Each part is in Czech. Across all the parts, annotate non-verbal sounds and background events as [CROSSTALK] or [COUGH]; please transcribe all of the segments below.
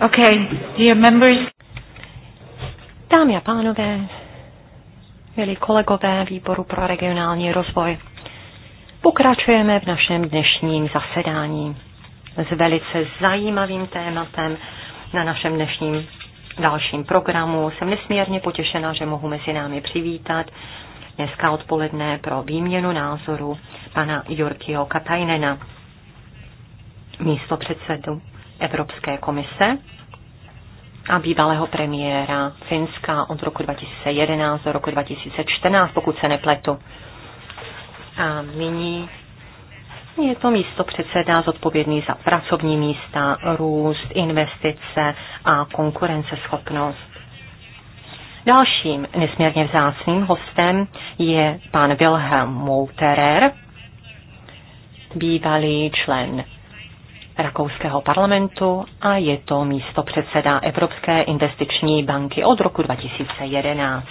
Okay, dear members. Dámy a pánové, milí kolegové výboru pro regionální rozvoj, pokračujeme v našem dnešním zasedání s velice zajímavým tématem na našem dnešním dalším programu. Jsem nesmírně potěšena, že mohu mezi námi přivítat dneska odpoledne pro výměnu názoru pana Jurkio Katajnena, místo předsedu Evropské komise a bývalého premiéra Finska od roku 2011 do roku 2014, pokud se nepletu. A nyní je to místo předseda zodpovědný za pracovní místa, růst, investice a konkurenceschopnost. Dalším nesmírně vzácným hostem je pan Wilhelm Mouterer, bývalý člen rakouského parlamentu a je to místo předseda Evropské investiční banky od roku 2011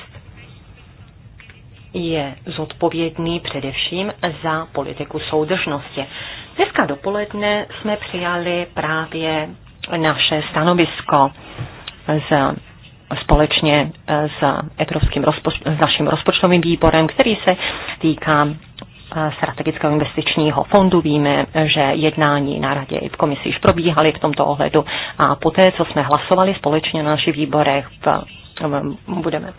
je zodpovědný především za politiku soudržnosti. Dneska dopoledne jsme přijali právě naše stanovisko z společně s, evropským rozpoč- s naším rozpočtovým výborem, který se týká eh, strategického investičního fondu. Víme, že jednání na radě i v komisi již probíhaly v tomto ohledu a poté, co jsme hlasovali společně na našich výborech, budeme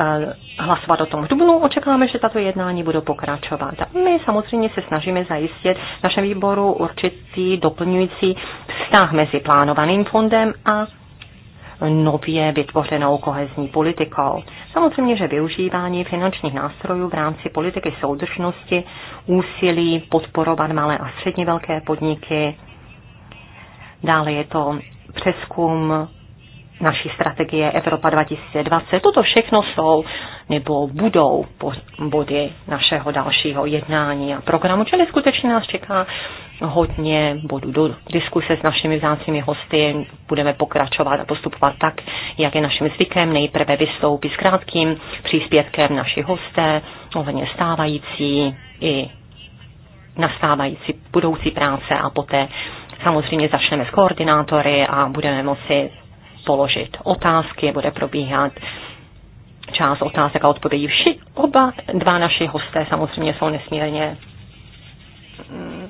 Eh, hlasovat o tom v dubnu. Očekáváme, že tato jednání budou pokračovat. my samozřejmě se snažíme zajistit v našem výboru určitý doplňující vztah mezi plánovaným fondem a nově vytvořenou kohezní politikou. Samozřejmě, že využívání finančních nástrojů v rámci politiky soudržnosti, úsilí podporovat malé a středně velké podniky, dále je to přeskum naší strategie Evropa 2020. Toto všechno jsou nebo budou body našeho dalšího jednání a programu, čili skutečně nás čeká hodně bodů do diskuse s našimi vzácnými hosty. Budeme pokračovat a postupovat tak, jak je naším zvykem. Nejprve vystoupí s krátkým příspěvkem naši hosté ohledně stávající i nastávající budoucí práce a poté samozřejmě začneme s koordinátory a budeme moci položit otázky, bude probíhat část otázek a odpovědí. Vši, oba dva naši hosté samozřejmě jsou nesmírně mm,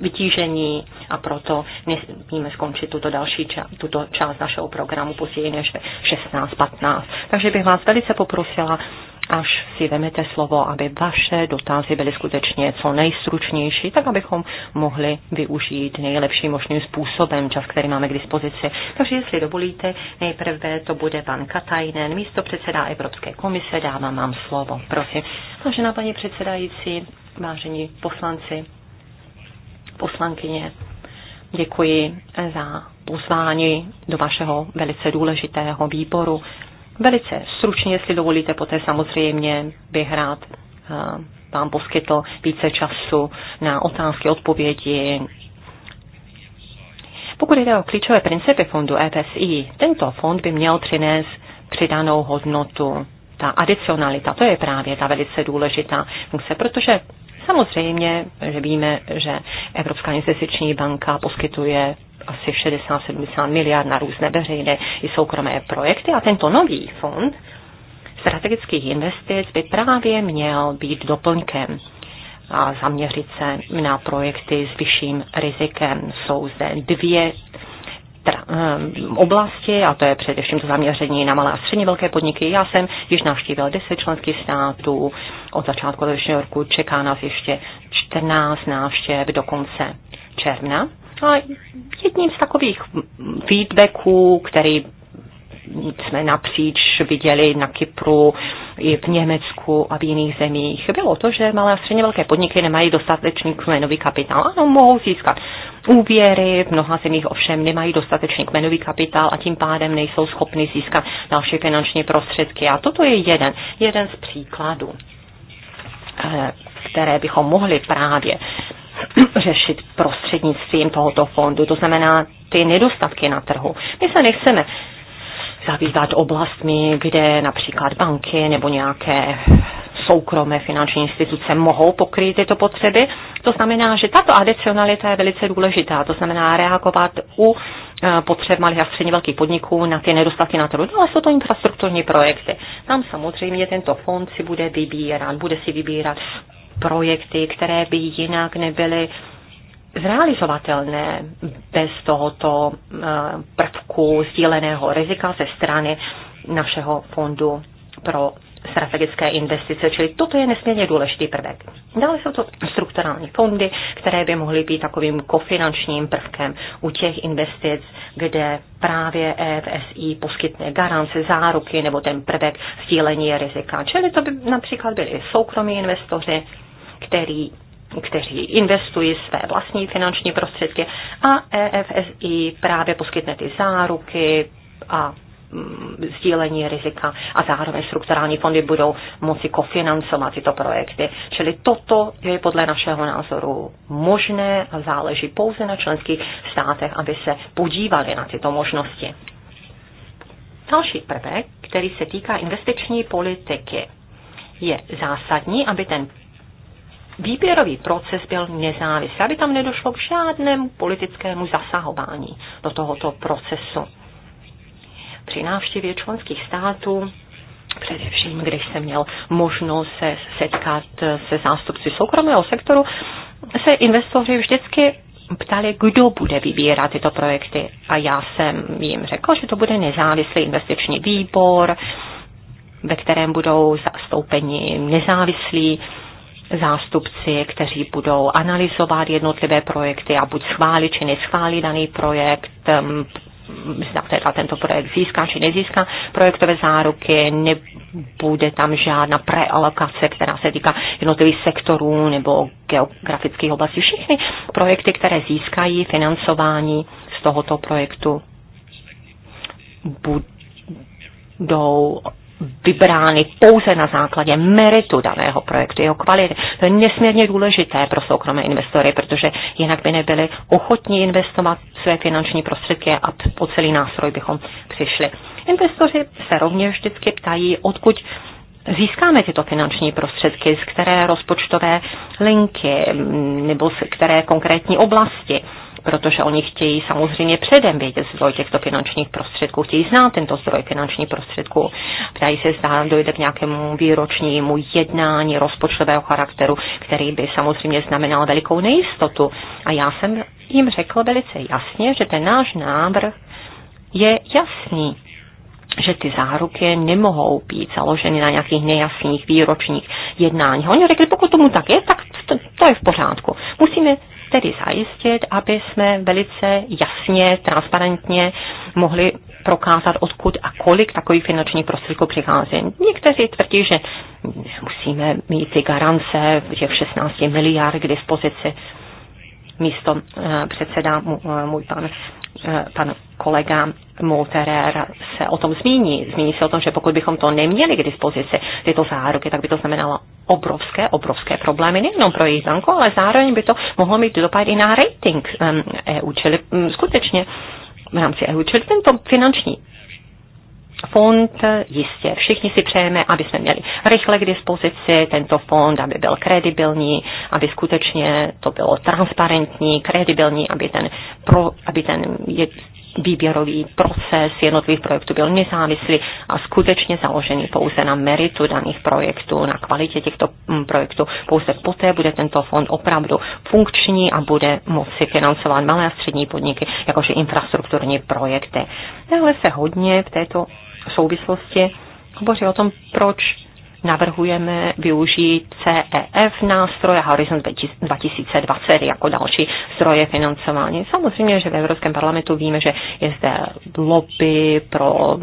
vytížení a proto nesmíme skončit tuto další ča- tuto část našeho programu později než 16.15. Takže bych vás velice poprosila, až si vemete slovo, aby vaše dotazy byly skutečně co nejstručnější, tak abychom mohli využít nejlepším možným způsobem čas, který máme k dispozici. Takže jestli dovolíte, nejprve to bude pan Katajnen, místo předseda Evropské komise, dávám vám slovo. Prosím. Vážená paní předsedající, vážení poslanci, poslankyně. Děkuji za pozvání do vašeho velice důležitého výboru. Velice stručně, jestli dovolíte, poté samozřejmě bych rád eh, vám poskytl více času na otázky, odpovědi. Pokud jde o klíčové principy fondu EPSI, tento fond by měl přinést přidanou hodnotu. Ta adicionalita, to je právě ta velice důležitá funkce, protože Samozřejmě, že víme, že Evropská investiční banka poskytuje asi 60-70 miliard na různé veřejné i soukromé projekty a tento nový fond strategických investic by právě měl být doplňkem a zaměřit se na projekty s vyšším rizikem. Jsou zde dvě Eh, oblasti, a to je především to zaměření na malé a středně velké podniky. Já jsem již navštívil 10 členských států, od začátku letošního roku čeká nás ještě 14 návštěv do konce června. A jedním z takových feedbacků, který jsme napříč viděli na Kypru, i v Německu a v jiných zemích, bylo to, že malé a středně velké podniky nemají dostatečný kmenový kapitál. Ano, mohou získat úvěry, v mnoha zemích ovšem nemají dostatečný kmenový kapitál a tím pádem nejsou schopni získat další finanční prostředky. A toto je jeden, jeden z příkladů, eh, které bychom mohli právě [CLEARS THROAT] řešit prostřednictvím tohoto fondu, to znamená ty nedostatky na trhu. My se nechceme zabývat oblastmi, kde například banky nebo nějaké soukromé finanční instituce mohou pokrýt tyto potřeby. To znamená, že tato adicionalita je velice důležitá, to znamená reagovat u eh, potřeb malých a středně velkých podniků na ty nedostatky na trhu, no, ale jsou to infrastrukturní projekty. Tam samozřejmě tento fond si bude vybírat, bude si vybírat projekty, které by jinak nebyly uh, zrealizovatelné bez tohoto eh, prvku sdíleného rizika ze strany našeho fondu pro strategické investice, čili toto je nesmírně důležitý prvek. Dále jsou to strukturální fondy, které by mohly být takovým kofinančním prvkem u těch investic, kde právě EFSI poskytne garance, záruky nebo ten prvek sdílení rizika. Čili to by například byli soukromí investoři, který kteří investují své vlastní finanční prostředky a EFSI právě poskytne ty záruky a mm, sdílení rizika a zároveň strukturální fondy budou moci kofinancovat tyto projekty. Čili toto je podle našeho názoru možné a záleží pouze na členských státech, aby se podívali na tyto možnosti. Další prvek, který se týká investiční politiky, je zásadní, aby ten výběrový proces byl nezávislý, aby tam nedošlo k žádnému politickému zasahování do tohoto procesu. Při návštěvě členských států především když jsem měl možnost se setkat se zástupci soukromého sektoru, se investoři vždycky ptali, kdo bude vybírat tyto projekty. A já jsem jim řekl, že to bude nezávislý investiční výbor, ve kterém budou zastoupeni nezávislí zástupci, kteří budou analyzovat jednotlivé projekty a buď schválí či neschválí daný projekt, um, zda teda tento projekt získá či nezíská projektové záruky, nebude tam žádná prealokace, která se týká jednotlivých sektorů nebo geografických oblastí. Všechny projekty, které získají financování z tohoto projektu, budou vybrány pouze na základě meritu daného projektu, jeho kvality. To je nesmírně důležité pro soukromé investory, protože jinak by nebyli ochotní investovat své finanční prostředky a po celý nástroj bychom přišli. Investoři se rovněž vždycky ptají, odkud získáme tyto finanční prostředky, z které rozpočtové linky mm, nebo z které konkrétní oblasti protože oni chtějí samozřejmě předem vědět zdroj těchto finančních prostředků, chtějí znát tento zdroj finančních prostředků. Ptají se, zda dojde k nějakému výročnímu jednání rozpočtového charakteru, který by samozřejmě znamenal velikou nejistotu. A já jsem jim řekl velice jasně, že ten náš návrh je jasný že ty záruky nemohou být založeny na nějakých nejasných výročních jednáních. Oni řekli, pokud tomu tak je, tak to, to je v pořádku. Musíme tedy zajistit, aby jsme velice jasně, transparentně mohli prokázat, odkud a kolik takových finančních prostředků přichází. Někteří tvrdí, že musíme mít ty garance, že v 16 miliard k dispozici místo eh, předseda, eh, můj pan, eh, pan kolega Multerer se o tom zmíní. Zmíní se o tom, že pokud bychom to neměli k dispozici, tyto záruky, tak by to znamenalo obrovské, obrovské problémy nejenom pro jejich banku, ale zároveň by to mohlo mít dopad i na rating um, ehm, EU, čili um, skutečně v rámci EU, čili tento finanční fond, eh, jistě všichni si přejeme, aby jsme měli rychle k dispozici tento fond, aby byl kredibilní, aby skutečně to bylo transparentní, kredibilní, aby ten, pro, aby ten výběrový proces jednotlivých projektů byl nezávislý a skutečně založený pouze na meritu daných projektů, na kvalitě těchto mm, projektů. Pouze poté bude tento fond opravdu funkční a bude moci financovat malé a střední podniky, jakože infrastrukturní projekty. Dále se hodně v této souvislosti hovoří o tom, proč navrhujeme využít CEF nástroje Horizon 2020 jako další zdroje financování. Samozřejmě, že v Evropském parlamentu víme, že je zde lobby pro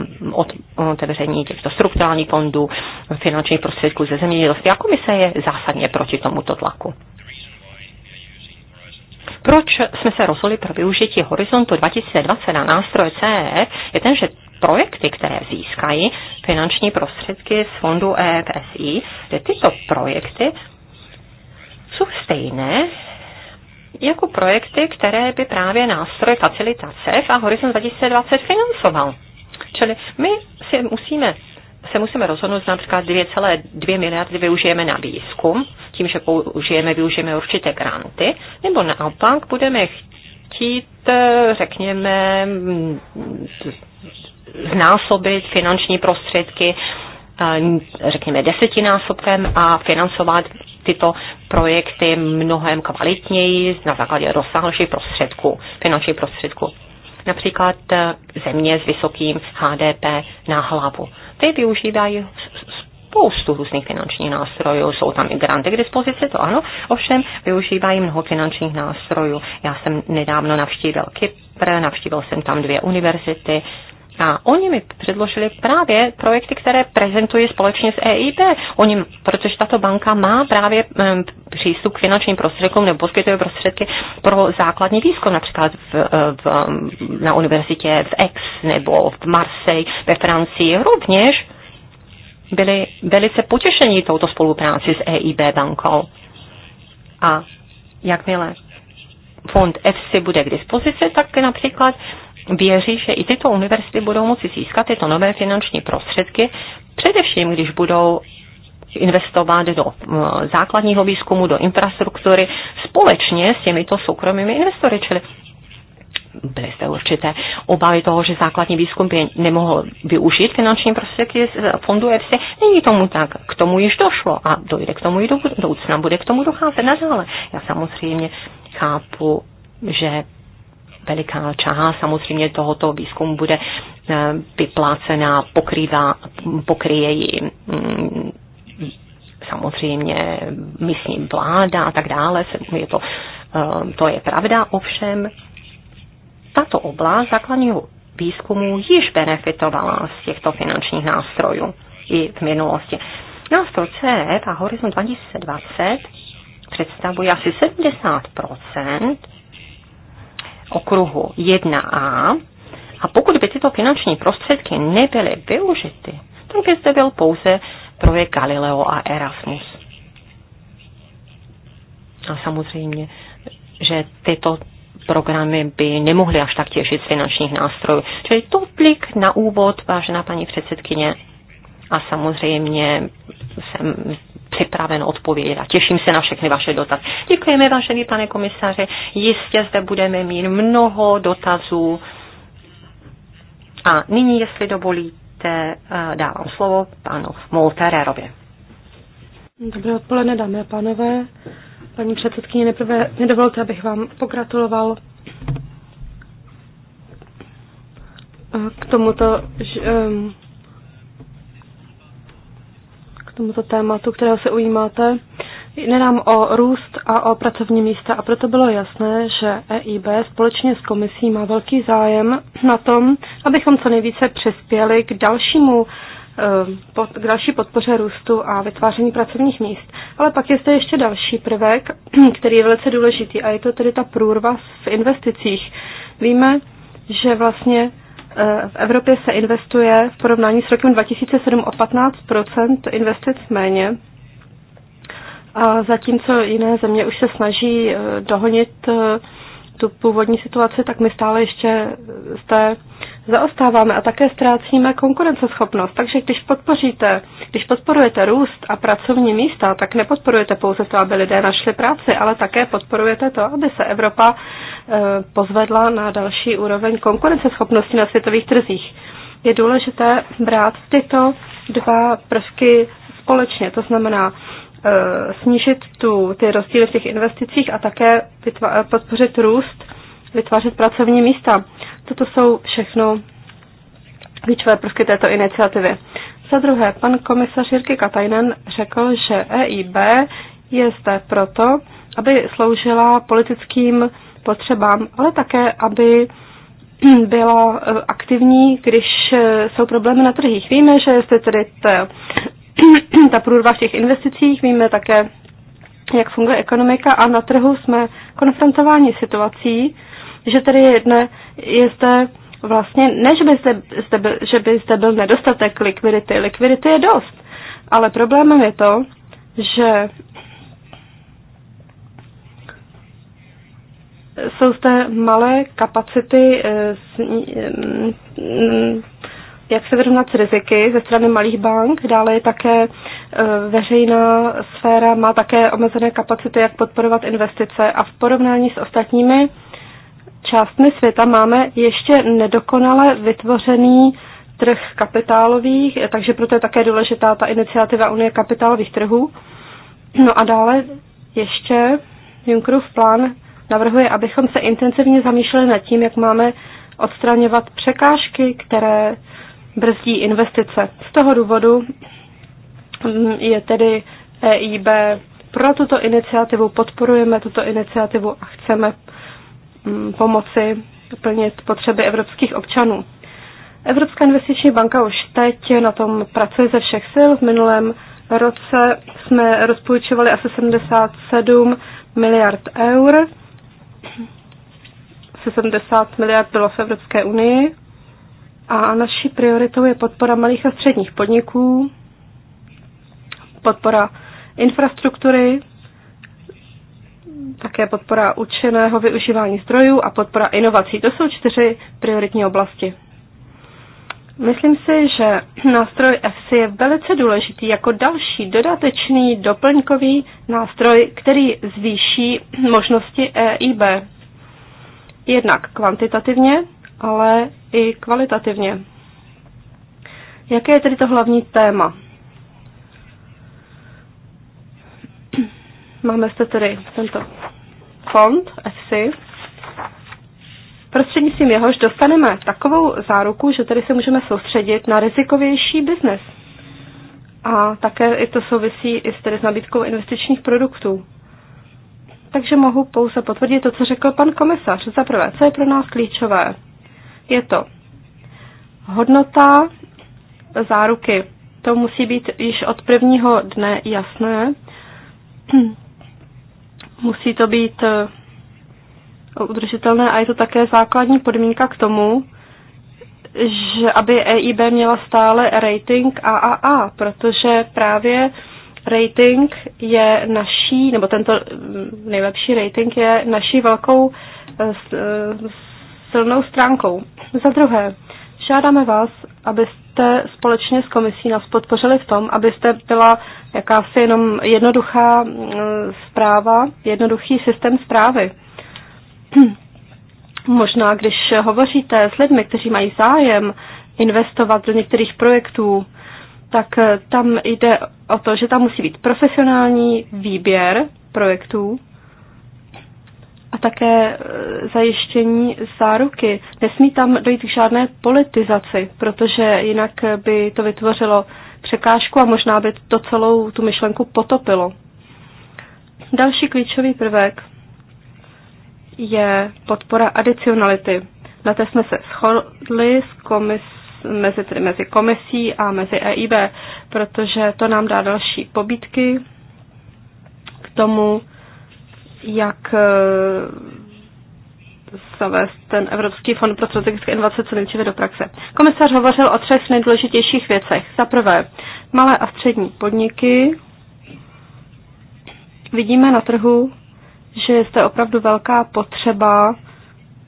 otevření těchto strukturálních fondů, finančních prostředků ze zemědělství a komise je zásadně proti tomuto tlaku. Proč jsme se rozhodli pro využití horizontu 2020 na nástroje CEF, je ten, že projekty, které získají finanční prostředky z fondu EFSI, že tyto projekty jsou stejné jako projekty, které by právě nástroj facilitace a Horizon 2020 financoval. Čili my si musíme se musíme rozhodnout, například 2,2 miliardy využijeme na výzkum, tím, že použijeme, využijeme určité granty, nebo naopak budeme chtít, eh, řekněme, znásobit finanční prostředky, eh, řekněme desetinásobkem a financovat tyto projekty mnohem kvalitněji na základě rozsáhlejších prostředků, finančních prostředků. Například eh, země s vysokým HDP na hlavu. Ty využívají spoustu různých finančních nástrojů, jsou tam i granty k dispozici, to ano, ovšem využívají mnoho finančních nástrojů. Já jsem nedávno navštívil Kypr, navštívil jsem tam dvě univerzity, a oni mi předložili právě projekty, které prezentují společně s EIB. Oni, protože tato banka má právě um, přístup k finančním prostředkům nebo poskytuje prostředky pro základní výzkum, například v, e, v, na univerzitě v Aix nebo v Marseille ve Francii. Rovněž byli velice potěšení touto spolupráci s EIB bankou. A jakmile fond EFSI bude k dispozici, tak například věří, že i tyto univerzity budou moci získat tyto nové finanční prostředky, především když budou investovat do eh, základního výzkumu, do infrastruktury společně s těmito soukromými investory. Čili byly jste určité obavy toho, že základní výzkum by nemohl využít finanční prostředky z eh, fondu EFSI. Není tomu tak. K tomu již došlo a dojde k tomu i do budoucna. Bude k tomu docházet nadále. Já samozřejmě chápu, že veliká část samozřejmě tohoto výzkumu bude eh, vyplácená, pokrývá, pokryje ji mm, samozřejmě místní vláda a tak dále. Je to, eh, to je pravda, ovšem tato oblast základního výzkumu již benefitovala z těchto finančních nástrojů i v minulosti. Nástroj C a Horizon 2020 představuje asi 70 okruhu 1a a pokud by tyto finanční prostředky nebyly využity, tak by zde byl pouze projekt Galileo a Erasmus. A samozřejmě, že tyto programy by nemohly až tak těžit z finančních nástrojů. Čili plik na úvod, vážená paní předsedkyně. A samozřejmě jsem připraven odpovědět a těším se na všechny vaše dotazy. Děkujeme, vážený pane komisaře. Jistě zde budeme mít mnoho dotazů. A nyní, jestli dovolíte, eh, dávám slovo panu Moltererovi. Dobré odpoledne, dámy a pánové. Paní předsedkyně, nejprve nedovolte, dovolte, abych vám pogratuloval eh, k tomuto ehm, tomuto tématu, kterého se ujímáte. Jde nám o růst a o pracovní místa a proto bylo jasné, že EIB společně s komisí má velký zájem na tom, abychom co nejvíce přispěli k dalšímu eh, k další podpoře růstu a vytváření pracovních míst. Ale pak je zde ještě další prvek, [CLEARS THROAT] který je velice důležitý a je to tedy ta průrva v investicích. Víme, že vlastně Eh, v Evropě se investuje v porovnání s rokem 2007 o 15 investic méně, a zatímco jiné země už se snaží eh, dohonit eh, tu původní situaci, tak my stále ještě z té zaostáváme a také ztrácíme konkurenceschopnost. Takže když podpoříte, když podporujete růst a pracovní místa, tak nepodporujete pouze to, aby lidé našli práci, ale také podporujete to, aby se Evropa eh, pozvedla na další úroveň konkurenceschopnosti na světových trzích. Je důležité brát tyto dva prvky společně, to znamená eh, snížit tu, ty rozdíly v těch investicích a také podpořit růst, vytvářet pracovní místa. Toto jsou všechno klíčové prvky této iniciativy. Za druhé, pan komisař Jirky Katajnen řekl, že EIB je zde proto, aby sloužila politickým potřebám, ale také, aby byla eh, aktivní, když eh, jsou problémy na trhích. Víme, že jste tedy ta, [CLEARS THROAT] ta průrva v těch investicích, víme také, jak funguje ekonomika a na trhu jsme konfrontováni situací, že tedy je jedné, je zde vlastně, ne, že byste, jste byl, že byste byl nedostatek likvidity. Likvidity je dost, ale problémem je to, že jsou zde malé kapacity, eh, mm, jak se vyrovnat s riziky ze strany malých bank. Dále je také eh, veřejná sféra, má také omezené kapacity, jak podporovat investice a v porovnání s ostatními částmi světa máme ještě nedokonale vytvořený trh kapitálových, takže proto je také důležitá ta iniciativa Unie kapitálových trhů. No a dále ještě Junckerův plán navrhuje, abychom se intenzivně zamýšleli nad tím, jak máme odstraňovat překážky, které brzdí investice. Z toho důvodu mm, je tedy EIB pro tuto iniciativu, podporujeme tuto iniciativu a chceme Mm, pomoci plnit potřeby evropských občanů. Evropská investiční banka už teď na tom pracuje ze všech sil. V minulém roce jsme rozpůjčovali asi 77 miliard eur. 70 miliard bylo v Evropské unii. A naší prioritou je podpora malých a středních podniků, podpora infrastruktury, také podpora učeného využívání zdrojů a podpora inovací. To jsou čtyři prioritní oblasti. Myslím si, že [CLEARS THROAT] nástroj FC je velice důležitý jako další dodatečný doplňkový nástroj, který zvýší [CLEARS THROAT] možnosti EIB. Jednak kvantitativně, ale i kvalitativně. Jaké je tedy to hlavní téma? Máme zde tedy tento fond FC. prostřednictvím jehož dostaneme takovou záruku, že tedy se můžeme soustředit na rizikovější biznes. A také i to souvisí i s, tedy s nabídkou investičních produktů. Takže mohu pouze potvrdit to, co řekl pan komisař. Za prvé, co je pro nás klíčové? Je to hodnota záruky. To musí být již od prvního dne jasné. Musí to být eh, udržitelné a je to také základní podmínka k tomu, že aby EIB měla stále rating AAA, protože právě rating je naší, nebo tento mm, nejlepší rating je naší velkou eh, eh, silnou stránkou. Za druhé, žádáme vás, abyste jste společně s komisí nás podpořili v tom, abyste byla jakási jenom jednoduchá mm, zpráva, jednoduchý systém zprávy. [CLEARS THROAT] Možná, když hovoříte s lidmi, kteří mají zájem investovat do některých projektů, tak eh, tam jde o to, že tam musí být profesionální výběr projektů, a také e, zajištění záruky. Nesmí tam dojít k žádné politizaci, protože jinak by to vytvořilo překážku a možná by to celou tu myšlenku potopilo. Další klíčový prvek je podpora adicionality. Na té jsme se shodli s komis, mezi, tedy mezi komisí a mezi EIB, protože to nám dá další pobítky k tomu, jak eh, zavést ten Evropský fond pro strategické inovace co nejdříve do praxe. Komisař hovořil o třech nejdůležitějších věcech. Za prvé, malé a střední podniky. Vidíme na trhu, že je zde opravdu velká potřeba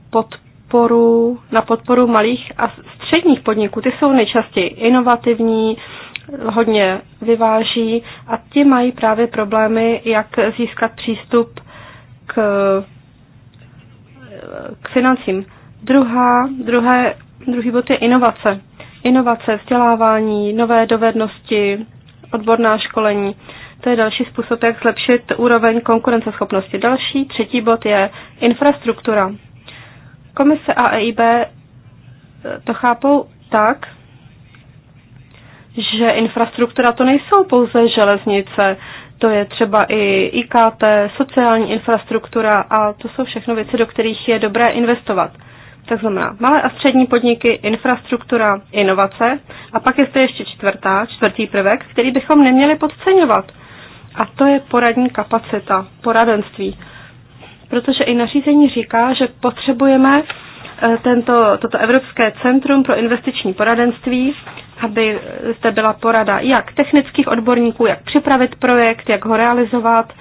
podporu, na podporu malých a středních podniků. Ty jsou nejčastěji inovativní, hodně vyváží a ti mají právě problémy, jak získat přístup k financím. Druhá, druhé, druhý bod je inovace. Inovace, vzdělávání, nové dovednosti, odborná školení. To je další způsob, jak zlepšit úroveň konkurenceschopnosti. Další, třetí bod je infrastruktura. Komise a EIB eh, to chápou tak, že infrastruktura to nejsou pouze železnice, to je třeba i IKT, sociální infrastruktura a to jsou všechno věci, do kterých je dobré investovat. Tak znamená malé a střední podniky, infrastruktura, inovace a pak je to ještě čtvrtá, čtvrtý prvek, který bychom neměli podceňovat. A to je poradní kapacita, poradenství. Protože i nařízení říká, že potřebujeme eh, tento, toto Evropské centrum pro investiční poradenství, aby zde byla porada jak technických odborníků, jak připravit projekt, jak ho realizovat.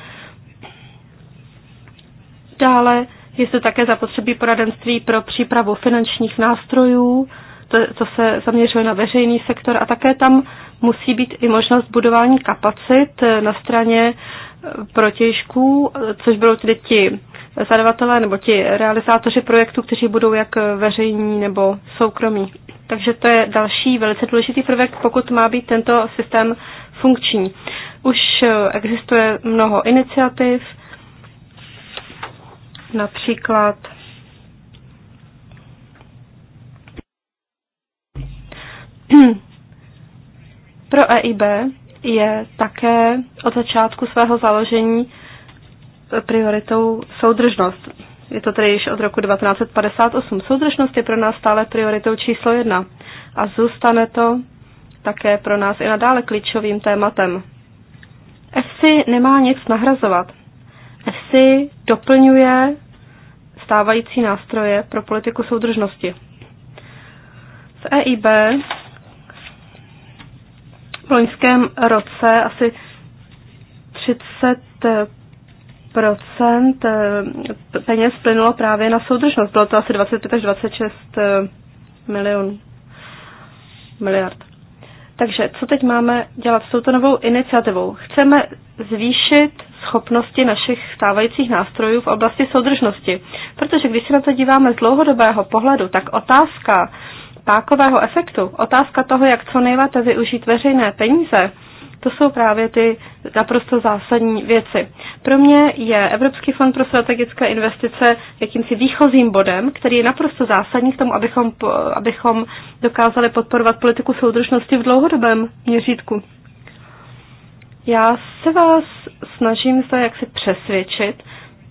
Dále je zde také zapotřebí poradenství pro přípravu finančních nástrojů, to, co se zaměřuje na veřejný sektor a také tam musí být i možnost budování kapacit na straně eh, protěžků, což budou tedy ti zadavatelé nebo ti realizátoři projektu, kteří budou jak veřejní nebo soukromí. Takže to je další velice důležitý prvek, pokud má být tento systém funkční. Už eh, existuje mnoho iniciativ, například [CLEARS THROAT] pro EIB je také od začátku svého založení prioritou soudržnost. Je to tedy již od roku 1958. Soudržnost je pro nás stále prioritou číslo jedna a zůstane to také pro nás i nadále klíčovým tématem. FC nemá nic nahrazovat. FC doplňuje stávající nástroje pro politiku soudržnosti. V EIB v loňském roce asi 30 procent eh, peněz plynulo právě na soudržnost. Bylo to asi 25 až 26 eh, milionů miliard. Takže co teď máme dělat s touto novou iniciativou? Chceme zvýšit schopnosti našich stávajících nástrojů v oblasti soudržnosti. Protože když se na to díváme z dlouhodobého pohledu, tak otázka pákového efektu, otázka toho, jak co nejlépe využít veřejné peníze, to jsou právě ty naprosto zásadní věci. Pro mě je Evropský fond pro strategické investice jakýmsi výchozím bodem, který je naprosto zásadní k tomu, abychom, abychom dokázali podporovat politiku soudržnosti v dlouhodobém měřítku. Já se vás snažím zde jaksi přesvědčit,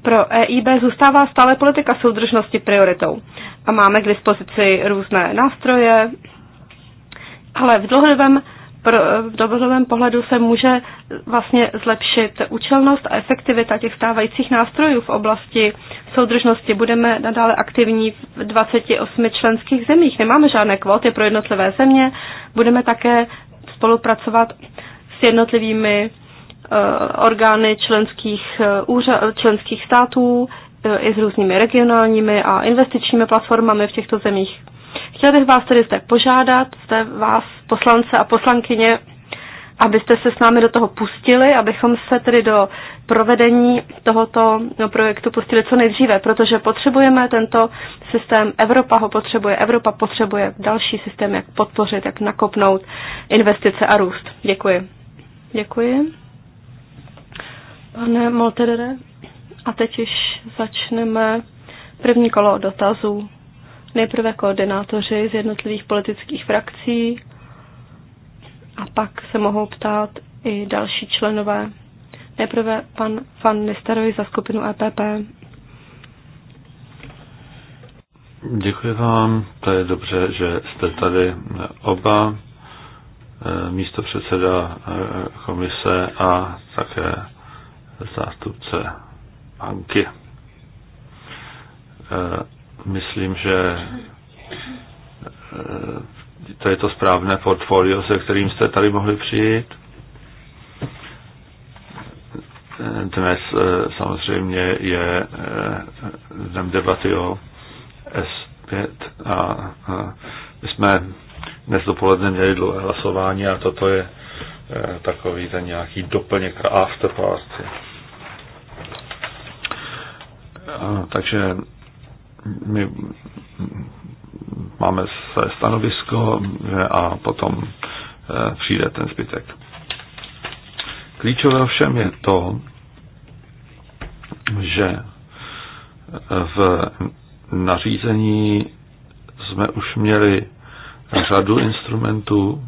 pro EIB zůstává stále politika soudržnosti prioritou. A máme k dispozici různé nástroje, ale v dlouhodobém pro, v dobrodovém pohledu se může vlastně zlepšit účelnost a efektivita těch stávajících nástrojů v oblasti soudržnosti. Budeme nadále aktivní v 28 členských zemích. Nemáme žádné kvóty pro jednotlivé země. Budeme také spolupracovat s jednotlivými eh, orgány členských, eh, úřa, členských států eh, i s různými regionálními a investičními platformami v těchto zemích. Chtěl bych vás tedy zde požádat, zde vás poslance a poslankyně, abyste se s námi do toho pustili, abychom se tedy do provedení tohoto no, projektu pustili co nejdříve, protože potřebujeme tento systém, Evropa ho potřebuje, Evropa potřebuje další systém, jak podpořit, jak nakopnout investice a růst. Děkuji. Děkuji. Pane Molterere, a teď již začneme první kolo dotazů. Nejprve koordinátoři z jednotlivých politických frakcí a pak se mohou ptát i další členové. Nejprve pan Van Nisteroj za skupinu EPP. Děkuji vám. To je dobře, že jste tady oba eh, místo předseda eh, komise a také zástupce banky. Eh, Myslím, že eh, to je to správné portfolio, se kterým jste tady mohli přijít. Dnes eh, samozřejmě je eh, dnem debaty o S5 a my jsme dnes dopoledne měli dlouhé hlasování a toto je takový ten nějaký doplněk after party. Takže my máme své stanovisko a potom eh, přijde ten zbytek. Klíčové ovšem je to, že eh, v nařízení jsme už měli řadu instrumentů,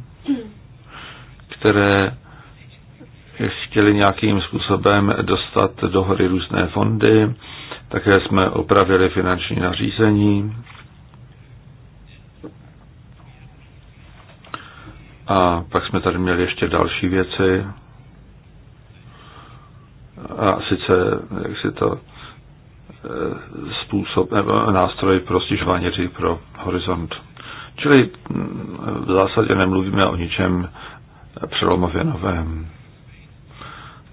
které chtěli nějakým způsobem dostat do hry různé fondy, také jsme opravili finanční nařízení. A pak jsme tady měli ještě další věci. A sice, jak si to eh, způsob, nástroj pro snižování pro horizont. Čili hm, v zásadě nemluvíme o ničem přelomově novém.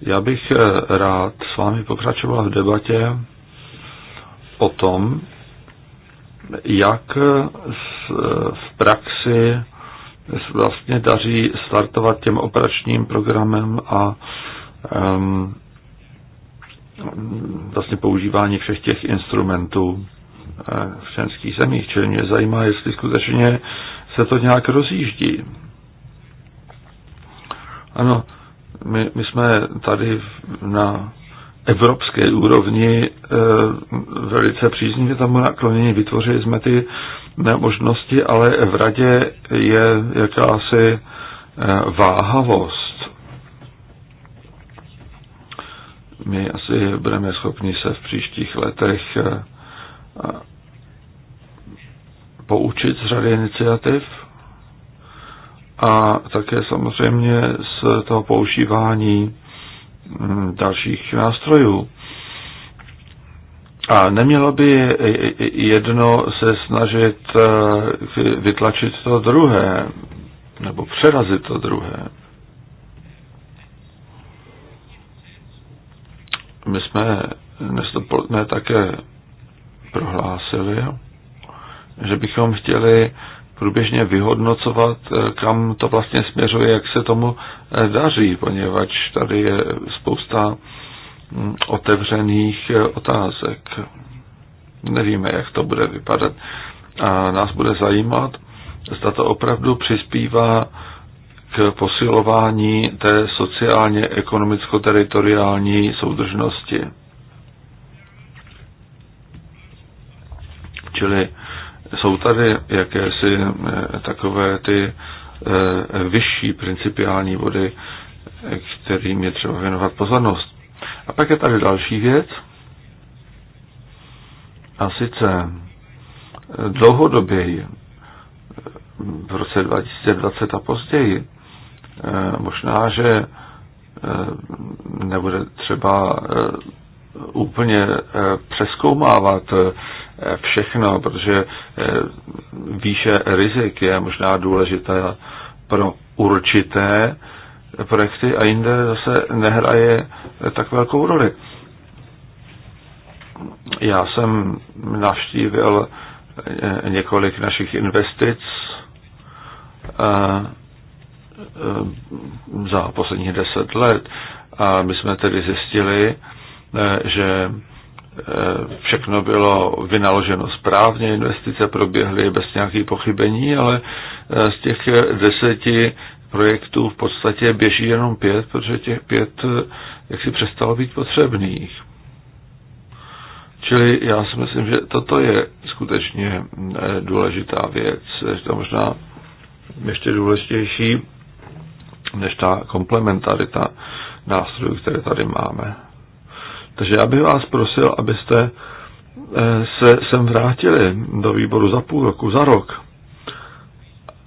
Já bych eh, rád s vámi pokračoval v debatě o tom, jak v praxi vlastně daří startovat těm operačním programem a um, vlastně používání všech těch instrumentů eh, v členských zemích. Čili mě zajímá, jestli skutečně se to nějak rozjíždí. Ano, my, my jsme tady na evropské úrovni eh, velice příznivě tomu naklonění. Vytvořili jsme ty eh, možnosti, ale v radě je jakási eh, váhavost. My asi budeme schopni se v příštích letech poučit z řady iniciativ a také samozřejmě z toho používání Mm, dalších nástrojů. A nemělo by jedno se snažit eh, vytlačit to druhé, nebo přerazit to druhé. My jsme dnes dopoledne také prohlásili, že bychom chtěli průběžně vyhodnocovat, eh, kam to vlastně směřuje, jak se tomu eh, daří, poněvadž tady je spousta hm, otevřených eh, otázek. Nevíme, jak to bude vypadat. A nás bude zajímat, zda to opravdu přispívá k posilování té sociálně ekonomicko-teritoriální soudržnosti. Čili jsou tady jakési eh, takové ty eh, vyšší principiální body, eh, kterým je třeba věnovat pozornost. A pak je tady další věc, a sice dlouhodoběji, v roce 2020 a později, možná, že nebude třeba úplně přeskoumávat všechno, protože eh, výše rizik je možná důležitá pro určité projekty a jinde zase nehraje tak velkou roli. Já jsem navštívil eh, několik našich investic eh, za posledních deset let a my jsme tedy zjistili, že Eh, všechno bylo vynaloženo správně, investice proběhly bez nějakých pochybení, ale eh, z těch eh, deseti projektů v podstatě běží jenom pět, protože těch pět jaksi přestalo být potřebných. Čili já si myslím, že toto je skutečně důležitá věc, Je to možná ještě důležitější než ta komplementarita nástrojů, které tady máme. Takže já bych vás prosil, abyste eh, se sem vrátili do výboru za půl roku, za rok,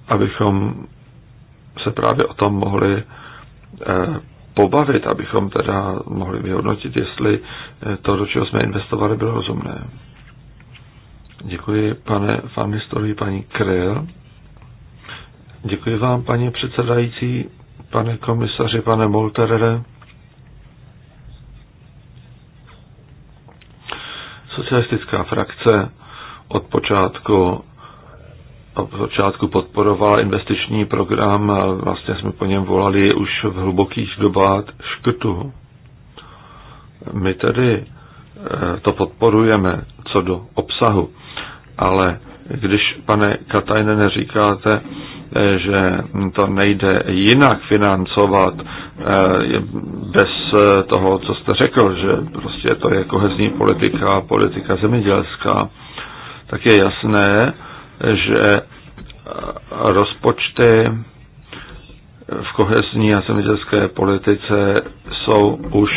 abychom se právě o tom mohli eh, pobavit, abychom teda mohli vyhodnotit, jestli eh, to, do čeho jsme investovali, bylo rozumné. Děkuji, pane fanistovi, paní Kryl. Děkuji vám, paní předsedající, pane komisaři, pane Molterere. Socialistická frakce od počátku od počátku podporovala investiční program a vlastně jsme po něm volali už v hlubokých dobách škrtu. My tedy eh, to podporujeme co do obsahu, ale když, pane Katajne, neříkáte, Eh, že to nejde jinak financovat eh, bez eh, toho, co jste řekl, že prostě to je kohezní politika, politika zemědělská, tak je jasné, že rozpočty v kohezní a zemědělské politice jsou už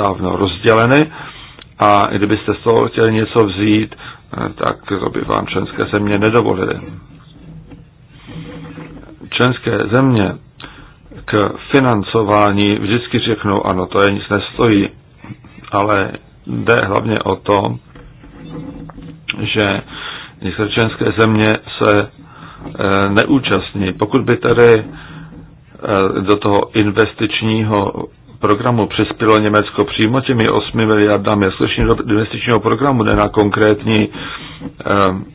dávno rozděleny a kdybyste z toho chtěli něco vzít, tak to by vám členské země nedovolily členské země k financování vždycky řeknou, ano, to je nic nestojí, ale jde hlavně o to, že některé členské země se e, neúčastní. Pokud by tedy e, do toho investičního programu přispělo Německo přímo těmi 8 miliardami skutečně do investičního programu, ne na konkrétní, e,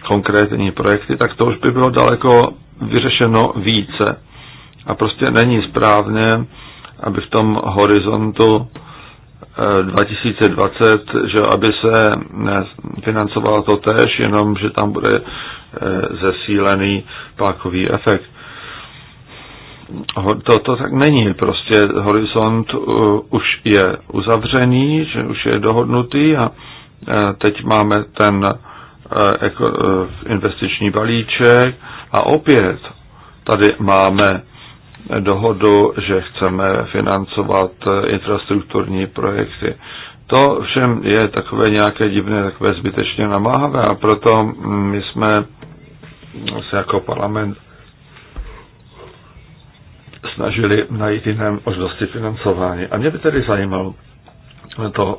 konkrétní projekty, tak to už by bylo daleko vyřešeno více. A prostě není správné, aby v tom horizontu 2020, eh, že aby se financovalo to tež, jenom že tam bude eh, zesílený pákový efekt. To, to tak není, prostě horizont eh, už je uzavřený, že už je dohodnutý a teď máme ten E, e, investiční balíček a opět tady máme dohodu, že chceme financovat e, infrastrukturní projekty. To všem je takové nějaké divné, takové zbytečně namáhavé a proto mm, my jsme se jako parlament snažili najít jiné možnosti financování. A mě by tedy zajímalo to,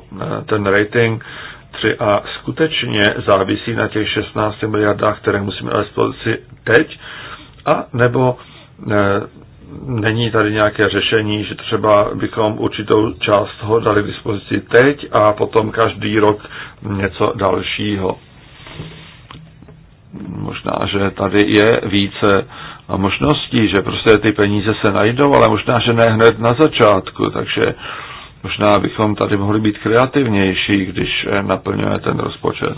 ten rating 3 a skutečně závisí na těch 16 miliardách, které musíme dát dispozici teď, a nebo e, není tady nějaké řešení, že třeba bychom určitou část toho dali k dispozici teď a potom každý rok něco dalšího. Možná, že tady je více možností, že prostě ty peníze se najdou, ale možná, že ne hned na začátku, takže Možná bychom tady mohli být kreativnější, když eh, naplňujeme ten rozpočet.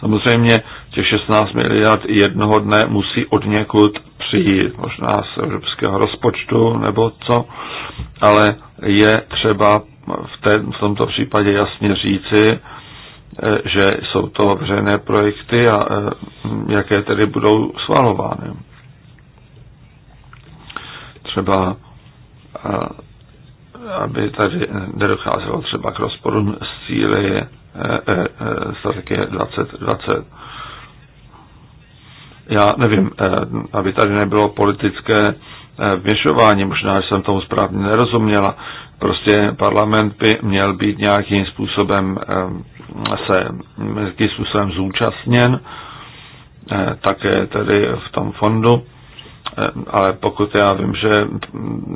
Samozřejmě těch 16 miliard jednoho dne musí od někud přijít, možná z evropského rozpočtu nebo co, ale je třeba v, té, v tomto případě jasně říci, eh, že jsou to veřejné projekty a eh, jaké tedy budou svalovány. Třeba aby tady nedocházelo třeba k rozporu s cíly eh, eh, eh, strategie 2020. Já nevím, aby tady nebylo politické vměšování, možná jsem tomu správně nerozuměla. Prostě parlament by měl být nějakým způsobem se nějakým způsobem zúčastněn, také tedy v tom fondu Eh, ale pokud já vím, že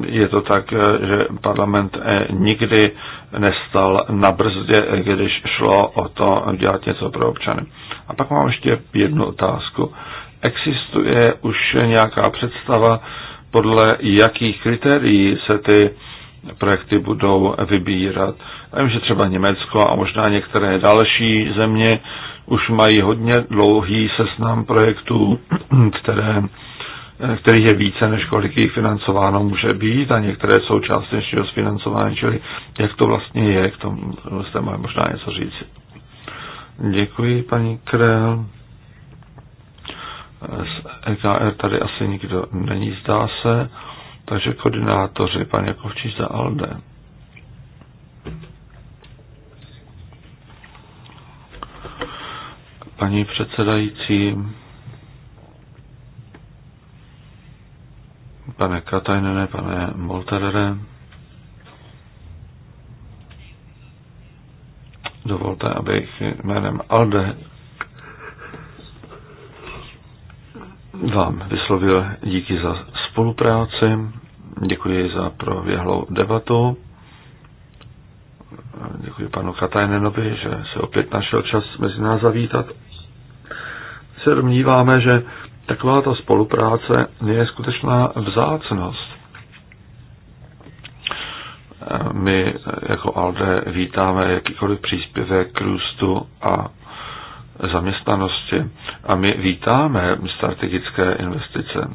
je to tak, eh, že parlament eh, nikdy nestal na brzdě, když šlo o to dělat něco pro občany. A pak mám ještě jednu otázku. Existuje už nějaká představa, podle jakých kritérií se ty projekty budou vybírat. Já vím, že třeba Německo a možná některé další země už mají hodně dlouhý seznam projektů, [CLEARS THROAT] které Eh, kterých je více, než kolik jich financováno může být a některé jsou částečně zfinancování, čili jak to vlastně je, k tomu jste mohli možná něco říct. Děkuji, paní Krel Z EKR tady asi nikdo není, zdá se, takže koordinátoři, pan Jakovčík za ALDE. Paní předsedající, pane Katajnene, pane Molterere. Dovolte, abych jménem Alde vám vyslovil díky za spolupráci, děkuji za proběhlou debatu, děkuji panu Katajnenovi, že se opět našel čas mezi nás zavítat. Se domníváme, že Taková ta spolupráce je skutečná vzácnost. My jako ALDE vítáme jakýkoliv příspěvek k růstu a zaměstnanosti a my vítáme strategické investice.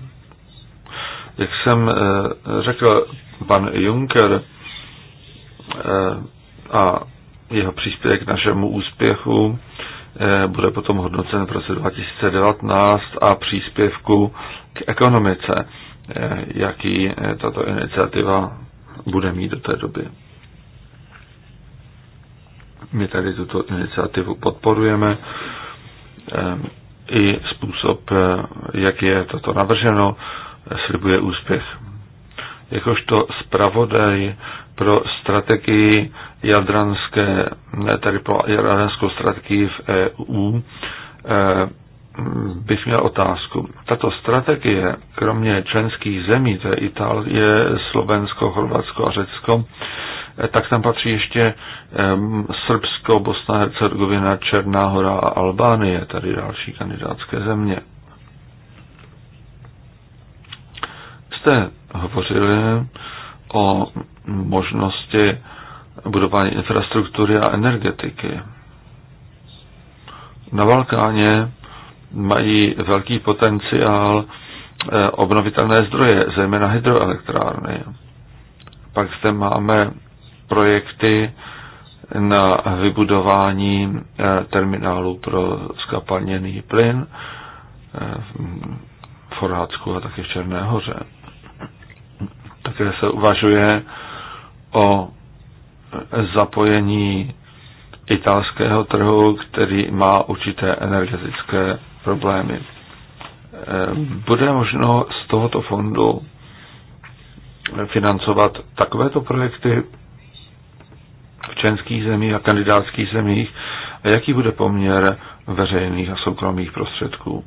Jak jsem eh, řekl, pan Juncker eh, a jeho příspěvek k našemu úspěchu Eh, bude potom hodnocen v roce 2019 a příspěvku k ekonomice, eh, jaký eh, tato iniciativa bude mít do té doby. My tady tuto iniciativu podporujeme i způsob, jak je toto navrženo, slibuje úspěch jakožto zpravodaj pro strategii jadranské, tedy pro jadranskou strategii v EU, eh, bych měl otázku. Tato strategie, kromě členských zemí, to je Itálie, Slovensko, Chorvatsko a Řecko, eh, tak tam patří ještě eh, Srbsko, Bosna, Hercegovina, Černá hora a Albánie, tady další kandidátské země. Z hovořili o možnosti budování infrastruktury a energetiky. Na Balkáně mají velký potenciál eh, obnovitelné zdroje, zejména hydroelektrárny. Pak zde máme projekty na vybudování eh, terminálu pro skapalněný plyn eh, v Forhácku a také v Černé hoře. Také se uvažuje o zapojení italského trhu, který má určité energetické problémy. Ehm, bude možno z tohoto fondu financovat takovéto projekty v členských zemích a kandidátských zemích a jaký bude poměr veřejných a soukromých prostředků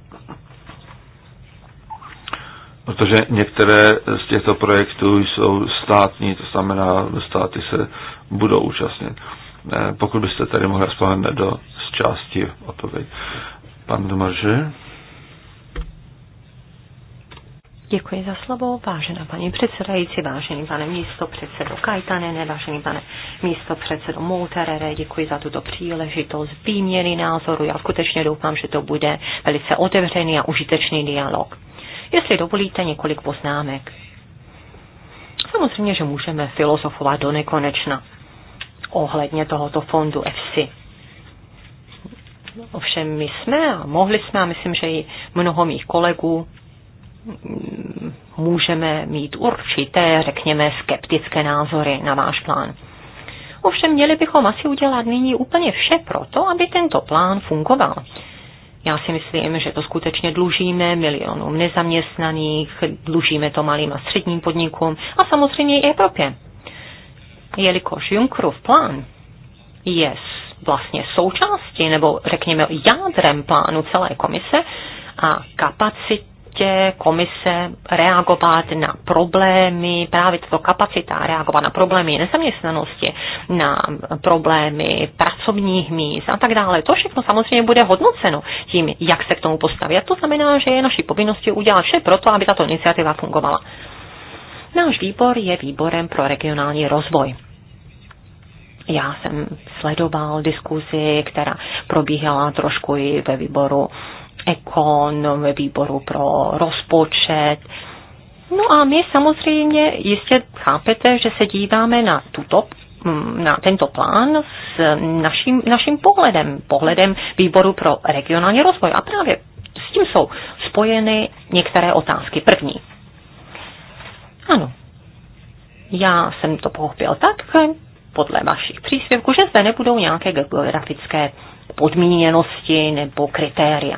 protože některé z těchto projektů jsou státní, to znamená, státy se budou účastnit. Eh, pokud byste tady mohli aspoň do z části odpověď. Pan Domarže. Děkuji za slovo, vážená paní předsedající, vážený pane místo předsedo Kajtanene, vážený pane místo předsedo Mouterere, děkuji za tuto příležitost výměny názoru. Já skutečně doufám, že to bude velice otevřený a užitečný dialog. Jestli dovolíte několik poznámek. Samozřejmě, že můžeme filozofovat do nekonečna ohledně tohoto fondu FC. Ovšem my jsme a mohli jsme a myslím, že i mnoho mých kolegů mm, můžeme mít určité, řekněme, skeptické názory na váš plán. Ovšem měli bychom asi udělat nyní úplně vše proto, aby tento plán fungoval. Já si myslím, že to skutečně dlužíme milionům nezaměstnaných, dlužíme to malým a středním podnikům a samozřejmě i Evropě. Jelikož Junckerův plán je vlastně součástí nebo řekněme jádrem plánu celé komise a kapacit prostě komise reagovat na problémy, právě tato kapacita reagovat na problémy nezaměstnanosti, na problémy pracovních míst a tak dále. To všechno samozřejmě bude hodnoceno tím, jak se k tomu postaví. A to znamená, že je naší povinností udělat vše proto, aby tato iniciativa fungovala. Náš výbor je výborem pro regionální rozvoj. Já jsem sledoval diskuzi, která probíhala trošku i ve výboru ekonom, výboru pro rozpočet. No a my samozřejmě jistě chápete, že se díváme na tuto mm, na tento plán s naším, naším pohledem, pohledem výboru pro regionální rozvoj. A právě s tím jsou spojeny některé otázky. První. Ano. Já jsem to pochopil tak, podle vašich příspěvků, že zde nebudou nějaké geografické podmíněnosti nebo kritéria.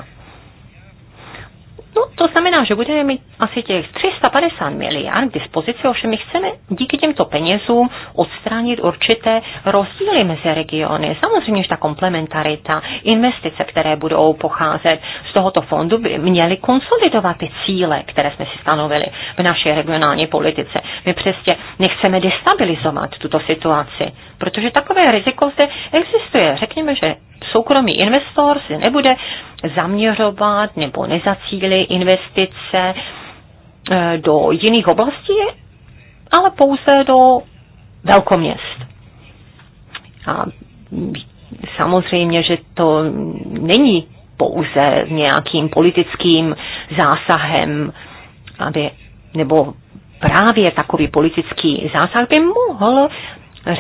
No, to znamená, že budeme mít asi těch 350 miliard k dispozici, ovšem my chceme díky těmto penězům odstranit určité rozdíly mezi regiony. Samozřejmě, že ta komplementarita, investice, které budou pocházet z tohoto fondu, by měly konsolidovat ty cíle, které jsme si stanovili v naší regionální politice. My přesně nechceme destabilizovat tuto situaci, protože takové riziko zde existuje. Řekněme, že soukromý investor si nebude zaměřovat nebo nezacíli investice Eh, do jiných oblastí, ale pouze do velkoměst. A samozřejmě, že to není pouze nějakým politickým zásahem, aby, nebo právě takový politický zásah by mohl,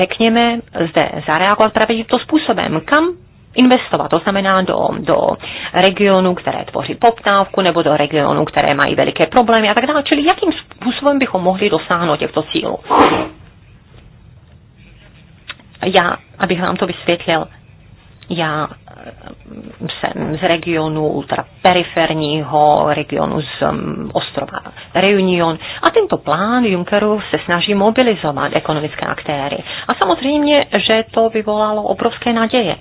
řekněme, zde zareagovat právě tímto způsobem. Kam investovat, to znamená do, do regionů, které tvoří poptávku, nebo do regionů, které mají veliké problémy a tak dále. Čili jakým způsobem bychom mohli dosáhnout těchto cílů? Já, abych vám to vysvětlil, já eh, jsem z regionu ultraperiferního, regionu z um, ostrova Reunion a tento plán Junckerů se snaží mobilizovat ekonomické aktéry. A samozřejmě, že to vyvolalo obrovské naděje.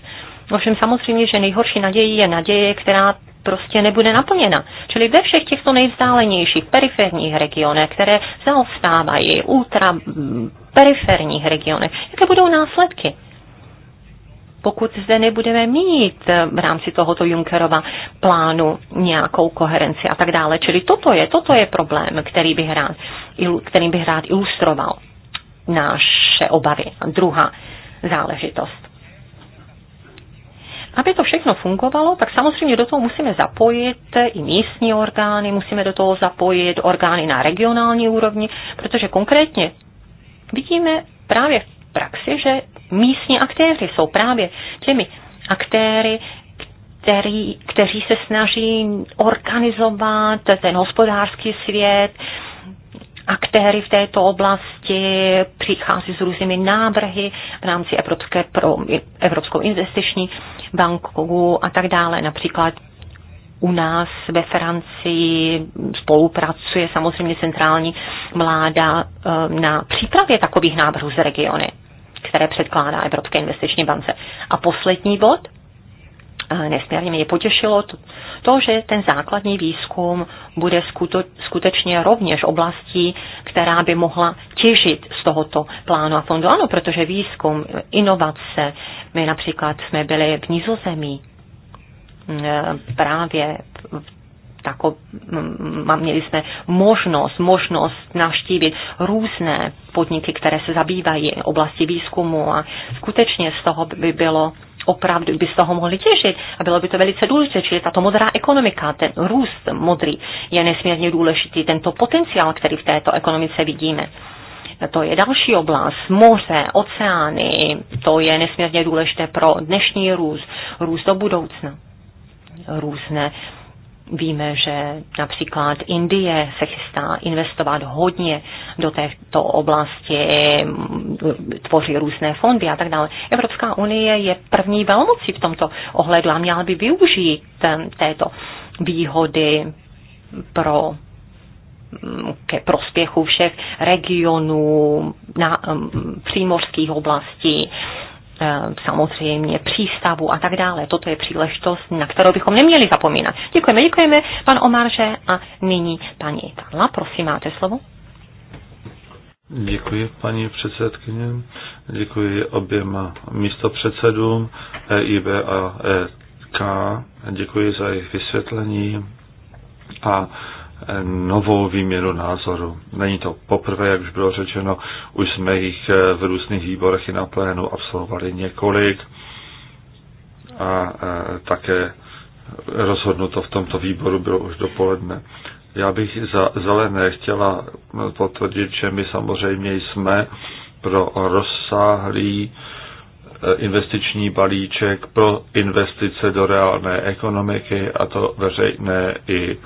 Ovšem samozřejmě, že nejhorší naději je naděje, která prostě nebude naplněna. Čili ve všech těchto nejvzdálenějších periferních regionech, které zaostávají, ultra mm, periferních regionech, jaké budou následky? pokud zde nebudeme mít eh, v rámci tohoto Junckerova plánu nějakou koherenci a tak dále. Čili toto je, toto je problém, který bych rád, který bych rád ilustroval naše obavy. Druhá záležitost. Aby to všechno fungovalo, tak samozřejmě do toho musíme zapojit i místní orgány, musíme do toho zapojit orgány na regionální úrovni, protože konkrétně vidíme právě v praxi, že místní aktéři jsou právě těmi aktéry, který, kteří se snaží organizovat ten hospodářský svět, aktéry v této oblasti, přichází s různými návrhy v rámci Evropské pro, Evropskou investiční banku a tak dále. Například u nás ve Francii spolupracuje samozřejmě centrální vláda eh, na přípravě takových návrhů z regiony, které předkládá Evropské investiční bance. A poslední bod – Eh, nesmírně mě potěšilo to, že ten základní výzkum bude skutečně rovněž oblastí, která by mohla těžit z tohoto plánu a fondu. Ano, protože výzkum, inovace, my například jsme byli v Nizozemí mm, eh, právě v tako, mm, mm, měli jsme možnost, možnost navštívit různé podniky, které se zabývají oblasti výzkumu a skutečně z toho by bylo opravdu by z toho mohli těžit a bylo by to velice důležité, čili tato modrá ekonomika, ten růst modrý je nesmírně důležitý, tento potenciál, který v této ekonomice vidíme. To je další oblast, moře, oceány, to je nesmírně důležité pro dnešní růst, růst do budoucna. Různé uh, Víme, že například Indie se chystá investovat hodně do této oblasti, tvoří různé fondy a tak dále. Evropská unie je první velmocí v tomto ohledu a měla by využít této výhody pro mm, ke prospěchu všech regionů, na, um, přímořských oblastí, Eh, samozřejmě přístavu a tak dále. Toto je příležitost, na kterou bychom neměli zapomínat. Děkujeme, děkujeme, pan Omarže a nyní paní Karla, prosím, máte slovo. Děkuji, paní předsedkyně. Děkuji oběma místopředsedům EIB a EK. Děkuji za jejich vysvětlení a novou výměnu názoru. Není to poprvé, jak už bylo řečeno, už jsme jich eh, v různých výborech i na plénu absolvovali několik a eh, také rozhodnuto v tomto výboru bylo už dopoledne. Já bych za zelené chtěla eh, potvrdit, že my samozřejmě jsme pro rozsáhlý investiční balíček pro investice do reálné ekonomiky, a to veřejné i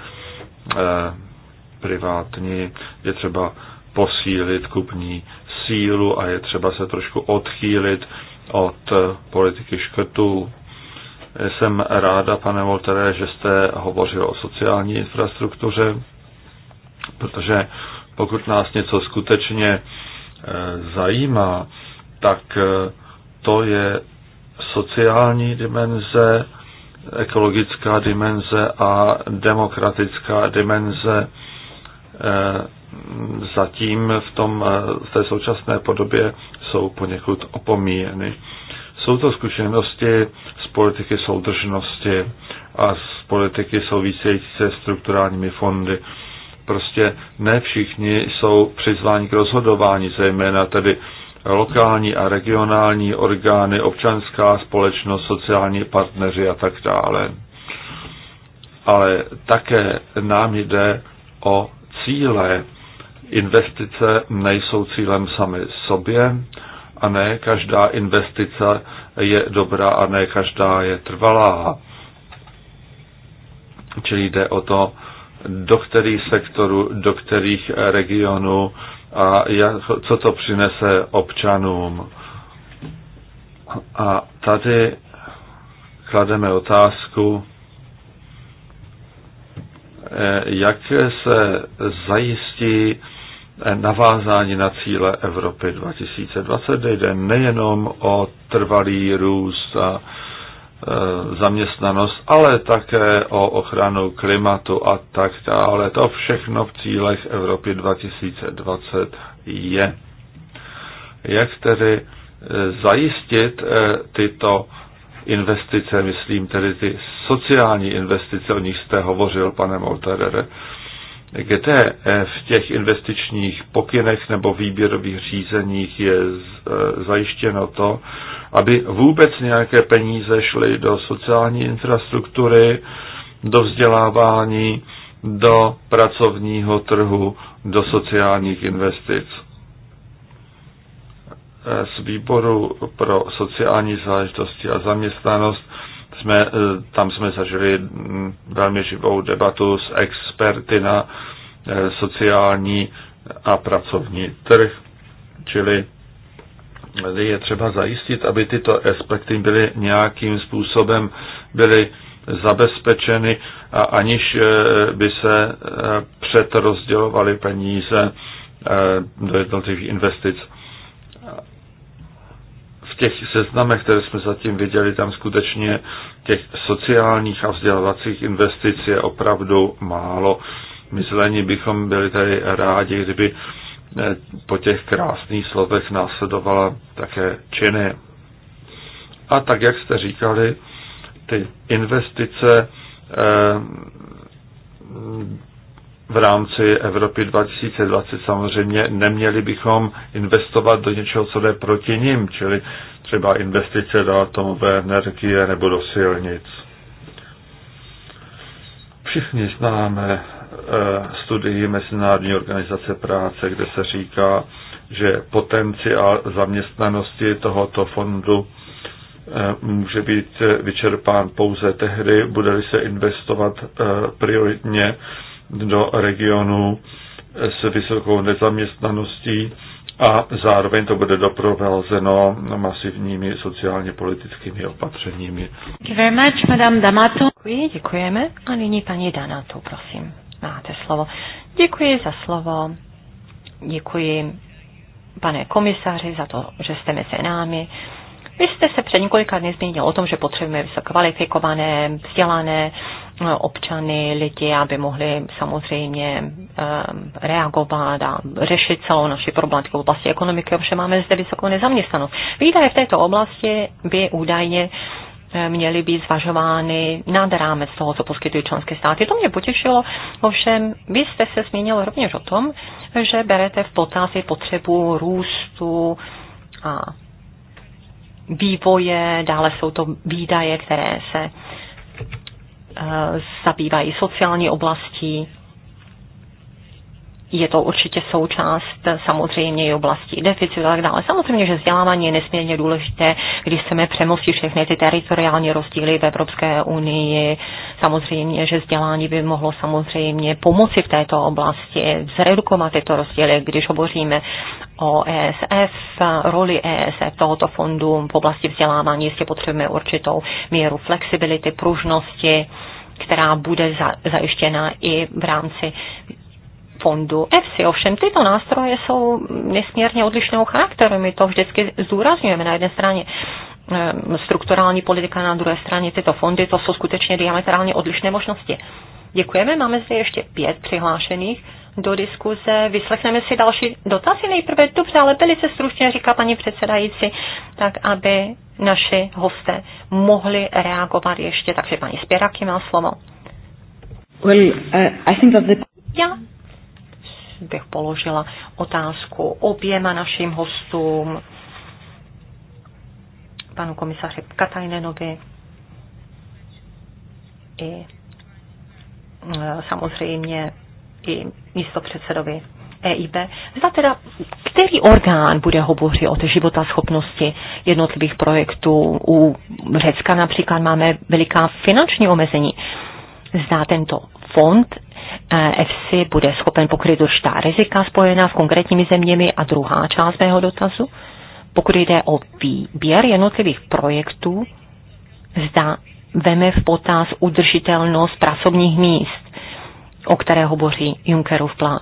Eh, privátní, je třeba posílit kupní sílu a je třeba se trošku odchýlit od eh, politiky škrtů. Jsem ráda, pane Voltere, že jste hovořil o sociální infrastruktuře, protože pokud nás něco skutečně eh, zajímá, tak to je sociální dimenze ekologická dimenze a demokratická dimenze eh, zatím v, tom, eh, v té současné podobě jsou poněkud opomíjeny. Jsou to zkušenosti z politiky soudržnosti a z politiky související se strukturálními fondy. Prostě ne všichni jsou přizváni k rozhodování, zejména tedy lokální a regionální orgány, občanská společnost, sociální partneři a tak dále. Ale také nám jde o cíle. Investice nejsou cílem sami sobě a ne každá investice je dobrá a ne každá je trvalá. Čili jde o to, do kterých sektorů, do kterých regionů a jak, co to přinese občanům. A tady klademe otázku, eh, jak se zajistí eh, navázání na cíle Evropy 2020. Jde nejenom o trvalý růst a Eh, zaměstnanost, ale také o ochranu klimatu a tak dále. To všechno v cílech Evropy 2020 je. Jak tedy eh, zajistit eh, tyto investice, myslím tedy ty sociální investice, o nich jste hovořil, pane Molterere, kde v těch investičních pokynech nebo výběrových řízeních je e, zajištěno to, aby vůbec nějaké peníze šly do sociální infrastruktury, do vzdělávání, do pracovního trhu, do sociálních investic. E, z výboru pro sociální záležitosti a zaměstnanost jsme, eh, tam jsme zažili mm, velmi živou debatu s experty na eh, sociální a pracovní trh, čili eh, je třeba zajistit, aby tyto aspekty byly nějakým způsobem byly zabezpečeny a aniž by se předrozdělovaly peníze do jednotlivých investic těch seznamech, které jsme zatím viděli, tam skutečně těch sociálních a vzdělávacích investic je opravdu málo. Myslení bychom byli tady rádi, kdyby eh, po těch krásných slovech následovala také činy. A tak, jak jste říkali, ty investice eh, v rámci Evropy 2020 samozřejmě neměli bychom investovat do něčeho, co jde proti ním, čili třeba investice do atomové energie nebo do silnic. Všichni známe eh, studii Mezinárodní organizace práce, kde se říká, že potenciál zaměstnanosti tohoto fondu eh, může být eh, vyčerpán pouze tehdy, bude-li se investovat prioritně do regionu s vysokou nezaměstnaností a zároveň to bude doprovázeno masivními sociálně politickými opatřeními. much, madame Damato. Děkuji, děkujeme. A nyní paní Danato, prosím, máte slovo. Děkuji za slovo. Děkuji, pane komisaři, za to, že jste mezi námi. Vy jste se před několika dny zmínil o tom, že potřebujeme vysokvalifikované, vzdělané, občany, lidi, aby mohli samozřejmě ehm, reagovat a řešit celou naši problematiku v oblasti ekonomiky, protože máme zde vysokou nezaměstnanost. Výdaje v této oblasti by údajně eh, měly být zvažovány nad rámec toho, co poskytují členské státy. To mě potěšilo, ovšem vy jste se zmínil rovněž o tom, že berete v potaz i potřebu růstu a vývoje, dále jsou to výdaje, které se Eh, zabývají sociální oblastí, je to určitě součást samozřejmě i oblasti deficitu a tak dále. Samozřejmě, že vzdělávání je nesmírně důležité, když chceme přemostit všechny ty teritoriální rozdíly v Evropské unii. Samozřejmě, že vzdělání by mohlo samozřejmě pomoci v této oblasti, zredukovat tyto rozdíly, když hovoříme o ESF, roli ESF tohoto fondu v oblasti vzdělávání jistě potřebujeme určitou míru flexibility, pružnosti, která bude zajištěna i v rámci fondu EFSI. Ovšem tyto nástroje jsou nesmírně odlišného charakteru. My to vždycky zdůrazňujeme na jedné straně ehm, strukturální politika, na druhé straně tyto fondy, to jsou skutečně diametrálně odlišné možnosti. Děkujeme, máme zde ještě pět přihlášených do diskuze. Vyslechneme si další dotazy nejprve. Dobře, ale velice stručně říká paní předsedající, tak aby naši hosté mohli reagovat ještě. Takže paní Spěraky má slovo. Well, uh, I think that the... Já bych položila otázku oběma našim hostům, panu komisaři Katajnenovi i eh, samozřejmě i místo předsedovi EIB. Zda teda, který orgán bude hovořit o té schopnosti jednotlivých projektů? U Řecka například máme veliká finanční omezení. Zda tento fond EFSI bude schopen pokryt určitá rizika spojená s konkrétními zeměmi a druhá část mého dotazu, pokud jde o výběr jednotlivých projektů, zda veme v potaz udržitelnost pracovních míst, o které hovoří Junckerův plán.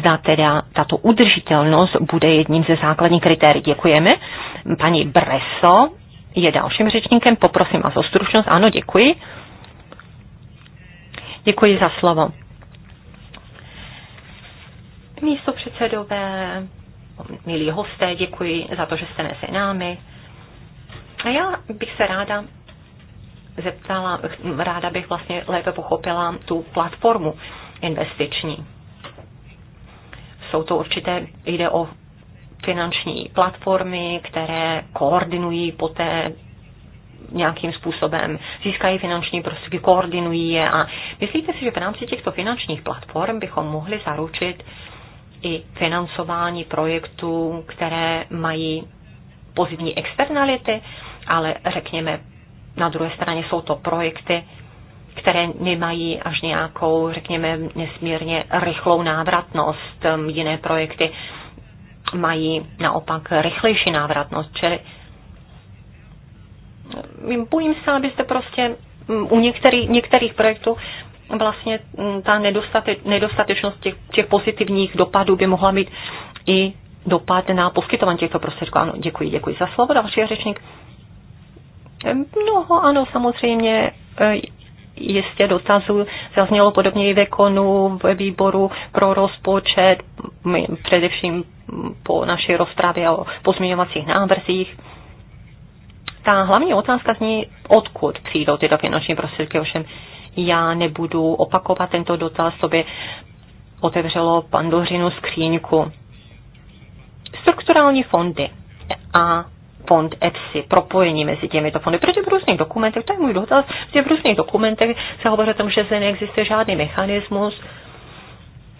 Zda teda tato udržitelnost bude jedním ze základních kritérií. Děkujeme. Paní Breso je dalším řečníkem. Poprosím vás o stručnost. Ano, děkuji. Děkuji za slovo. Místo předsedové, milí hosté, děkuji za to, že jste mezi námi. A já bych se ráda zeptala, ráda bych vlastně lépe pochopila tu platformu investiční. Jsou to určité, jde o finanční platformy, které koordinují poté nějakým způsobem získají finanční prostředky, koordinují je a myslíte si, že v rámci těchto finančních platform bychom mohli zaručit i financování projektů, které mají pozitivní externality, ale řekněme, na druhé straně jsou to projekty, které nemají až nějakou, řekněme, nesmírně rychlou návratnost. Hm, jiné projekty mají naopak rychlejší návratnost, čili hm, bojím se, abyste prostě hm, u některých, některých projektů vlastně mm, ta nedostate, nedostatečnost těch, těch pozitivních dopadů by mohla mít i dopad na poskytování těchto prostředků. Ano, děkuji, děkuji za slovo. Další řečník. Mnoho, ano, samozřejmě e, jistě dotazů zaznělo podobně i ve konu, ve výboru pro rozpočet, my, především po naší rozpravě o pozměňovacích návrzích. Ta hlavní otázka zní, odkud přijdou tyto finanční prostředky, ovšem já nebudu opakovat tento dotaz, to by otevřelo pandořinu skříňku. Strukturální fondy a fond EPSI, propojení mezi těmito fondy. Protože v různých dokumentech, to je můj dotaz, že v různých dokumentech se hovoří o tom, že zde neexistuje žádný mechanismus,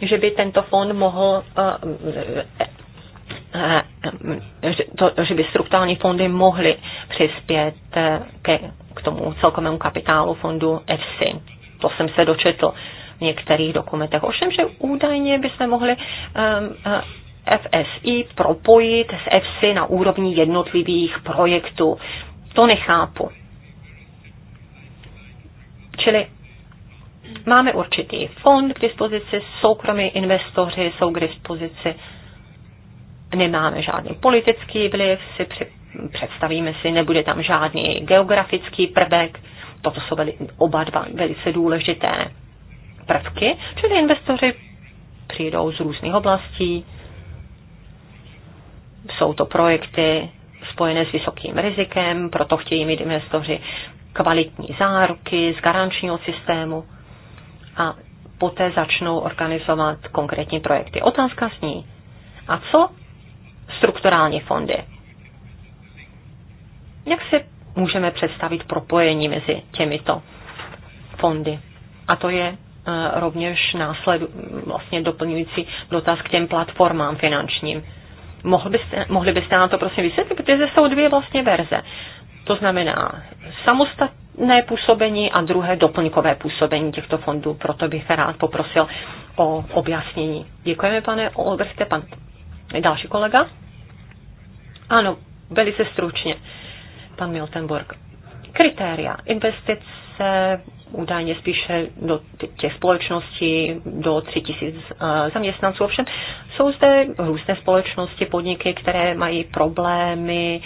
že by tento fond mohl eh, eh, eh, že, že by strukturální fondy mohly přispět ke k tomu celkovému kapitálu fondu EFSI. To jsem se dočetl v některých dokumentech. Ovšem, že údajně bychom mohli um, uh, FSI propojit s EFSI na úrovni jednotlivých projektů. To nechápu. Čili máme určitý fond k dispozici, soukromí investoři jsou k dispozici, nemáme žádný politický vliv, si představíme si, nebude tam žádný geografický prvek, toto jsou veli, oba dva velice důležité prvky, čili investoři přijdou z různých oblastí, jsou to projekty spojené s vysokým rizikem, proto chtějí mít investoři kvalitní záruky z garančního systému a poté začnou organizovat konkrétní projekty. Otázka zní, a co strukturální fondy? Jak si můžeme představit propojení mezi těmito fondy? A to je eh, rovněž následu, vlastně doplňující dotaz k těm platformám finančním. Mohl byste, mohli byste nám to prosím vysvětlit, protože jsou dvě vlastně verze. To znamená samostatné působení a druhé doplňkové působení těchto fondů. Proto bych rád poprosil o objasnění. Děkujeme, pane Olbrchte. Pan další kolega? Ano, velice stručně. Uh, pan Miltenburg. Kritéria investice údajně spíše do těch společností do 3000 eh, zaměstnanců. Ovšem jsou zde různé společnosti, podniky, které mají problémy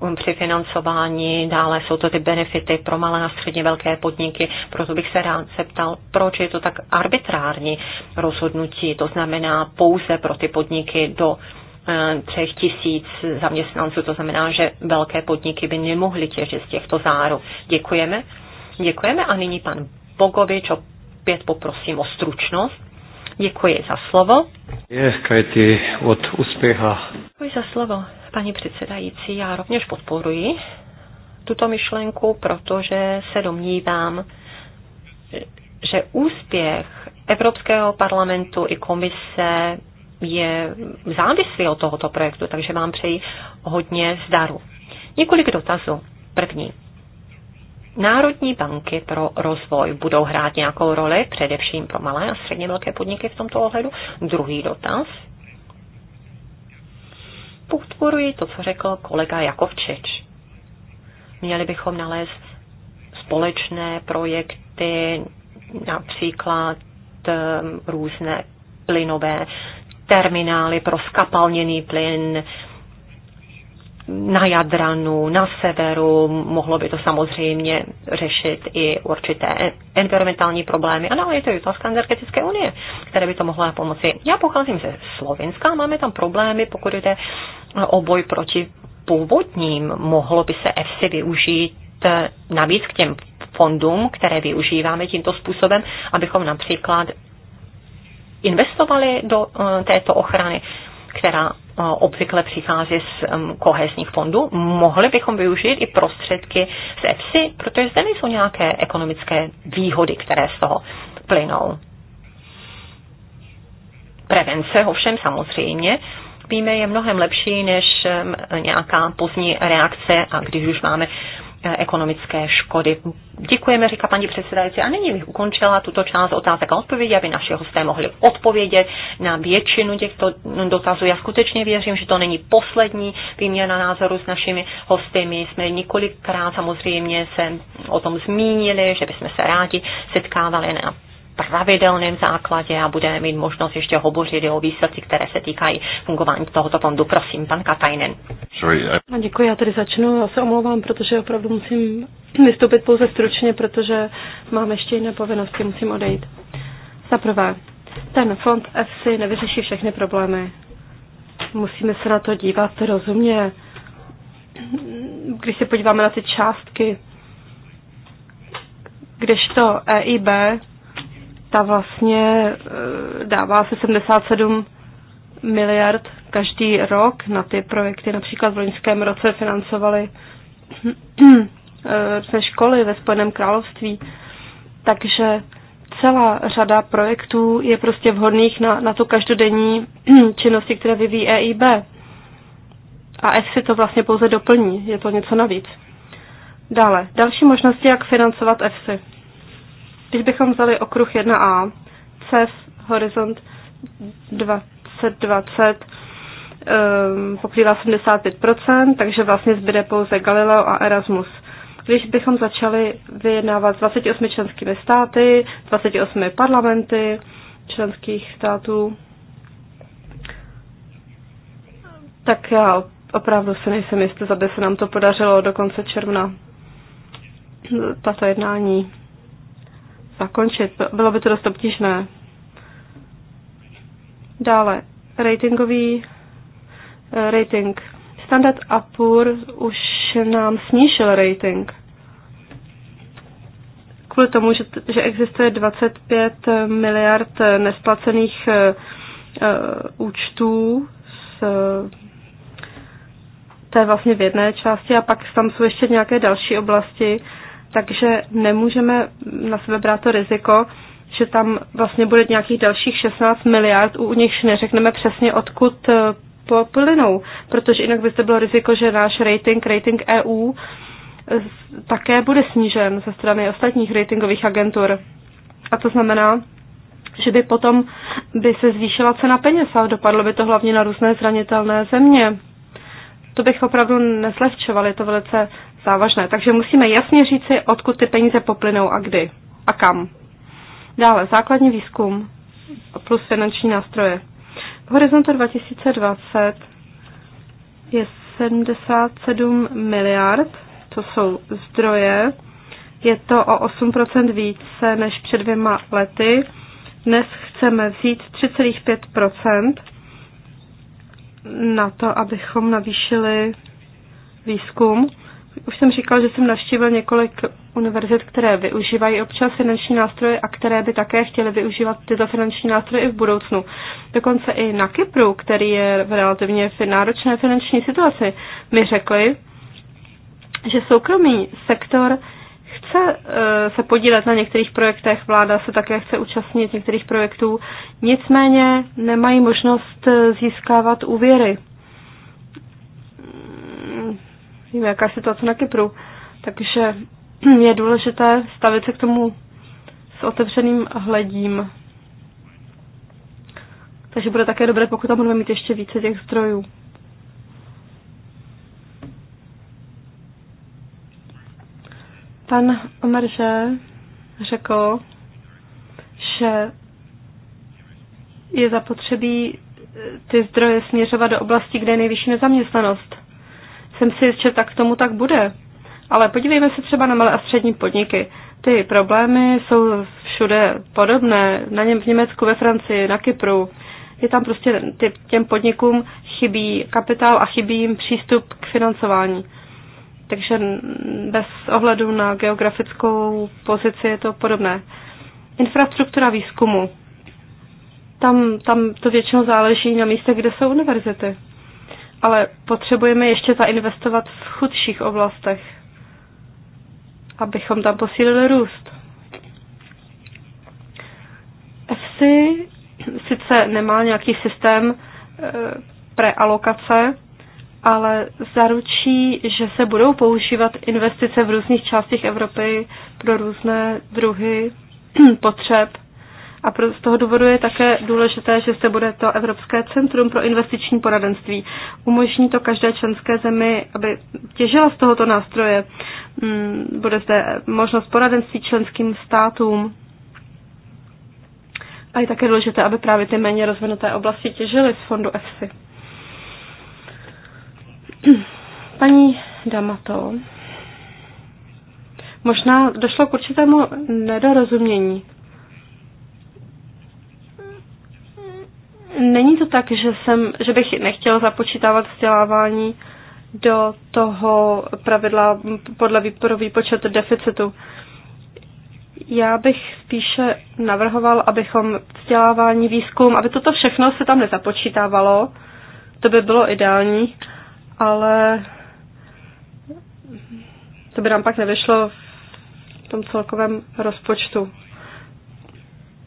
um, při financování, dále jsou to ty benefity pro malé a středně velké podniky. Proto bych se rád zeptal, proč je to tak arbitrární rozhodnutí, to znamená pouze pro ty podniky do třech tisíc zaměstnanců. To znamená, že velké podniky by nemohly těžit z těchto záruk. Děkujeme. Děkujeme a nyní pan Bogovič, opět poprosím o stručnost. Děkuji za slovo. Je, kajty od úspěcha. Děkuji za slovo, paní předsedající. Já rovněž podporuji tuto myšlenku, protože se domnívám, že úspěch Evropského parlamentu i komise je závislý od tohoto projektu, takže vám přeji hodně zdaru. Několik dotazů. První. Národní banky pro rozvoj budou hrát nějakou roli, především pro malé a středně velké podniky v tomto ohledu. Druhý dotaz. Podporuji to, co řekl kolega Jakovčič. Měli bychom nalézt společné projekty, například eh, různé plynové terminály pro skapalněný plyn na Jadranu, na severu, mohlo by to samozřejmě řešit i určité environmentální problémy. A dále je to otázka energetické unie, které by to mohla pomoci. Já pocházím ze Slovenska, máme tam problémy, pokud jde o boj proti původním. Mohlo by se EFSI využít navíc k těm fondům, které využíváme tímto způsobem, abychom například investovali do eh, této ochrany, která eh, obvykle přichází z kohezních fondů, mohli bychom využít i prostředky z EPSI, protože zde nejsou nějaké ekonomické výhody, které z toho plynou. Prevence ovšem samozřejmě víme, je mnohem lepší než nějaká pozdní reakce a když už máme Eh, ekonomické škody. Děkujeme, říká paní předsedající. A nyní bych ukončila tuto část otázek a odpovědi, aby naši hosté mohli odpovědět na většinu těchto dotazů. Já skutečně věřím, že to není poslední výměna názoru s našimi hosty. My jsme několikrát samozřejmě se o tom zmínili, že bychom se rádi setkávali na pravidelném základě a budeme mít možnost ještě hovořit o výsledcích, které se týkají fungování tohoto fondu. Prosím, pan Katajnen. Sorry, I... No, děkuji, já tady začnu. Já se omlouvám, protože opravdu musím vystoupit pouze stručně, protože mám ještě jiné povinnosti, musím odejít. Za prvé, ten fond FC nevyřeší všechny problémy. Musíme se na to dívat rozumně. Když se podíváme na ty částky, kdežto EIB ta vlastně eh, dává se 77 miliard každý rok na ty projekty. Například v loňském roce financovali se eh, školy ve Spojeném království. Takže celá řada projektů je prostě vhodných na, na tu každodenní [CLEARS THROAT] činnosti, které vyvíjí EIB. A ESI to vlastně pouze doplní, je to něco navíc. Dále, další možnosti, jak financovat EFSI. Když bychom vzali okruh 1A, CES, Horizont 2020, ehm, pokrývá 75%, takže vlastně zbyde pouze Galileo a Erasmus. Když bychom začali vyjednávat s 28 členskými státy, 28 parlamenty členských států, tak já opravdu se nejsem jistý, aby se nám to podařilo do konce června tato jednání zakončit. Bylo by to dost obtížné. Dále, ratingový eh, rating. Standard a Poor už nám snížil rating. Kvůli tomu, že, že existuje 25 miliard nesplacených uh, účtů z to je vlastně v jedné části a pak tam jsou ještě nějaké další oblasti, takže nemůžeme na sebe brát to riziko, že tam vlastně bude nějakých dalších 16 miliard, u nichž neřekneme přesně odkud eh, poplynou, protože jinak by to bylo riziko, že náš rating, rating EU, eh, také bude snížen ze strany ostatních ratingových agentur. A to znamená, že by potom by se zvýšila cena peněz a dopadlo by to hlavně na různé zranitelné země. To bych opravdu neslehčoval, je to velice závažné. Takže musíme jasně říci, odkud ty peníze poplynou a kdy a kam. Dále základní výzkum plus finanční nástroje. V horizontu 2020 je 77 miliard, to jsou zdroje. Je to o 8% více než před dvěma lety. Dnes chceme vzít 3,5% na to, abychom navýšili výzkum. Už jsem říkal, že jsem navštívil několik univerzit, které využívají občas finanční nástroje a které by také chtěly využívat tyto finanční nástroje i v budoucnu. Dokonce i na Kypru, který je v relativně náročné finanční situaci, mi řekli, že soukromý sektor chce eh, se podílet na některých projektech, vláda se také chce účastnit některých projektů, nicméně nemají možnost eh, získávat úvěry víme, jaká je situace na Kypru. Takže [CLEARS THROAT] je důležité stavit se k tomu s otevřeným hledím. Takže bude také dobré, pokud tam budeme mít ještě více těch zdrojů. Pan Omerže řekl, že je zapotřebí ty zdroje směřovat do oblasti, kde je nejvyšší nezaměstnanost jsem si jistě, že tak tomu tak bude. Ale podívejme se třeba na malé a střední podniky. Ty problémy jsou všude podobné, na něm v Německu, ve Francii, na Kypru. Je tam prostě těm podnikům chybí kapitál a chybí jim přístup k financování. Takže bez ohledu na geografickou pozici je to podobné. Infrastruktura výzkumu. Tam, tam to většinou záleží na místech, kde jsou univerzity ale potřebujeme ještě zainvestovat v chudších oblastech, abychom tam posílili růst. EFSI sice nemá nějaký systém e, prealokace, ale zaručí, že se budou používat investice v různých částech Evropy pro různé druhy [CLEARS THROAT] potřeb a pro, z toho důvodu je také důležité, že se bude to Evropské centrum pro investiční poradenství. Umožní to každé členské zemi, aby těžila z tohoto nástroje. Hmm, bude zde možnost poradenství členským státům. A je také důležité, aby právě ty méně rozvinuté oblasti těžily z fondu EFSI. [CLEARS THROAT] Paní Damato, možná došlo k určitému nedorozumění Není to tak, že, jsem, že bych nechtěl započítávat vzdělávání do toho pravidla podle pro výpočet deficitu. Já bych spíše navrhoval, abychom vzdělávání, výzkum, aby toto všechno se tam nezapočítávalo. To by bylo ideální, ale to by nám pak nevyšlo v tom celkovém rozpočtu.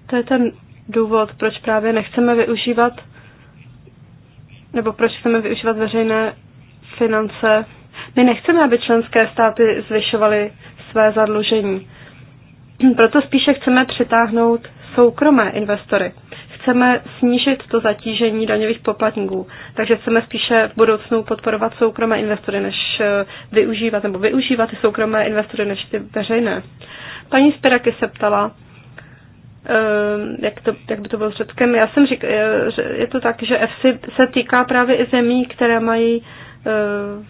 To je ten důvod, proč právě nechceme využívat, nebo proč chceme využívat veřejné finance. My nechceme, aby členské státy zvyšovaly své zadlužení. Proto spíše chceme přitáhnout soukromé investory. Chceme snížit to zatížení daňových poplatníků, takže chceme spíše v budoucnu podporovat soukromé investory, než eh, využívat, nebo využívat ty soukromé investory, než ty veřejné. Paní Spiraky se ptala, Ehm, jak, to, jak by to bylo s Řeckem. Já jsem říkal, eh, je to tak, že EFSI se týká právě i zemí, které mají, eh,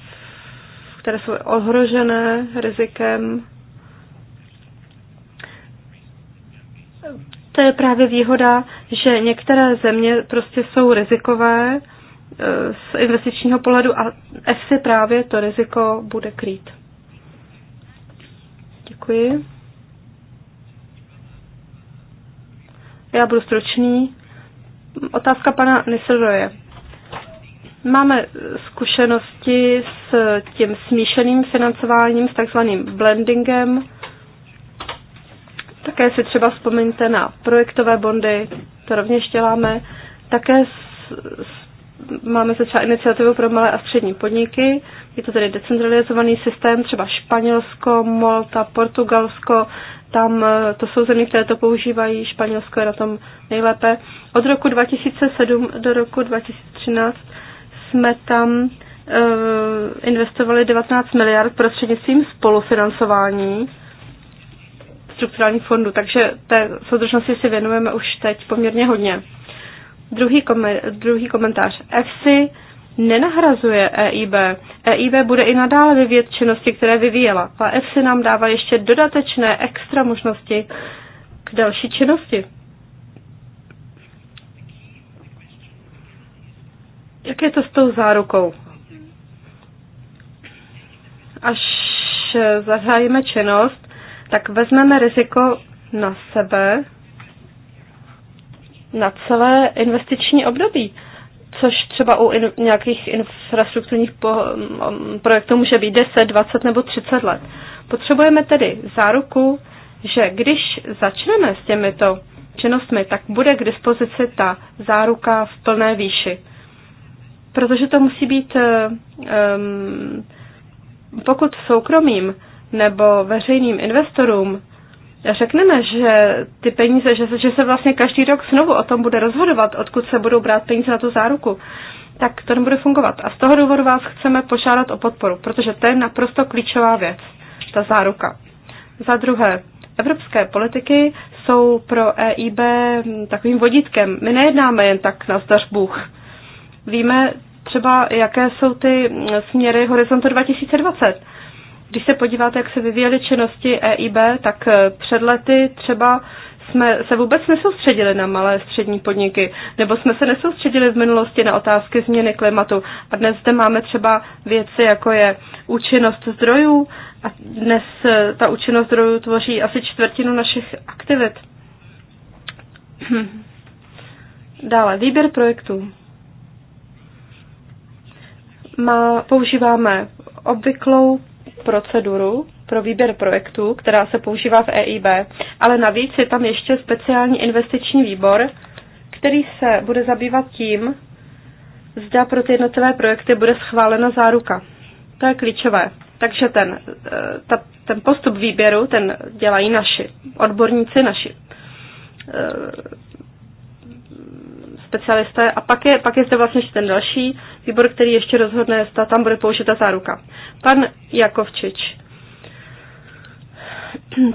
které jsou ohrožené rizikem. To je právě výhoda, že některé země prostě jsou rizikové eh, z investičního pohledu a EFSI právě to riziko bude krýt. Děkuji. Já budu stručný. Otázka pana Nisroje. Máme zkušenosti s tím smíšeným financováním, s takzvaným blendingem. Také si třeba vzpomeňte na projektové bondy, to rovněž děláme. Také máme se třeba iniciativu pro malé a střední podniky, je to tedy decentralizovaný systém, třeba Španělsko, Malta, Portugalsko, tam eh, to jsou země, které to používají, Španělsko je na tom nejlépe. Od roku 2007 do roku 2013 jsme tam eh, investovali 19 miliard prostřednictvím spolufinancování strukturálních fondů, takže té soudržnosti si věnujeme už teď poměrně hodně. Druhý, kom- druhý komentář. EFSI nenahrazuje EIB. EIB bude i nadále vyvíjet činnosti, které vyvíjela. A EFSI nám dává ještě dodatečné extra možnosti k další činnosti. Jak je to s tou zárukou? Až eh, zahájíme činnost, tak vezmeme riziko na sebe na celé investiční období, což třeba u in, nějakých infrastrukturních po, um, projektů může být 10, 20 nebo 30 let. Potřebujeme tedy záruku, že když začneme s těmito činnostmi, tak bude k dispozici ta záruka v plné výši. Protože to musí být, um, pokud soukromým nebo veřejným investorům řekneme, že ty peníze, že, že se vlastně každý rok znovu o tom bude rozhodovat, odkud se budou brát peníze na tu záruku, tak to nebude fungovat. A z toho důvodu vás chceme požádat o podporu, protože to je naprosto klíčová věc, ta záruka. Za druhé, evropské politiky jsou pro EIB takovým vodítkem. My nejednáme jen tak na zdař Bůh. Víme třeba, jaké jsou ty směry Horizontu 2020 když se podíváte, jak se vyvíjely činnosti EIB, tak eh, před lety třeba jsme se vůbec nesoustředili na malé střední podniky, nebo jsme se nesoustředili v minulosti na otázky změny klimatu. A dnes zde máme třeba věci, jako je účinnost zdrojů, a dnes eh, ta účinnost zdrojů tvoří asi čtvrtinu našich aktivit. [CLEARS THROAT] Dále, výběr projektů. Má, používáme obvyklou proceduru pro výběr projektů, která se používá v EIB, ale navíc je tam ještě speciální investiční výbor, který se bude zabývat tím, zda pro ty jednotlivé projekty bude schválena záruka. To je klíčové. Takže ten, eh, ta, ten postup výběru, ten dělají naši odborníci, naši eh, specialisté. A pak je, pak je zde vlastně ještě ten další výbor, který ještě rozhodne, zda tam bude použita záruka. Pan Jakovčič.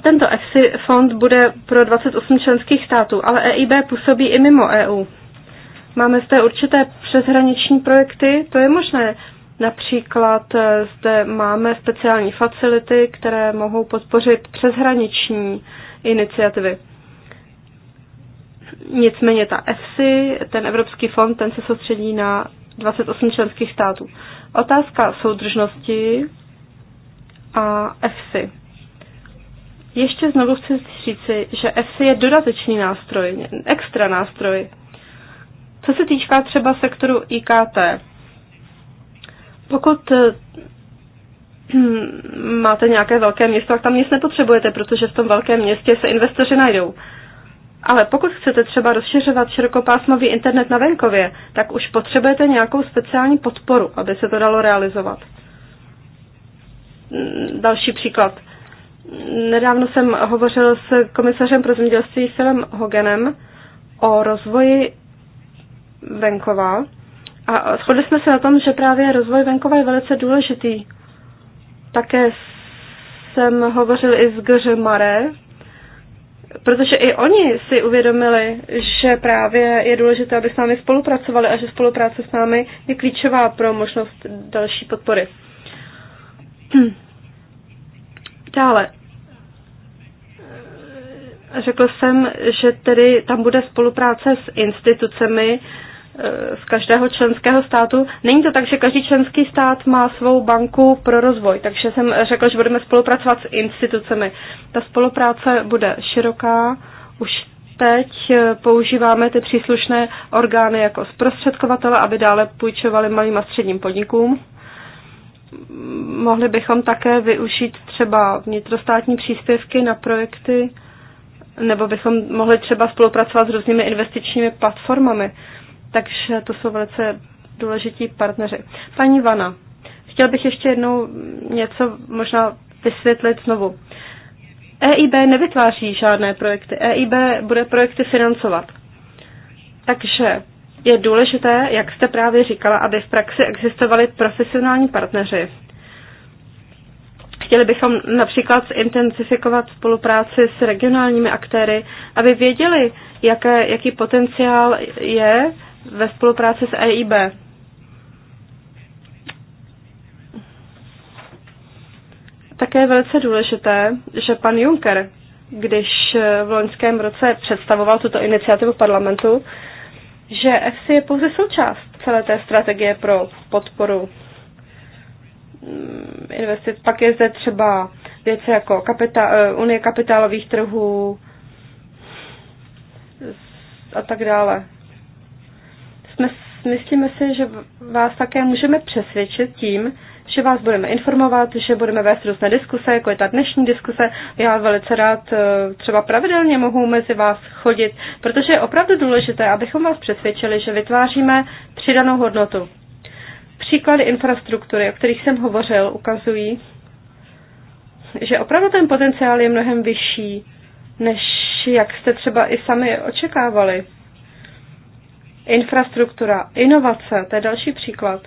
Tento EFSI fond bude pro 28 členských států, ale EIB působí i mimo EU. Máme zde určité přeshraniční projekty, to je možné. Například eh, zde máme speciální facility, které mohou podpořit přeshraniční iniciativy. Nicméně ta EFSI, ten Evropský fond, ten se soustředí na 28 členských států. Otázka soudržnosti a EFSI. Ještě znovu chci říci, že EFSI je dodatečný nástroj, extra nástroj. Co se týká třeba sektoru IKT, pokud hm, máte nějaké velké město, tak tam nic nepotřebujete, protože v tom velkém městě se investoři najdou. Ale pokud chcete třeba rozšiřovat širokopásmový internet na venkově, tak už potřebujete nějakou speciální podporu, aby se to dalo realizovat. Mm, další příklad. Nedávno jsem hovořil s komisařem pro zemědělství Filem Hogenem o rozvoji venkova a shodli jsme se na tom, že právě rozvoj venkova je velice důležitý. Také jsem hovořil i s Gř Mare, protože i oni si uvědomili, že právě je důležité, aby s námi spolupracovali a že spolupráce s námi je klíčová pro možnost další podpory. [CLEARS THROAT] Dále. Řekl jsem, že tedy tam bude spolupráce s institucemi, z každého členského státu. Není to tak, že každý členský stát má svou banku pro rozvoj, takže jsem řekla, že budeme spolupracovat s institucemi. Ta spolupráce bude široká, už teď eh, používáme ty příslušné orgány jako zprostředkovatele, aby dále půjčovali malým a středním podnikům. Mohli bychom také využít třeba vnitrostátní příspěvky na projekty, nebo bychom mohli třeba spolupracovat s různými investičními platformami takže to jsou velice důležití partneři. Paní Vana, chtěl bych ještě jednou něco možná vysvětlit znovu. EIB nevytváří žádné projekty. EIB bude projekty financovat. Takže je důležité, jak jste právě říkala, aby v praxi existovali profesionální partneři. Chtěli bychom například intenzifikovat spolupráci s regionálními aktéry, aby věděli, jaké, jaký potenciál je ve spolupráci s EIB. Také je velice důležité, že pan Juncker, když v loňském roce představoval tuto iniciativu parlamentu, že EFSI je pouze součást celé té strategie pro podporu mm, investic. Pak je zde třeba věci jako kapita, eh, unie kapitálových trhů a tak dále myslíme si, že vás také můžeme přesvědčit tím, že vás budeme informovat, že budeme vést různé diskuse, jako je ta dnešní diskuse. Já velice rád eh, třeba pravidelně mohu mezi vás chodit, protože je opravdu důležité, abychom vás přesvědčili, že vytváříme přidanou hodnotu. Příklady infrastruktury, o kterých jsem hovořil, ukazují, že opravdu ten potenciál je mnohem vyšší, než jak jste třeba i sami očekávali. Infrastruktura, inovace, to je další příklad.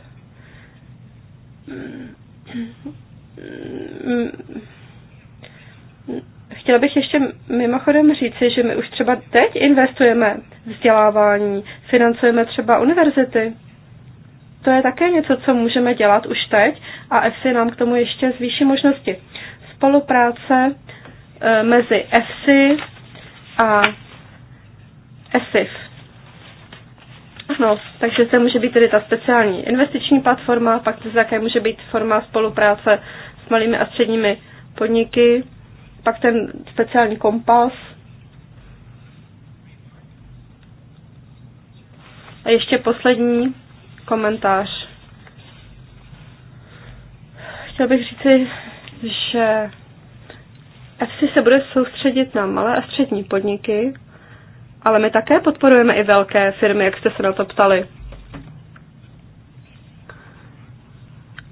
Chtěla bych ještě mimochodem říci, že my už třeba teď investujeme vzdělávání, financujeme třeba univerzity. To je také něco, co můžeme dělat už teď a EFSI nám k tomu ještě zvýší možnosti. Spolupráce eh, mezi EFSI a ESIF ano, takže to může být tedy ta speciální investiční platforma, pak to také může být forma spolupráce s malými a středními podniky, pak ten speciální kompas. A ještě poslední komentář. Chtěl bych říci, že FC se bude soustředit na malé a střední podniky, ale my také podporujeme i velké firmy, jak jste se na to ptali.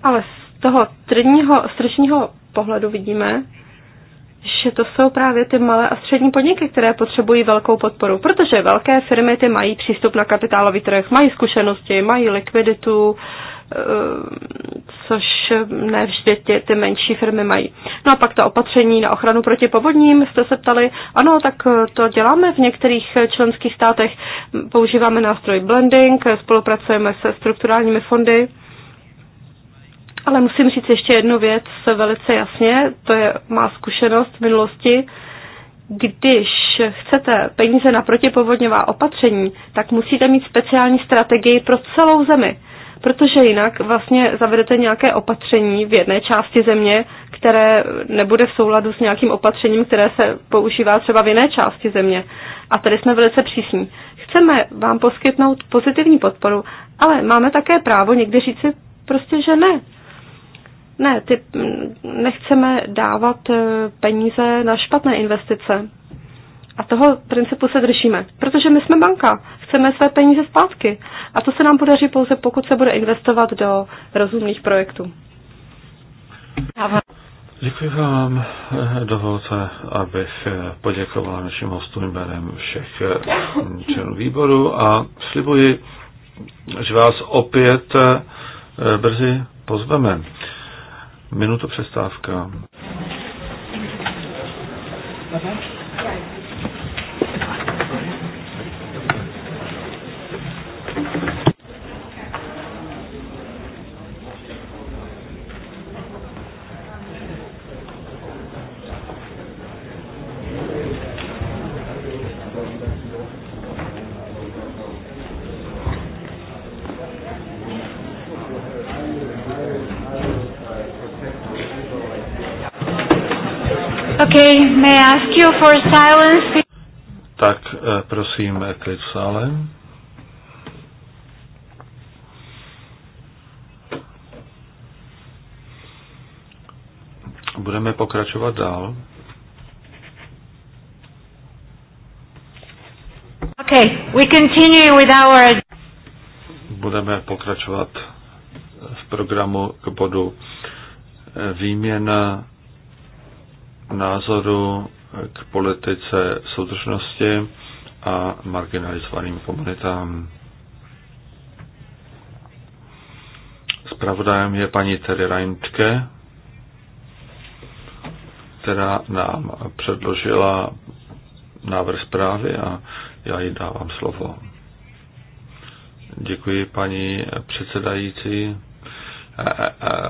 Ale z toho trdního, strčního pohledu vidíme, že to jsou právě ty malé a střední podniky, které potřebují velkou podporu, protože velké firmy ty mají přístup na kapitálový trh, mají zkušenosti, mají likviditu, Eh, což ne vždy ty, ty menší firmy mají. No a pak to opatření na ochranu proti povodním, jste se ptali, ano, tak eh, to děláme v některých eh, členských státech, používáme nástroj blending, spolupracujeme se strukturálními fondy, ale musím říct ještě jednu věc velice jasně, to je má zkušenost v minulosti, když chcete peníze na protipovodňová opatření, tak musíte mít speciální strategii pro celou zemi protože jinak vlastně zavedete nějaké opatření v jedné části země, které nebude v souladu s nějakým opatřením, které se používá třeba v jiné části země. A tady jsme velice přísní. Chceme vám poskytnout pozitivní podporu, ale máme také právo někdy říci prostě, že ne. Ne, ty, nechceme dávat eh, peníze na špatné investice. A toho principu se držíme, protože my jsme banka chceme své peníze zpátky. A to se nám podaří pouze, pokud se bude investovat do rozumných projektů. Děkuji vám. Dovolte, abych poděkoval našim hostům jménem všech členů výboru a slibuji, že vás opět brzy pozveme. Minutu přestávka. bye May I ask you for silence? Tak eh, prosím, eh, klid v sále. Budeme pokračovat dál. Okay, we continue with our... Budeme pokračovat v programu k bodu eh, výměna názoru k politice soudržnosti a marginalizovaným komunitám. Spravodajem je paní Terry Reintke, která nám předložila návrh zprávy a já jí dávám slovo. Děkuji, paní předsedající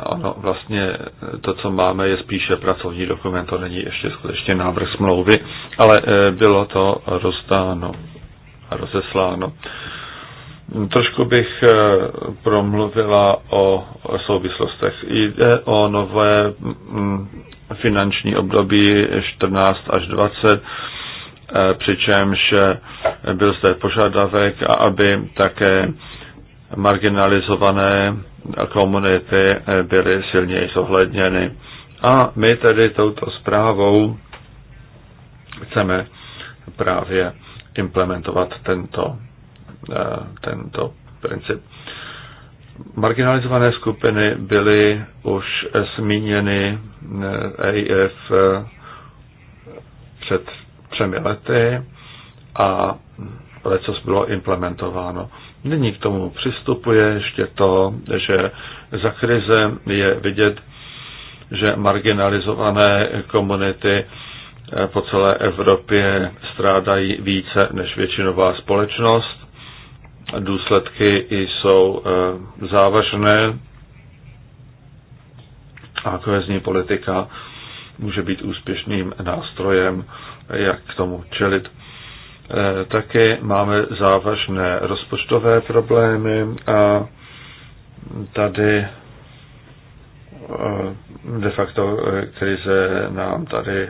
ono vlastně to, co máme, je spíše pracovní dokument, to není ještě skutečně návrh smlouvy, ale e, bylo to rozdáno a rozesláno. Trošku bych e, promluvila o souvislostech. Jde o nové finanční období 14 až 20, e, přičemž byl zde požadavek, aby také marginalizované komunity byly silněji zohledněny. A my tedy touto zprávou chceme právě implementovat tento, eh, tento princip. Marginalizované skupiny byly už zmíněny EIF eh, eh, před třemi lety a lecos bylo implementováno. Nyní k tomu přistupuje ještě to, že za krize je vidět, že marginalizované komunity eh, po celé Evropě strádají více než většinová společnost. Důsledky jsou eh, závažné a kohezní politika může být úspěšným nástrojem, jak k tomu čelit. Eh, také máme závažné rozpočtové problémy a tady eh, de facto eh, krize nám tady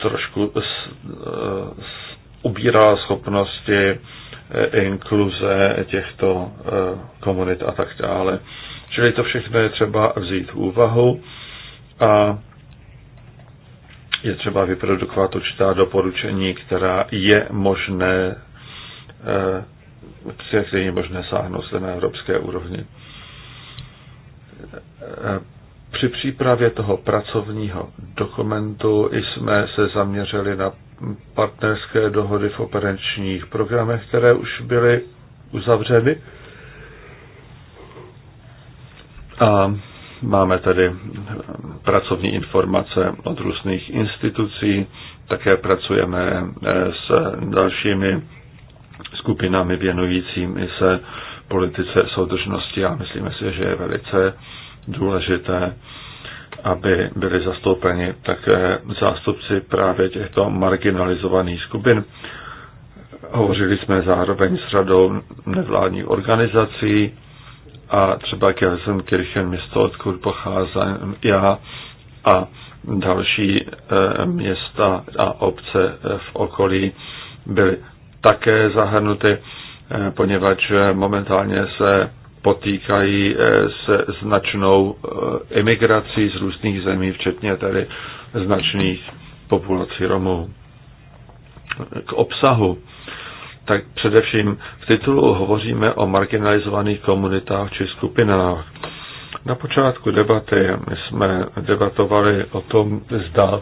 trošku ubírá schopnosti inkluze těchto komunit a tak dále. Čili to všechno je třeba vzít v úvahu a je třeba vyprodukovat určitá doporučení, která je možné, eh, které je možné sáhnout se na evropské úrovni. Eh, při přípravě toho pracovního dokumentu jsme se zaměřili na partnerské dohody v operačních programech, které už byly uzavřeny. A Máme tady pracovní informace od různých institucí, také pracujeme eh, s dalšími skupinami věnujícími se politice soudržnosti a myslíme si, že je velice důležité, aby byli zastoupeni také zástupci právě těchto marginalizovaných skupin. Hovořili jsme zároveň s radou nevládních organizací, a třeba jak Kirchen město, odkud pocházím já a další eh, města a obce eh, v okolí byly také zahrnuty, eh, poněvadž momentálně se potýkají se značnou emigrací z různých zemí, včetně tedy značných populací Romů. K obsahu tak především v titulu hovoříme o marginalizovaných komunitách či skupinách. Na počátku debaty my jsme debatovali o tom, zda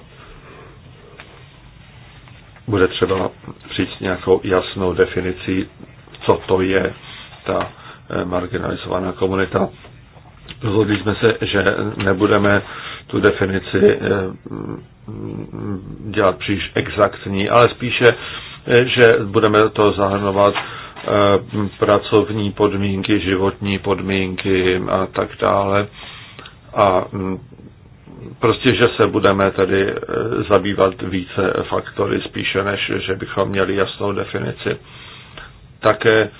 bude třeba přijít nějakou jasnou definicí, co to je ta eh, marginalizovaná komunita. Rozhodli jsme se, že nebudeme tu definici eh, dělat příliš exaktní, ale spíše že budeme to zahrnovat eh, pracovní podmínky, životní podmínky a tak dále. A mm, prostě, že se budeme tedy eh, zabývat více faktory, spíše než, že bychom měli jasnou definici. Také eh,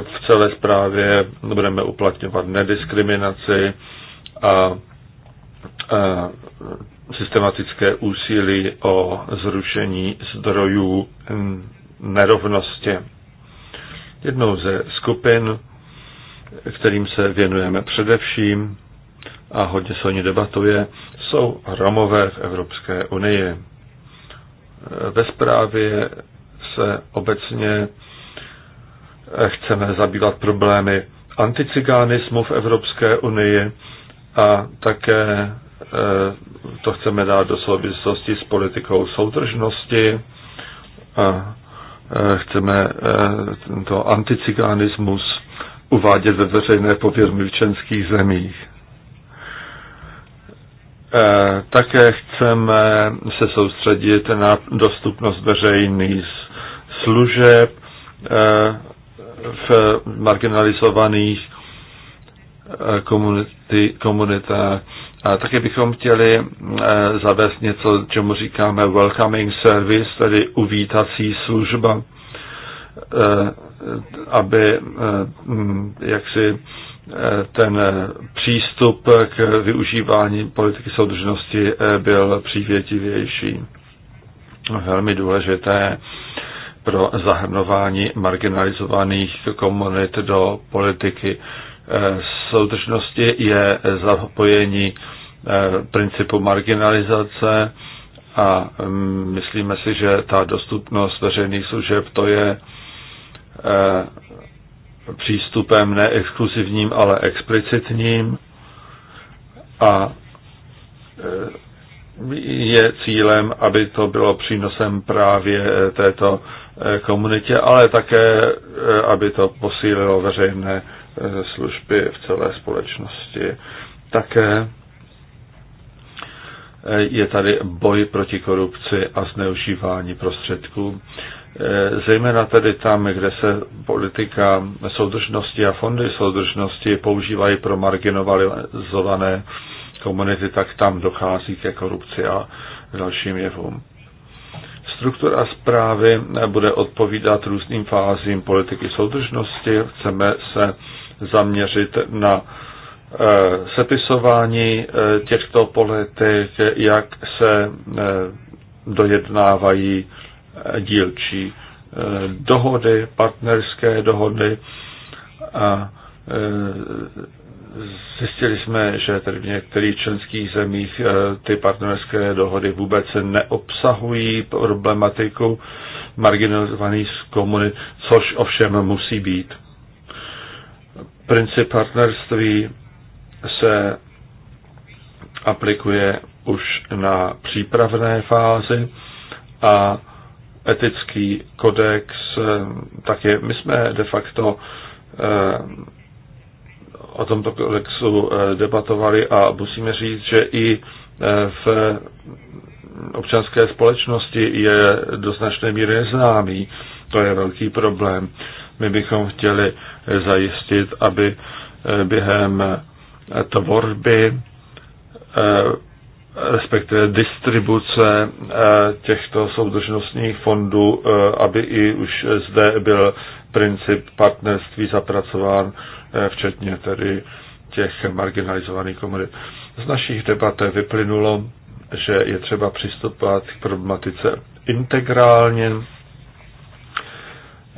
v celé zprávě budeme uplatňovat nediskriminaci a, a systematické úsilí o zrušení zdrojů nerovnosti. Jednou ze skupin, kterým se věnujeme především a hodně se o ní debatuje, jsou Romové v Evropské unii. Ve zprávě se obecně chceme zabývat problémy anticigánismu v Evropské unii a také Eh, to chceme dát do souvislosti s politikou soudržnosti a eh, chceme eh, to anticiganismus uvádět ve veřejné povědomí v členských zemích. Také chceme se soustředit na dostupnost veřejných služeb v marginalizovaných komunity, komunitách a také bychom chtěli eh, zavést něco, čemu říkáme welcoming service, tedy uvítací služba, eh, aby eh, mm, jaksi ten přístup k využívání politiky soudržnosti byl přívětivější. Velmi důležité pro zahrnování marginalizovaných komunit do politiky Eh, soudržnosti je zapojení eh, principu marginalizace a mm, myslíme si, že ta dostupnost veřejných služeb to je eh, přístupem neexkluzivním, ale explicitním a je cílem, aby to bylo přínosem právě této komunitě, ale také, aby to posílilo veřejné Eh, služby v celé společnosti. Také eh, je tady boj proti korupci a zneužívání prostředků. Eh, zejména tedy tam, kde se politika soudržnosti a fondy soudržnosti používají pro marginalizované komunity, tak tam dochází ke korupci a dalším jevům. Struktura zprávy bude odpovídat různým fázím politiky soudržnosti. Chceme se zaměřit na eh, sepisování eh, těchto politik, jak se eh, dojednávají dílčí dohody, partnerské dohody a zjistili jsme, že tedy v některých členských zemích ty partnerské dohody vůbec neobsahují problematiku marginalizovaných komunit, což ovšem musí být. Princip partnerství se aplikuje už na přípravné fázi a etický kodex eh, taky. My jsme de facto eh, o tomto kodexu eh, debatovali a musíme říct, že i v občanské společnosti je do značné míry neznámý. To je velký problém. My bychom chtěli zajistit, aby eh, během eh, tvorby eh, respektive distribuce těchto soudržnostních fondů, aby i už zde byl princip partnerství zapracován, včetně tedy těch marginalizovaných komunit. Z našich debat vyplynulo, že je třeba přistupovat k problematice integrálně,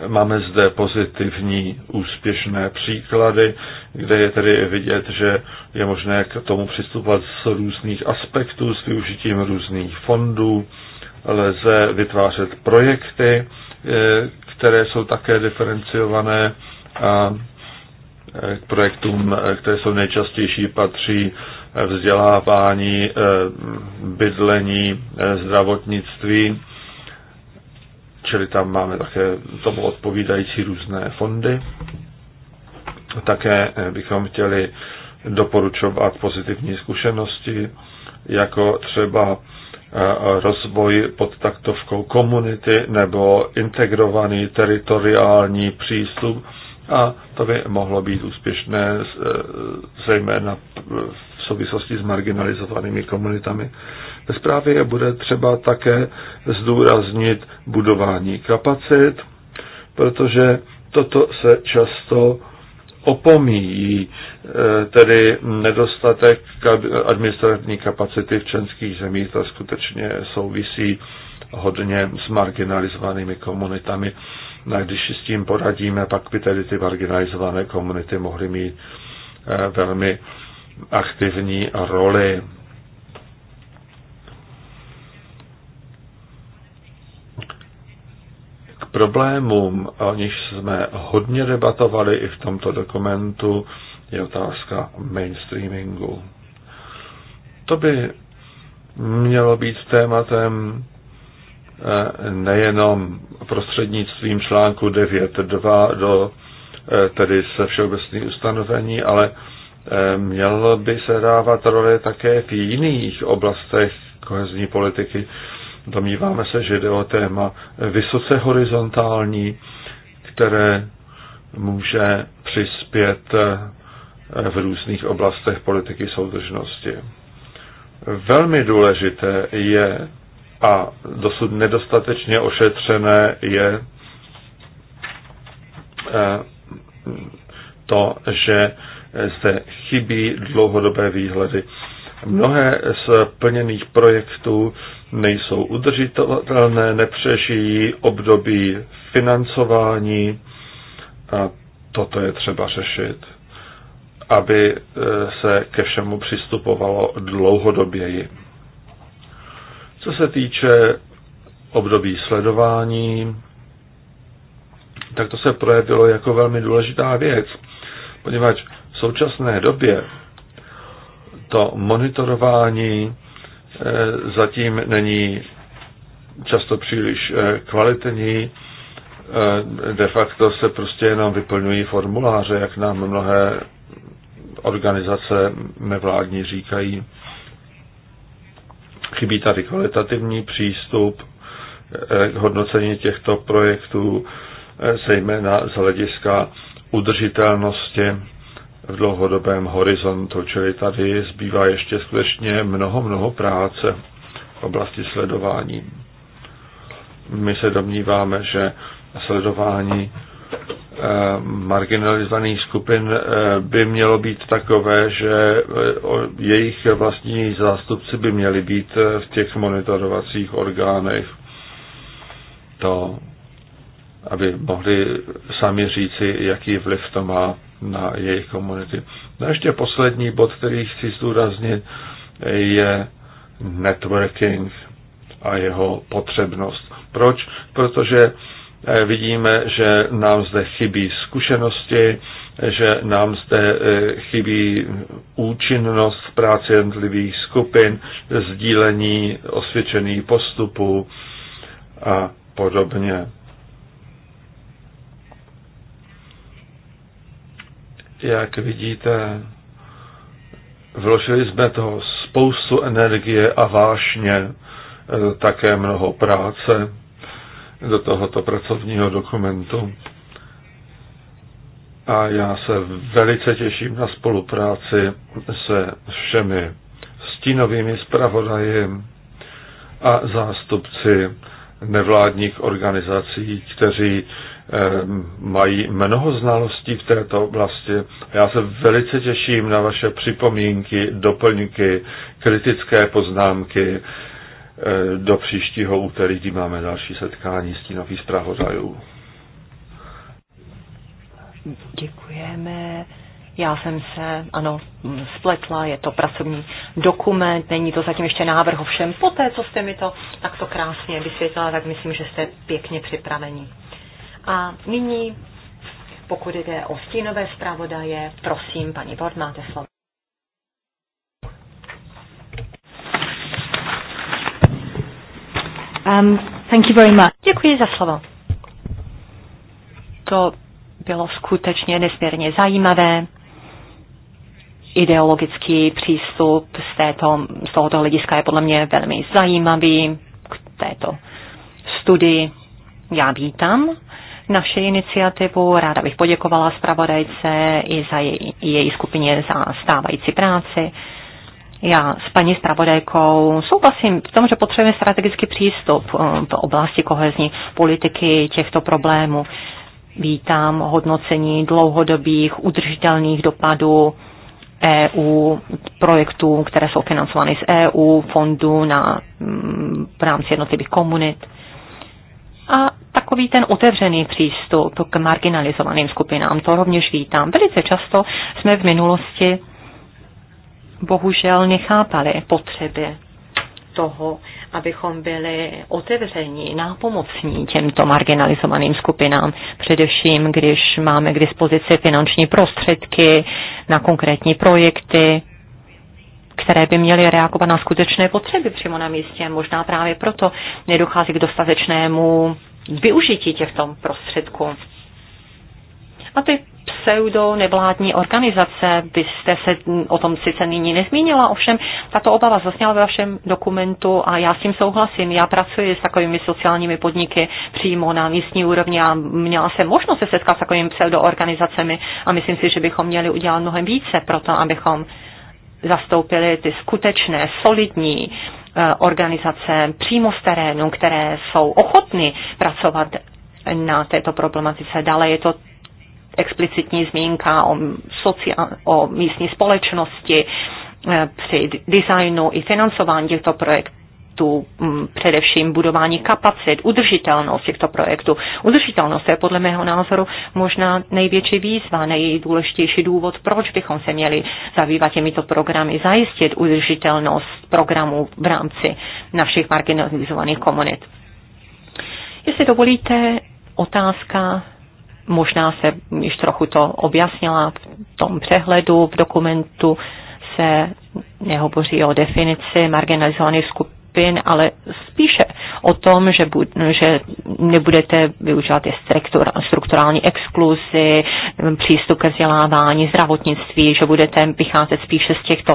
Máme zde pozitivní úspěšné příklady, kde je tedy vidět, že je možné k tomu přistupovat z různých aspektů, s využitím různých fondů, lze vytvářet projekty, eh, které jsou také diferenciované a eh, k projektům, eh, které jsou nejčastější, patří vzdělávání, bydlení, zdravotnictví Čili tam máme také tomu odpovídající různé fondy. Také eh, bychom chtěli doporučovat pozitivní zkušenosti, jako třeba eh, rozvoj pod taktovkou komunity nebo integrovaný teritoriální přístup a to by mohlo být úspěšné eh, zejména v souvislosti s marginalizovanými komunitami. Ve zprávě bude třeba také zdůraznit budování kapacit, protože toto se často opomíjí, e, tedy nedostatek administrativní kapacity v členských zemích, to skutečně souvisí hodně s marginalizovanými komunitami. No a když si s tím poradíme, pak by tedy ty marginalizované komunity mohly mít e, velmi aktivní roli problémům, o nich jsme hodně debatovali i v tomto dokumentu, je otázka mainstreamingu. To by mělo být tématem eh, nejenom prostřednictvím článku 9.2 do eh, tedy se všeobecný ustanovení, ale eh, mělo by se dávat roli také v jiných oblastech kohezní politiky. Domníváme se, že jde o téma vysoce horizontální, které může přispět v různých oblastech politiky soudržnosti. Velmi důležité je a dosud nedostatečně ošetřené je eh, to, že zde chybí dlouhodobé výhledy. Mnohé z plněných projektů nejsou udržitelné, nepřežijí období financování a toto je třeba řešit, aby e, se ke všemu přistupovalo dlouhodoběji. Co se týče období sledování, tak to se projevilo jako velmi důležitá věc, poněvadž v současné době to monitorování eh, zatím není často příliš eh, kvalitní. Eh, de facto se prostě jenom vyplňují formuláře, jak nám mnohé organizace nevládní říkají. Chybí tady kvalitativní přístup k hodnocení těchto projektů, zejména z hlediska udržitelnosti v dlouhodobém horizontu, čili tady zbývá ještě skutečně mnoho, mnoho práce v oblasti sledování. My se domníváme, že sledování eh, marginalizovaných skupin eh, by mělo být takové, že eh, jejich vlastní zástupci by měli být v těch monitorovacích orgánech. To, aby mohli sami říci, jaký vliv to má na jejich komunity. No a ještě poslední bod, který chci zdůraznit, je networking a jeho potřebnost. Proč? Protože eh, vidíme, že nám zde chybí zkušenosti, že nám zde eh, chybí účinnost v práci jednotlivých skupin, sdílení osvědčených postupů a podobně. Jak vidíte, vložili jsme toho spoustu energie a vášně, e, také mnoho práce do tohoto pracovního dokumentu. A já se velice těším na spolupráci se všemi stínovými zpravodaji a zástupci nevládních organizací, kteří Eh, mají mnoho znalostí v této oblasti. Já se velice těším na vaše připomínky, doplňky, kritické poznámky. Eh, do příštího úterý kdy máme další setkání stínových zpravodajů. Děkujeme. Já jsem se, ano, spletla, je to pracovní dokument, není to zatím ještě návrh, ovšem poté, co jste mi to takto krásně vysvětlila, tak myslím, že jste pěkně připraveni. A nyní, pokud jde o stínové zpravodaje, prosím, paní Bord, máte slovo. Um, thank you very much. Děkuji za slovo. To bylo skutečně nesmírně zajímavé. Ideologický přístup z, této, z tohoto hlediska je podle mě velmi zajímavý k této studii. Já vítám naši iniciativu. Ráda bych poděkovala zpravodajce i za její, její skupině za stávající práci. Já s paní zpravodajkou souhlasím v tom, že potřebujeme strategický přístup eh, v oblasti kohezní politiky těchto problémů. Vítám hodnocení dlouhodobých udržitelných dopadů EU projektů, které jsou financovány z EU, fondů na, mm, v rámci jednotlivých komunit a takový ten otevřený přístup k marginalizovaným skupinám. To rovněž vítám. Velice často jsme v minulosti bohužel nechápali potřeby toho, abychom byli otevření, nápomocní těmto marginalizovaným skupinám, především když máme k dispozici finanční prostředky na konkrétní projekty, které by měly reagovat na skutečné potřeby přímo na místě. Možná právě proto nedochází k dostatečnému využití těchto prostředků. A ty pseudo nevládní organizace, byste se o tom sice nyní nezmínila, ovšem tato obava zasněla ve vašem dokumentu a já s tím souhlasím. Já pracuji s takovými sociálními podniky přímo na místní úrovni a měla jsem možnost se setkat s takovými pseudo organizacemi a myslím si, že bychom měli udělat mnohem více pro to, abychom zastoupili ty skutečné, solidní eh, organizace přímo z terénu, které jsou ochotny pracovat na této problematice. Dále je to explicitní zmínka o, sociál, o místní společnosti eh, při designu i financování těchto projektů projektů, mm, především budování kapacit, udržitelnost těchto projektů. Udržitelnost je podle mého názoru možná největší výzva, nejdůležitější důvod, proč bychom se měli zabývat těmito programy, zajistit udržitelnost programů v rámci našich marginalizovaných komunit. Jestli dovolíte, otázka možná se již trochu to objasnila v tom přehledu, v dokumentu se nehovoří o definici marginalizovaných skupin skupin, ale spíše o tom, že, bu- že nebudete využívat je strukturální exkluzi, přístup ke vzdělávání, zdravotnictví, že budete vycházet spíše z těchto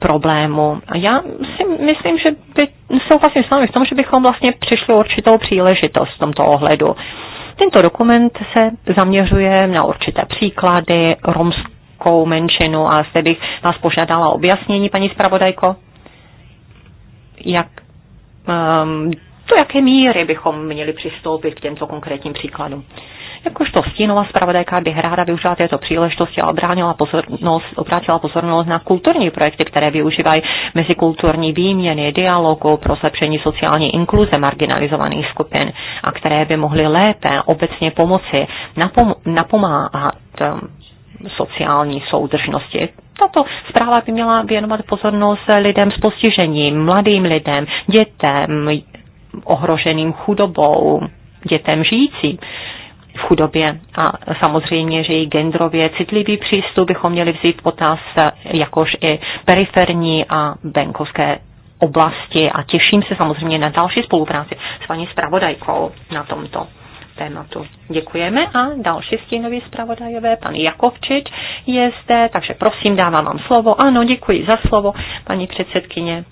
problému. Já si myslím, že by, souhlasím s vámi v tom, že bychom vlastně přišli určitou příležitost v tomto ohledu. Tento dokument se zaměřuje na určité příklady romskou menšinu a zde bych vás požádala objasnění, paní zpravodajko jak, ehm, do jaké míry bychom měli přistoupit k těmto konkrétním příkladům. Jakožto stínová zpravodajka bych ráda využila této příležitosti a obránila pozornost, obrátila pozornost na kulturní projekty, které využívají mezikulturní výměny, dialogu pro zlepšení sociální inkluze marginalizovaných skupin a které by mohly lépe obecně pomoci napom- napomáhat ehm, sociální soudržnosti tato zpráva by měla věnovat pozornost lidem s postižením, mladým lidem, dětem, ohroženým chudobou, dětem žijícím v chudobě. A samozřejmě, že i genderově citlivý přístup bychom měli vzít potaz, jakož i periferní a venkovské oblasti. A těším se samozřejmě na další spolupráci s paní zpravodajkou na tomto tématu. Děkujeme a další stínový zpravodajové, pan Jakovčič je zde, takže prosím, dávám vám slovo. Ano, děkuji za slovo, paní předsedkyně.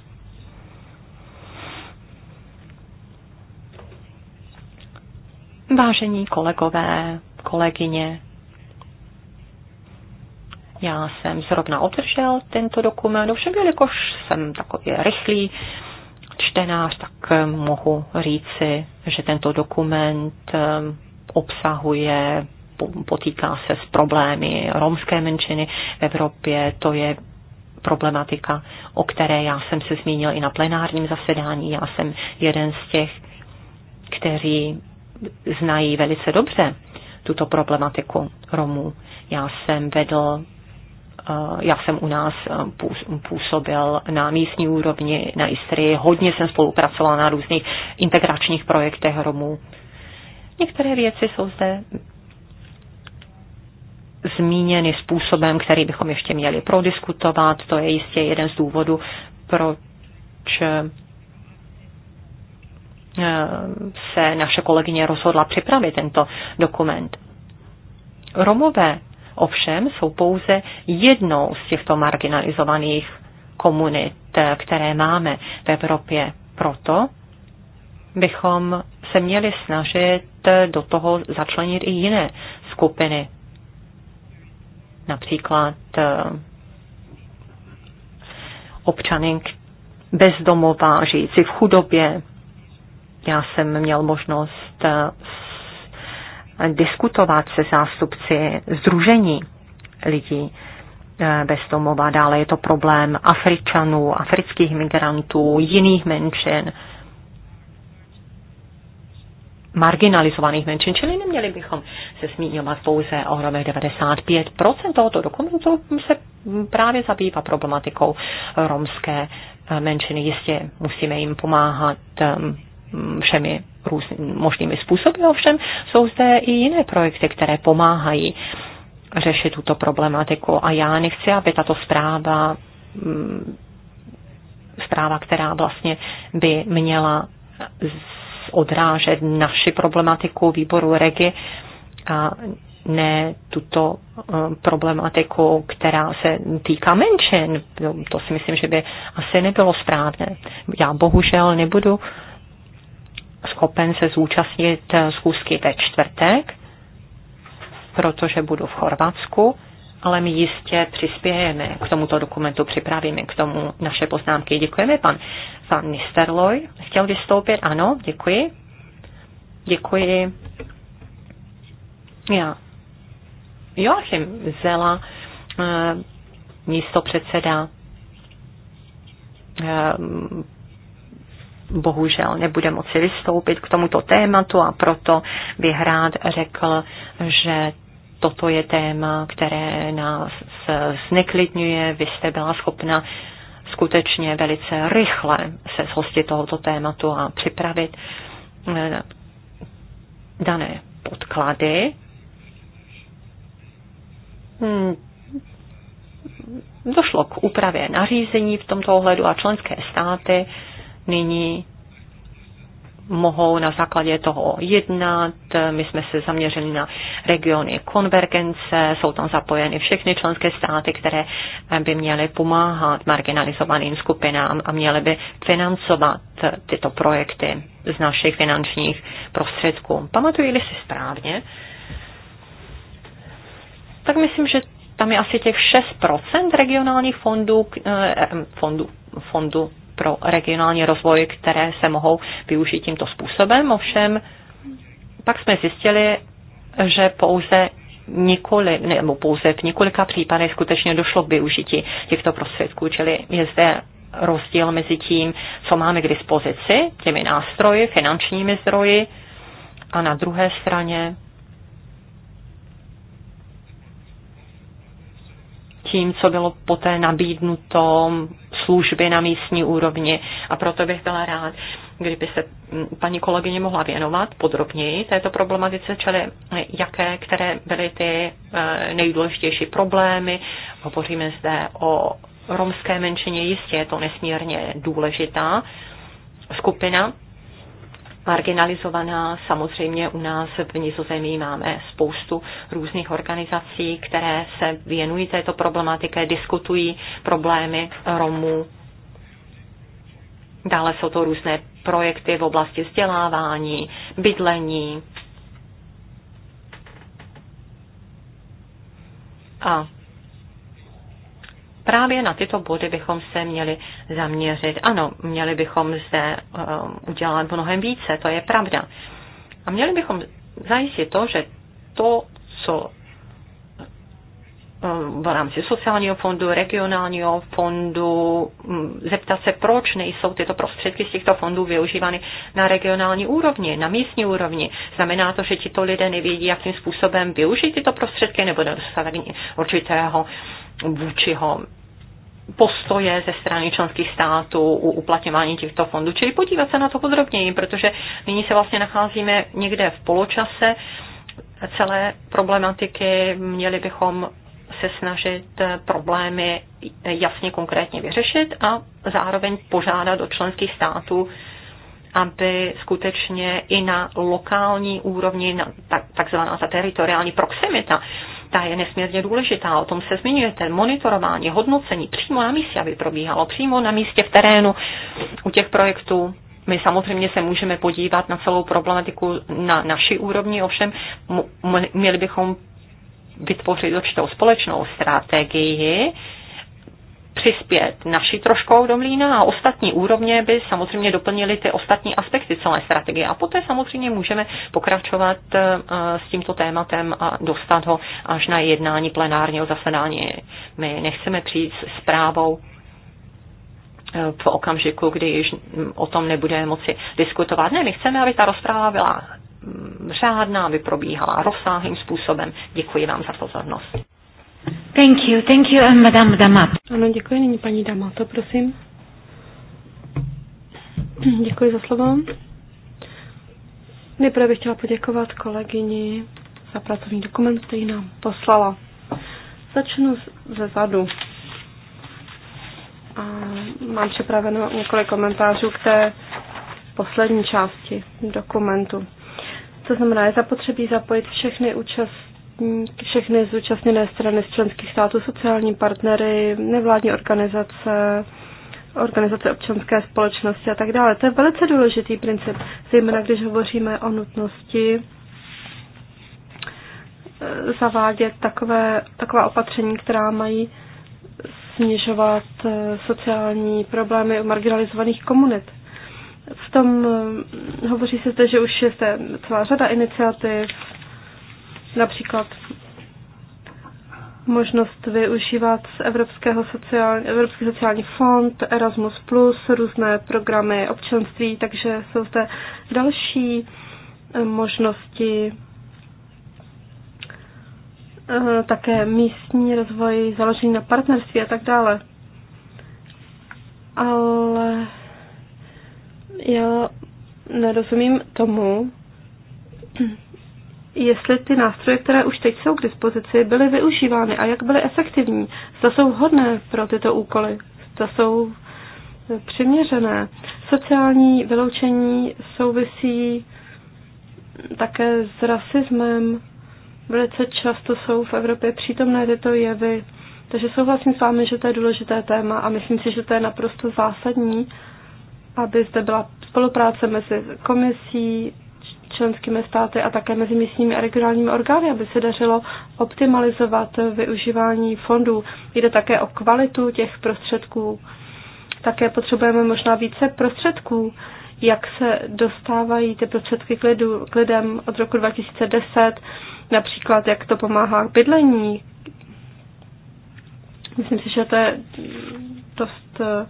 Vážení kolegové, kolegyně, já jsem zrovna obdržel tento dokument, ovšem jelikož jsem takový rychlý, čtenář, tak eh, mohu říci, že tento dokument eh, obsahuje, potýká se s problémy romské menšiny v Evropě. To je problematika, o které já jsem se zmínil i na plenárním zasedání. Já jsem jeden z těch, kteří znají velice dobře tuto problematiku Romů. Já jsem vedl Eh, já jsem u nás eh, působil na místní úrovni, na Istrii, hodně jsem spolupracoval na různých integračních projektech Romů. Některé věci jsou zde zmíněny způsobem, který bychom ještě měli prodiskutovat. To je jistě jeden z důvodů, proč eh, se naše kolegyně rozhodla připravit tento dokument. Romové Ovšem jsou pouze jednou z těchto marginalizovaných komunit, eh, které máme v Evropě. Proto bychom se měli snažit eh, do toho začlenit i jiné skupiny. Například eh, občany bezdomová, žijící v chudobě. Já jsem měl možnost diskutovat se zástupci združení lidí eh, bez domova. Dále je to problém Afričanů, afrických migrantů, jiných menšin, marginalizovaných menšin, čili neměli bychom se smíňovat pouze o rovech 95% tohoto dokumentu se právě zabývá problematikou romské eh, menšiny. Jistě musíme jim pomáhat eh, všemi různými možnými způsoby, ovšem jsou zde i jiné projekty, které pomáhají řešit tuto problematiku. A já nechci, aby tato zpráva, mm, zpráva, která vlastně by měla odrážet naši problematiku výboru REGI, a ne tuto eh, problematiku, která se týká menšin. To si myslím, že by asi nebylo správné. Já bohužel nebudu schopen se zúčastnit eh, schůzky ve čtvrtek, protože budu v Chorvatsku, ale my jistě přispějeme k tomuto dokumentu, připravíme k tomu naše poznámky. Děkujeme, pan, pan Nisterloj chtěl vystoupit, ano, děkuji. Děkuji. Já. Joachim Zela, eh, místo předseda eh, bohužel nebude moci vystoupit k tomuto tématu a proto bych rád řekl, že toto je téma, které nás zneklidňuje. Vy jste byla schopna skutečně velice rychle se zhostit tohoto tématu a připravit eh, dané podklady. Hmm. Došlo k úpravě nařízení v tomto ohledu a členské státy nyní mohou na základě toho jednat. My jsme se zaměřili na regiony konvergence, jsou tam zapojeny všechny členské státy, které by měly pomáhat marginalizovaným skupinám a měly by financovat tyto projekty z našich finančních prostředků. Pamatuji-li si správně, tak myslím, že tam je asi těch 6% regionálních fondů, eh, fondů, fondů pro regionální rozvoj, které se mohou využít tímto způsobem. Ovšem, pak jsme zjistili, že pouze nikoli, nebo pouze v několika případech skutečně došlo k využití těchto prostředků, čili je zde rozdíl mezi tím, co máme k dispozici, těmi nástroji, finančními zdroji, a na druhé straně tím, co bylo poté nabídnuto služby na místní úrovni. A proto bych byla rád, kdyby se paní kolegyně mohla věnovat podrobněji této problematice, čili jaké, které byly ty e, nejdůležitější problémy. Hovoříme zde o romské menšině, jistě je to nesmírně důležitá skupina marginalizovaná. Samozřejmě u nás v Nizozemí máme spoustu různých organizací, které se věnují této problematice, diskutují problémy Romů. Dále jsou to různé projekty v oblasti vzdělávání, bydlení. A právě na tyto body bychom se měli zaměřit. Ano, měli bychom zde eh, udělat mnohem více, to je pravda. A měli bychom zajistit to, že to, co eh, v rámci sociálního fondu, regionálního fondu, hm, zeptat se, proč nejsou tyto prostředky z těchto fondů využívány na regionální úrovni, na místní úrovni. Znamená to, že tito lidé nevědí, jakým způsobem využít tyto prostředky nebo dostatek určitého vůčiho postoje ze strany členských států u uplatňování těchto fondů. Čili podívat se na to podrobněji, protože nyní se vlastně nacházíme někde v poločase celé problematiky. Měli bychom se snažit problémy jasně konkrétně vyřešit a zároveň požádat do členských států, aby skutečně i na lokální úrovni, na takzvaná ta teritoriální proximita ta je nesmírně důležitá. O tom se ten Monitorování, hodnocení přímo na místě, aby probíhalo přímo na místě v terénu u těch projektů. My samozřejmě se můžeme podívat na celou problematiku na naší úrovni, ovšem měli bychom vytvořit určitou společnou strategii, přispět naší troškou do mlína a ostatní úrovně by samozřejmě doplnily ty ostatní aspekty celé strategie. A poté samozřejmě můžeme pokračovat eh, s tímto tématem a dostat ho až na jednání plenárního zasedání. My nechceme přijít s zprávou eh, v okamžiku, kdy již mm, o tom nebudeme moci diskutovat. Ne, my chceme, aby ta rozpráva byla mm, řádná, aby probíhala rozsáhlým způsobem. Děkuji vám za pozornost. Thank you, thank you, and um, Madame Damat. Ano, děkuji, nyní paní Damato, prosím. [CLEARS THROAT] Děkuji za slovo. Nejprve bych chtěla poděkovat kolegyni za pracovní dokument, který nám poslala. Začnu ze zadu. A mám připraveno několik komentářů k té poslední části dokumentu. To znamená, je zapotřebí zapojit všechny účast, všechny zúčastněné strany z členských států, sociální partnery, nevládní organizace, organizace občanské společnosti a tak dále. To je velice důležitý princip, zejména když hovoříme o nutnosti eh, zavádět takové, taková opatření, která mají snižovat eh, sociální problémy marginalizovaných komunit. V tom eh, hovoří se zde, že už je zde celá řada iniciativ, Například možnost využívat z Evropského sociální, Evropský sociální fond, Erasmus+, Plus různé programy občanství, takže jsou zde další eh, možnosti eh, také místní rozvoj, založení na partnerství a tak dále. Ale já nerozumím tomu, jestli ty nástroje, které už teď jsou k dispozici, byly využívány a jak byly efektivní. Zda jsou vhodné pro tyto úkoly, zda jsou eh, přiměřené. Sociální vyloučení souvisí také s rasismem. Velice často jsou v Evropě přítomné tyto jevy. Takže souhlasím s vámi, že to je důležité téma a myslím si, že to je naprosto zásadní, aby zde byla spolupráce mezi komisí, členskými státy a také mezi místními a regionálními orgány, aby se dařilo optimalizovat využívání fondů. Jde také o kvalitu těch prostředků. Také potřebujeme možná více prostředků, jak se dostávají ty prostředky k, lidu, k lidem od roku 2010, například jak to pomáhá k bydlení. Myslím si, že to je dost eh,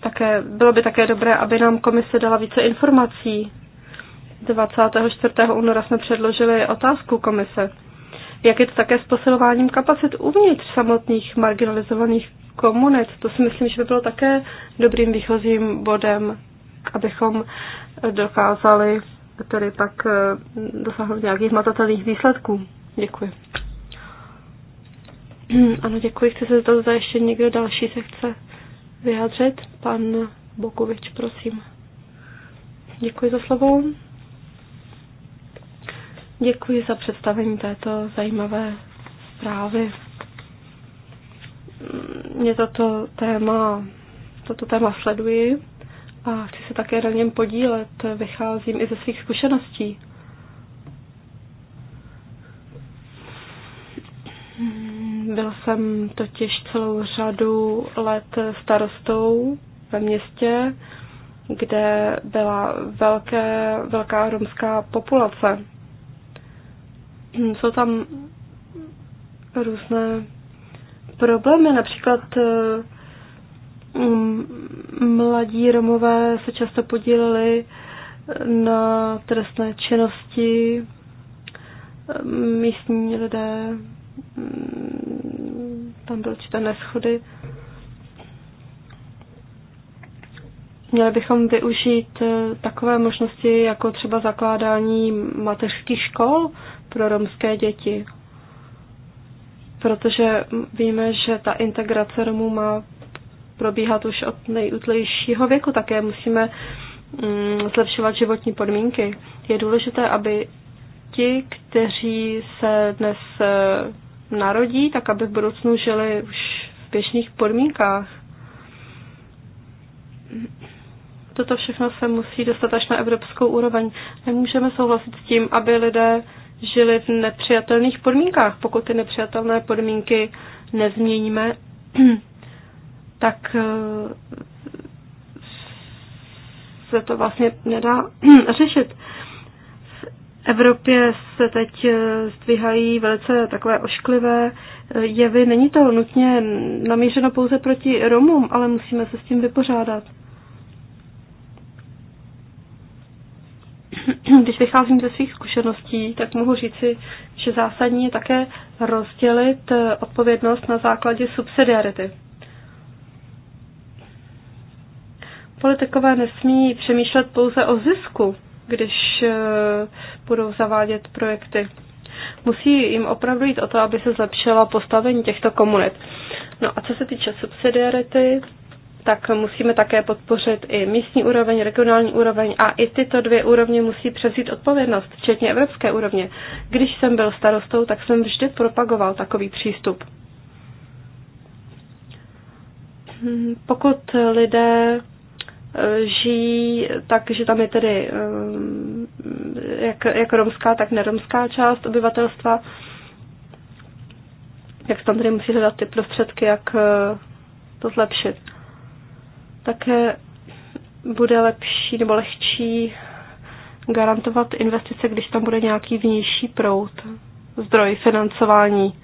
také, bylo by také dobré, aby nám komise dala více informací 24. února jsme předložili otázku komise. Jak je to také s posilováním kapacit uvnitř samotných marginalizovaných komunit? To si myslím, že by bylo také dobrým výchozím bodem, abychom dokázali tedy pak eh, dosáhnout nějakých matatelných výsledků. Děkuji. [CLEARS THROAT] Ano, děkuji. Chci se zeptat, zda ještě někdo další se chce vyjádřit. Pan Bokovič, prosím. Děkuji za slovo. Děkuji za představení této zajímavé zprávy. Mě toto téma, toto téma sleduji a chci se také na něm podílet. Vycházím i ze svých zkušeností. Byl jsem totiž celou řadu let starostou ve městě, kde byla velké, velká romská populace. Hmm, jsou tam různé problémy, například eh, mm, mladí Romové se často podíleli eh, na trestné činnosti, eh, místní lidé, mm, tam byly určité neschody. Měli bychom využít takové možnosti, jako třeba zakládání mateřských škol, pro romské děti. Protože víme, že ta integrace Romů má probíhat už od nejútlejšího věku, také musíme mm, zlepšovat životní podmínky. Je důležité, aby ti, kteří se dnes e, narodí, tak aby v budoucnu žili už v běžných podmínkách. Toto všechno se musí dostat až na evropskou úroveň. Nemůžeme souhlasit s tím, aby lidé žili v nepřijatelných podmínkách. Pokud ty nepřijatelné podmínky nezměníme, [CLEARS THROAT] tak eh, se to vlastně nedá [CLEARS THROAT] řešit. V Evropě se teď eh, zdvíhají velice takové ošklivé eh, jevy. Není to nutně namířeno pouze proti Romům, ale musíme se s tím vypořádat. [CLEARS THROAT] když vycházím ze svých zkušeností, tak mohu říci, že zásadní je také rozdělit eh, odpovědnost na základě subsidiarity. Politikové nesmí přemýšlet pouze o zisku, když eh, budou zavádět projekty. Musí jim opravdu jít o to, aby se zlepšila postavení těchto komunit. No a co se týče subsidiarity, tak musíme také podpořit i místní úroveň, regionální úroveň a i tyto dvě úrovně musí převzít odpovědnost, včetně evropské úrovně. Když jsem byl starostou, tak jsem vždy propagoval takový přístup. Hmm, pokud lidé eh, žijí tak, že tam je tedy eh, jak, jak romská, tak neromská část obyvatelstva, jak tam tedy musí hledat ty prostředky, jak eh, to zlepšit. Také bude lepší nebo lehčí garantovat investice, když tam bude nějaký vnější proud, zdroj financování,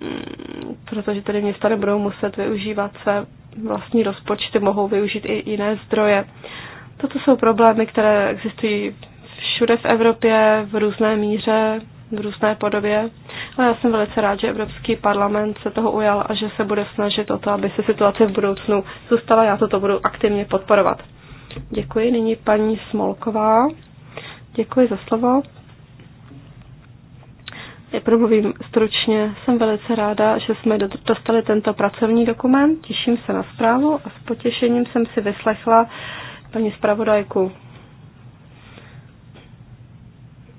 mm, protože tedy města nebudou muset využívat své vlastní rozpočty, mohou využít i jiné zdroje. Toto jsou problémy, které existují všude v Evropě v různé míře, v různé podobě. Ale já jsem velice rád, že Evropský parlament se toho ujal a že se bude snažit o to, aby se situace v budoucnu zůstala. Já toto budu aktivně podporovat. Děkuji. Nyní paní Smolková. Děkuji za slovo. Já promluvím stručně. Jsem velice ráda, že jsme dostali tento pracovní dokument. Těším se na zprávu a s potěšením jsem si vyslechla paní zpravodajku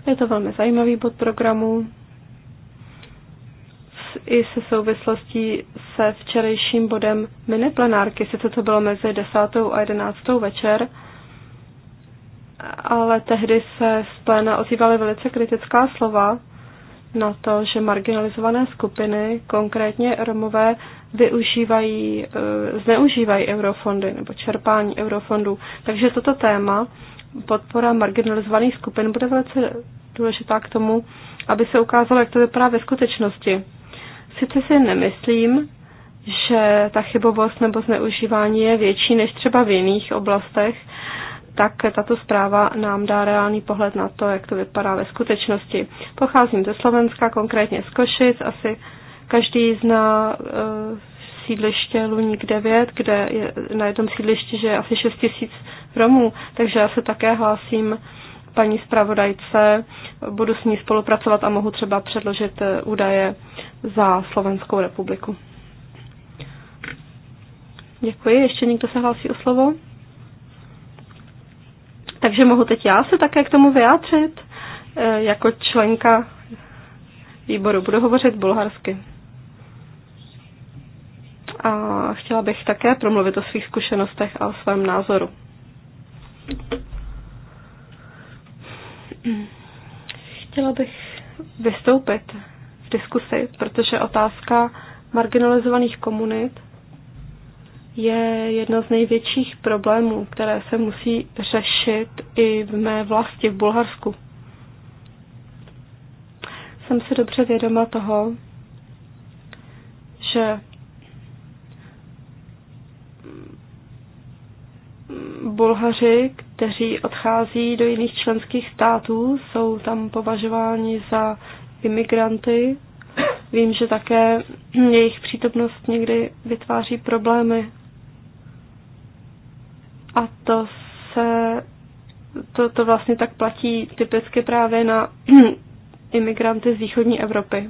je to velmi zajímavý bod programu i se souvislostí se včerejším bodem miniplenárky, sice to bylo mezi 10. a 11. večer, ale tehdy se z pléna ozývaly velice kritická slova na to, že marginalizované skupiny, konkrétně Romové, využívají, e, zneužívají eurofondy nebo čerpání eurofondů. Takže toto téma podpora marginalizovaných skupin bude velice důležitá k tomu, aby se ukázalo, jak to vypadá ve skutečnosti. Sice si nemyslím, že ta chybovost nebo zneužívání je větší než třeba v jiných oblastech, tak tato zpráva nám dá reálný pohled na to, jak to vypadá ve skutečnosti. Pocházím ze Slovenska, konkrétně z Košic, asi každý zná eh, sídliště Luník 9, kde je na jednom sídlišti, že je asi 6 tisíc Romů, takže já se také hlásím paní zpravodajce, budu s ní spolupracovat a mohu třeba předložit eh, údaje za Slovenskou republiku. Děkuji. Ještě někdo se hlásí o slovo? Takže mohu teď já se také k tomu vyjádřit. Eh, jako členka výboru budu hovořit bulharsky a chtěla bych také promluvit o svých zkušenostech a o svém názoru. Chtěla bych vystoupit v diskusi, protože otázka marginalizovaných komunit je jedno z největších problémů, které se musí řešit i v mé vlasti v Bulharsku. Jsem si dobře vědoma toho, že Bulhaři, kteří odchází do jiných členských států, jsou tam považováni za imigranty. Vím, že také jejich přítomnost někdy vytváří problémy. A to se, to, to vlastně tak platí typicky právě na [CLEARS THROAT] imigranty z východní Evropy.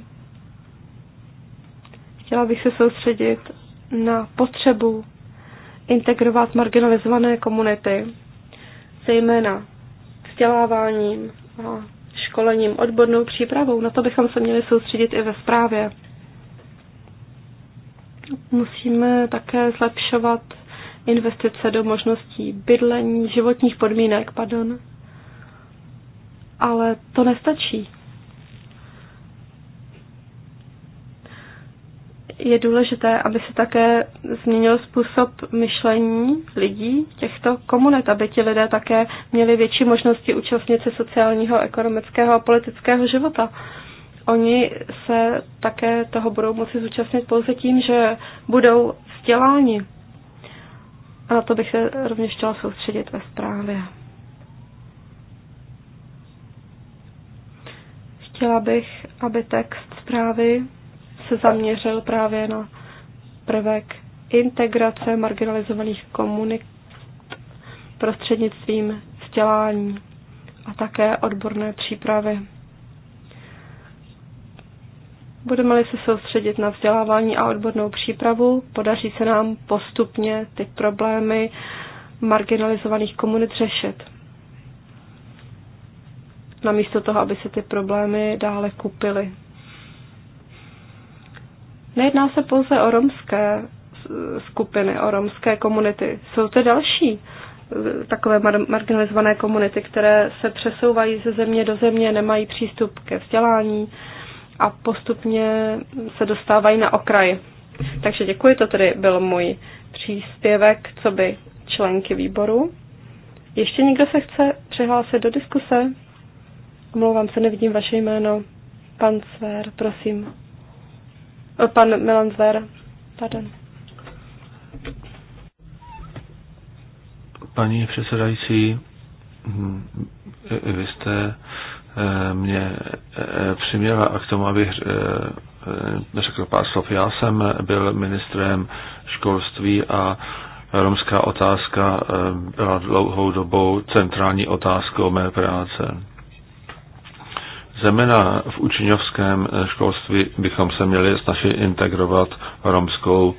Chtěla bych se soustředit na potřebu integrovat marginalizované komunity, zejména vzděláváním a školením, odbornou přípravou. Na to bychom se měli soustředit i ve zprávě. Musíme také zlepšovat investice do možností bydlení, životních podmínek, pardon. Ale to nestačí. je důležité, aby se také změnil způsob myšlení lidí těchto komunit, aby ti lidé také měli větší možnosti účastnit se sociálního, ekonomického a politického života. Oni se také toho budou moci zúčastnit pouze tím, že budou vzděláni. A na to bych se rovněž chtěla soustředit ve zprávě. Chtěla bych, aby text zprávy se zaměřil právě na prvek integrace marginalizovaných komunit prostřednictvím vzdělání a také odborné přípravy. Budeme-li se soustředit na vzdělávání a odbornou přípravu, podaří se nám postupně ty problémy marginalizovaných komunit řešit. Namísto toho, aby se ty problémy dále kupily. Nejedná se pouze o romské skupiny, o romské komunity. Jsou to další takové mar- marginalizované komunity, které se přesouvají ze země do země, nemají přístup ke vzdělání a postupně se dostávají na okraj. Takže děkuji, to tedy byl můj příspěvek, co by členky výboru. Ještě někdo se chce přihlásit do diskuse? Omlouvám se, nevidím vaše jméno. Pan Sver, prosím. Eh, pan Milan Zver, pardon. Paní předsedající, hm, vy jste eh, mě eh, přiměla a k tomu, abych řekl pár slov. Já jsem byl ministrem školství a romská otázka byla dlouhou dobou centrální otázkou mé práce. Zemena v učňovském eh, školství bychom se měli snažit integrovat romskou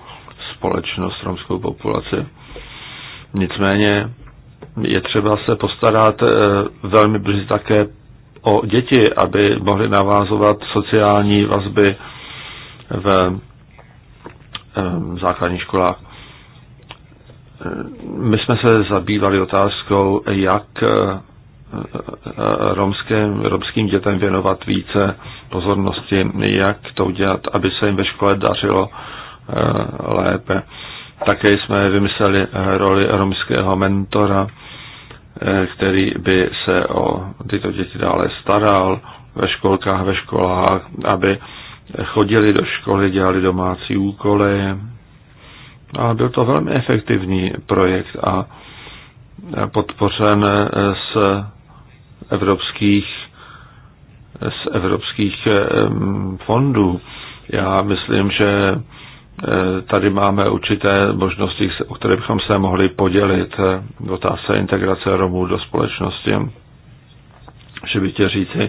společnost, romskou populaci. Nicméně je třeba se postarat eh, velmi brzy také o děti, aby mohly navázovat sociální vazby v eh, základních školách. My jsme se zabývali otázkou, jak romským, romským dětem věnovat více pozornosti, jak to udělat, aby se jim ve škole dařilo eh, lépe. Také jsme vymysleli roli romského mentora, eh, který by se o tyto děti dále staral ve školkách, ve školách, aby chodili do školy, dělali domácí úkoly. A byl to velmi efektivní projekt a podpořen s evropských, z evropských eh, fondů. Já myslím, že eh, tady máme určité možnosti, o které bychom se mohli podělit eh, v otázce integrace Romů do společnosti. Že by tě říci,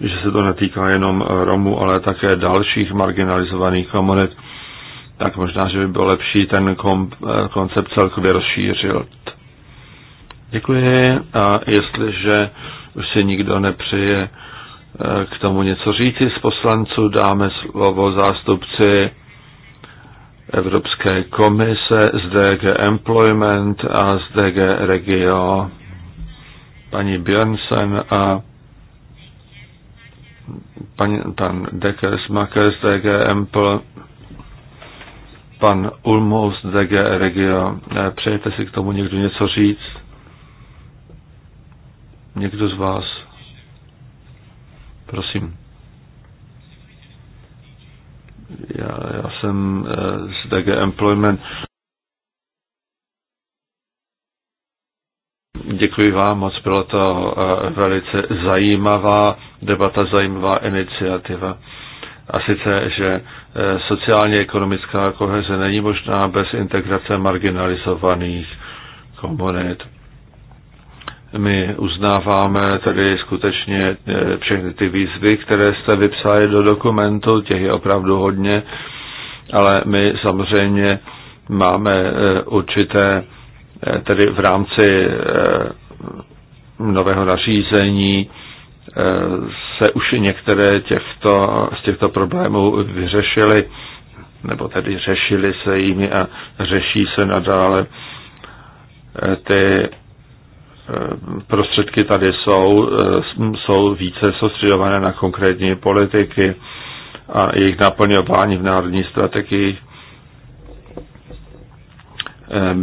že se to netýká jenom Romů, ale také dalších marginalizovaných komunit, tak možná, že by bylo lepší ten koncept celkově rozšířit. Děkuji a jestliže už si nikdo nepřeje eh, k tomu něco říci z poslanců, dáme slovo zástupci Evropské komise z DG Employment a z DG Regio paní Björnsen a paní, pan Dekersmaker z DG Empl, pan Ulmo z DG Regio. Eh, přejete si k tomu někdo něco říct? Někdo z vás? Prosím. Já, já jsem eh, z DG Employment. Děkuji vám moc, byla to eh, velice zajímavá debata, zajímavá iniciativa. A sice, že eh, sociálně ekonomická koheze není možná bez integrace marginalizovaných komunit. My uznáváme tedy skutečně eh, všechny ty výzvy, které jste vypsali do dokumentu, těch je opravdu hodně, ale my samozřejmě máme eh, určité, eh, tedy v rámci nového nařízení se už některé těchto, z těchto problémů vyřešily, nebo tedy řešily se jimi a řeší se nadále ty Eh, prostředky tady jsou, eh, jsou více soustředované na konkrétní politiky a jejich naplňování v národní strategii. Eh,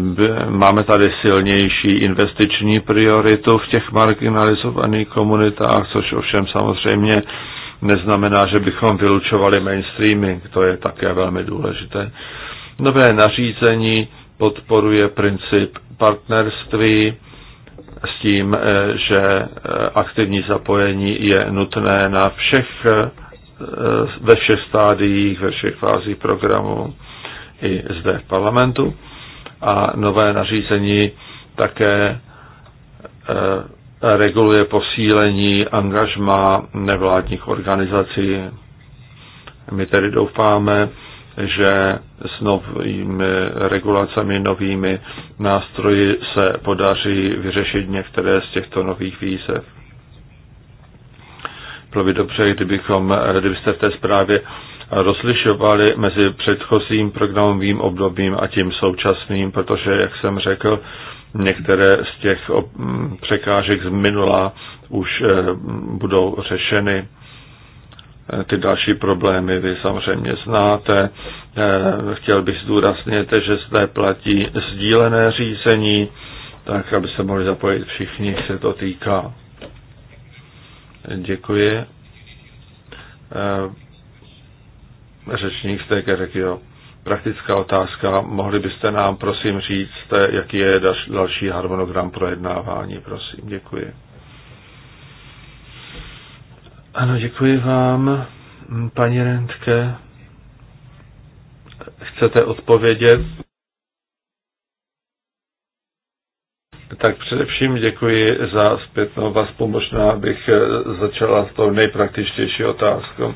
máme tady silnější investiční prioritu v těch marginalizovaných komunitách, což ovšem samozřejmě neznamená, že bychom vylučovali mainstreaming, to je také velmi důležité. Nové nařízení podporuje princip partnerství, s tím, eh, že eh, aktivní zapojení je nutné na všech, eh, ve všech stádiích, ve všech fázích programu i zde v parlamentu. A nové nařízení také reguluje posílení angažma nevládních organizací. My tedy doufáme, že s novými regulacemi, novými nástroji se podaří vyřešit některé z těchto nových výzev. Bylo by dobře, kdybychom, kdybyste v té zprávě rozlišovali mezi předchozím programovým obdobím a tím současným, protože, jak jsem řekl, některé z těch mm, překážek z minula už eh, budou řešeny Eh, ty další problémy vy samozřejmě znáte. Eh, chtěl bych zdůraznit, že zde platí sdílené řízení, tak aby se mohli zapojit všichni, se to týká. Děkuji. Eh, řečník z TKRKIO. Praktická otázka. Mohli byste nám prosím říct, jaký je další harmonogram projednávání? Prosím, děkuji. Ano, děkuji vám, paní Rentke. Chcete odpovědět? Tak především děkuji za zpětnou vás pomožná, abych e, začala s tou nejpraktičtější otázkou.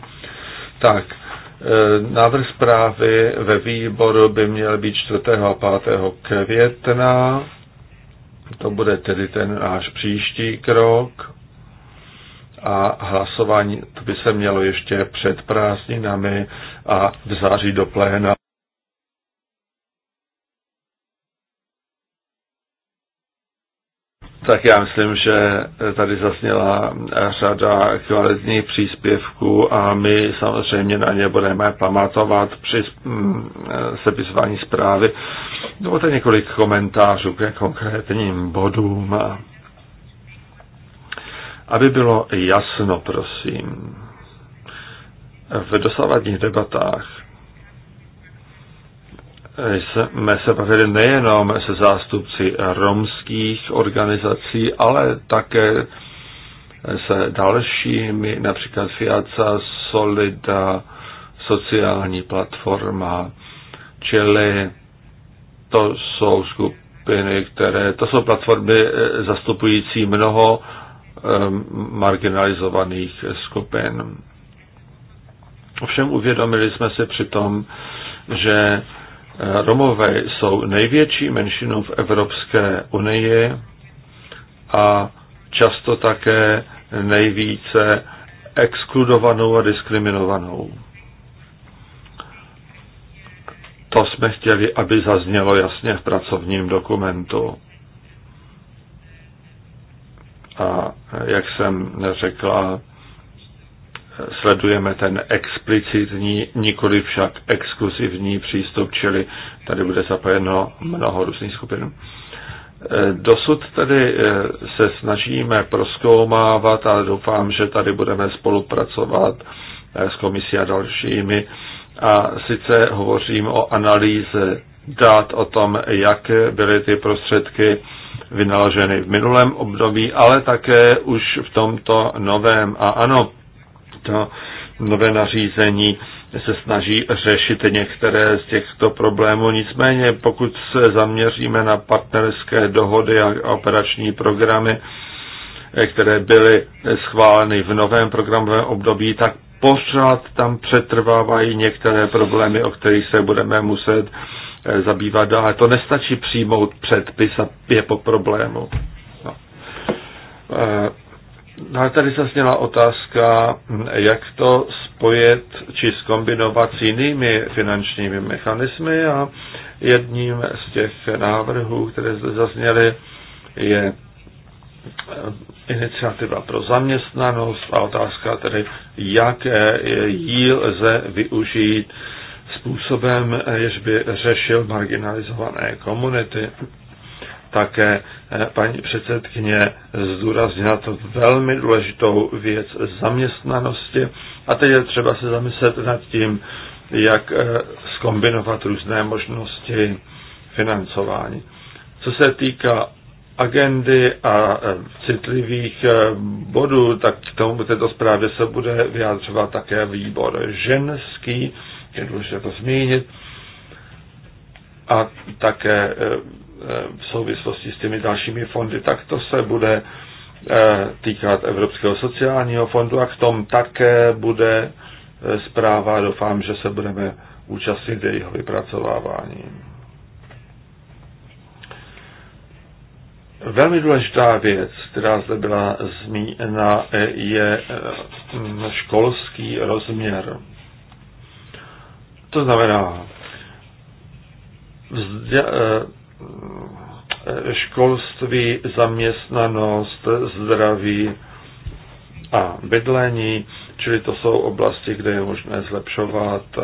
Tak, e, návrh zprávy ve výboru by měl být 4. a 5. května. To bude tedy ten náš příští krok a hlasování to by se mělo ještě před prázdninami a v září do pléna. Tak já myslím, že tady zasněla řada kvalitních příspěvků a my samozřejmě na ně budeme pamatovat při mm, sepisování zprávy. Dovolte několik komentářů ke konkrétním bodům. Aby bylo jasno, prosím, v dosavadních debatách jsme se bavili nejenom se zástupci romských organizací, ale také se dalšími, například Fiaca, Solida, sociální platforma, čili to jsou skupiny, které, to jsou platformy eh, zastupující mnoho marginalizovaných skupin. Ovšem uvědomili jsme si přitom, že eh, Romové jsou největší menšinou v Evropské unii a často také nejvíce exkludovanou a diskriminovanou. To jsme chtěli, aby zaznělo jasně v pracovním dokumentu. A jak jsem řekla, sledujeme ten explicitní, nikoli však exkluzivní přístup, čili tady bude zapojeno mnoho různých skupin. E, dosud tedy e, se snažíme proskoumávat, ale doufám, že tady budeme spolupracovat e, s komisí a dalšími. A sice hovořím o analýze dát o tom, jak byly ty prostředky vynaloženy v minulém období, ale také už v tomto novém. A ano, to nové nařízení se snaží řešit některé z těchto problémů. Nicméně, pokud se zaměříme na partnerské dohody a operační programy, které byly schváleny v novém programovém období, tak pořád tam přetrvávají některé problémy, o kterých se budeme muset Eh, zabývat, ale to nestačí přijmout předpis a je po problému. No. Eh, a tady sněla otázka, jak to spojit či skombinovat s jinými finančními mechanismy a jedním z těch návrhů, které zde zazněly, je eh, iniciativa pro zaměstnanost a otázka tedy, jak ji lze využít způsobem, eh, jež by řešil marginalizované komunity. Také eh, paní předsedkyně zdůraznila to velmi důležitou věc zaměstnanosti a teď je třeba se zamyslet nad tím, jak eh, skombinovat různé možnosti financování. Co se týká agendy a citlivých bodů, tak k tomu této zprávě se bude vyjádřovat také výbor ženský je důležité to zmínit. A také eh, eh, v souvislosti s těmi dalšími fondy, tak to se bude eh, týkat Evropského sociálního fondu a k tom také bude zpráva. Doufám, že se budeme účastnit jejího vypracovávání. Velmi důležitá věc, která zde byla zmíněna, je školský rozměr. To znamená, vzdě, eh, školství, zaměstnanost, zdraví a bydlení, čili to jsou oblasti, kde je možné zlepšovat eh,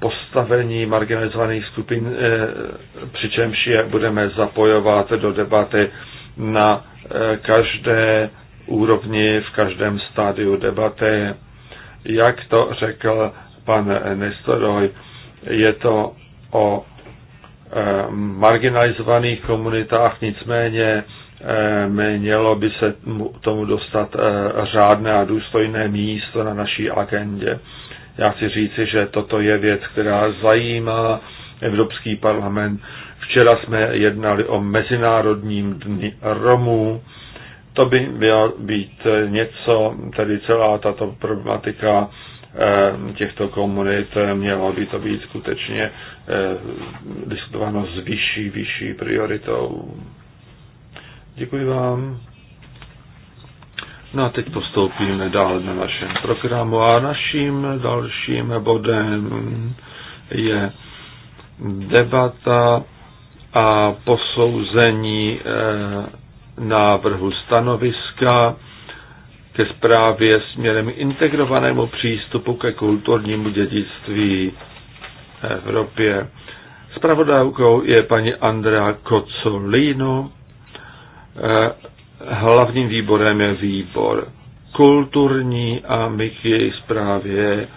postavení marginalizovaných skupin, eh, přičemž je budeme zapojovat do debaty na každé úrovni, v každém stádiu debaty. Jak to řekl pan Nestoroj. Je to o eh, marginalizovaných komunitách, nicméně eh, mělo by se tomu dostat eh, řádné a důstojné místo na naší agendě. Já chci říci, že toto je věc, která zajímá Evropský parlament. Včera jsme jednali o Mezinárodním dni Romů. To by mělo být něco, tedy celá tato problematika Eh, těchto komunit eh, mělo by to být skutečně eh, diskutováno s vyšší, vyšší prioritou. Děkuji vám. No a teď postoupíme dál na našem programu a naším dalším bodem je debata a posouzení návrhu stanoviska ke zprávě směrem integrovanému přístupu ke kulturnímu dědictví v Evropě. Spravodajkou je paní Andrea Cozzolino. Eh, hlavním výborem je výbor kulturní a my k její zprávě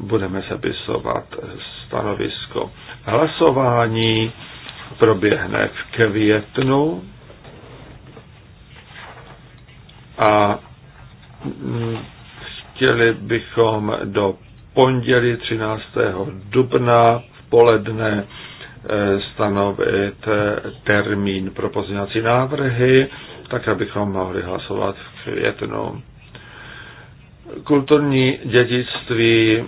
budeme zapisovat stanovisko. Hlasování proběhne v květnu a mm, chtěli bychom do pondělí 13. dubna v poledne eh, stanovit eh, termín pro pozměňovací návrhy, tak abychom mohli hlasovat v květnu. Kulturní dědictví eh,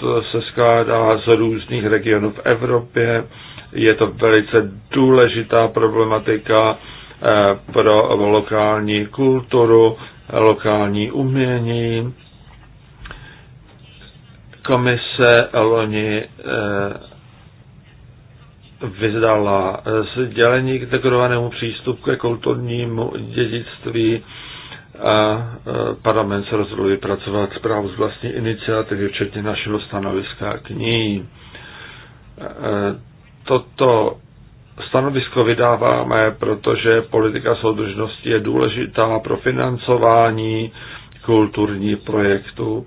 to se skládá z různých regionů v Evropě. Je to velice důležitá problematika Eh, pro lokální kulturu, lokální umění. Komise loni eh, vydala eh, sdělení k integrovanému přístupu ke kulturnímu dědictví a parlament se rozhodl vypracovat zprávu z vlastní iniciativy, včetně našeho stanoviska k ní. Toto Stanovisko vydáváme, protože politika soudržnosti je důležitá pro financování kulturních projektů.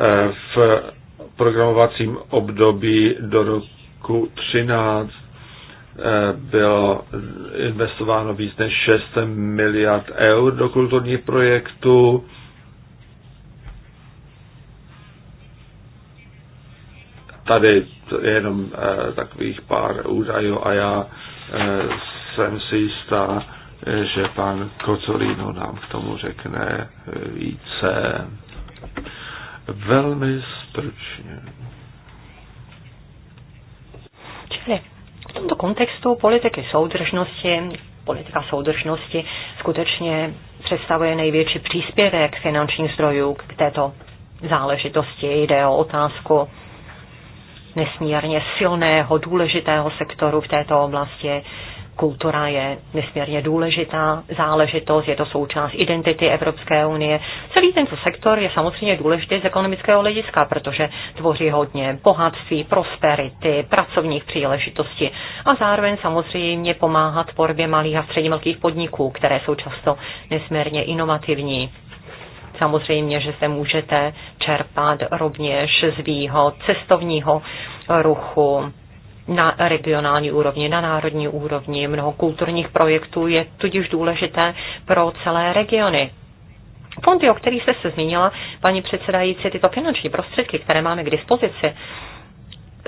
E, v programovacím období do roku 13 e, bylo investováno víc než 6 miliard eur do kulturních projektů. Tady to je jenom eh, takových pár údajů a já eh, jsem si jistá, že pan Kocorino nám k tomu řekne eh, více. Velmi stručně. Čili v tomto kontextu politiky soudržnosti, politika soudržnosti skutečně představuje největší příspěvek finančních zdrojů k této záležitosti. Jde o otázku nesmírně silného, důležitého sektoru v této oblasti. Kultura je nesmírně důležitá záležitost, je to součást identity Evropské unie. Celý tento sektor je samozřejmě důležitý z ekonomického hlediska, protože tvoří hodně bohatství, prosperity, pracovních příležitostí a zároveň samozřejmě pomáhá tvorbě malých a středně velkých podniků, které jsou často nesmírně inovativní Samozřejmě, že se můžete čerpat rovněž z výhod cestovního ruchu na regionální úrovni, na národní úrovni. Mnoho kulturních projektů je tudíž důležité pro celé regiony. Fondy, o kterých jste se zmínila, paní předsedající, tyto finanční prostředky, které máme k dispozici,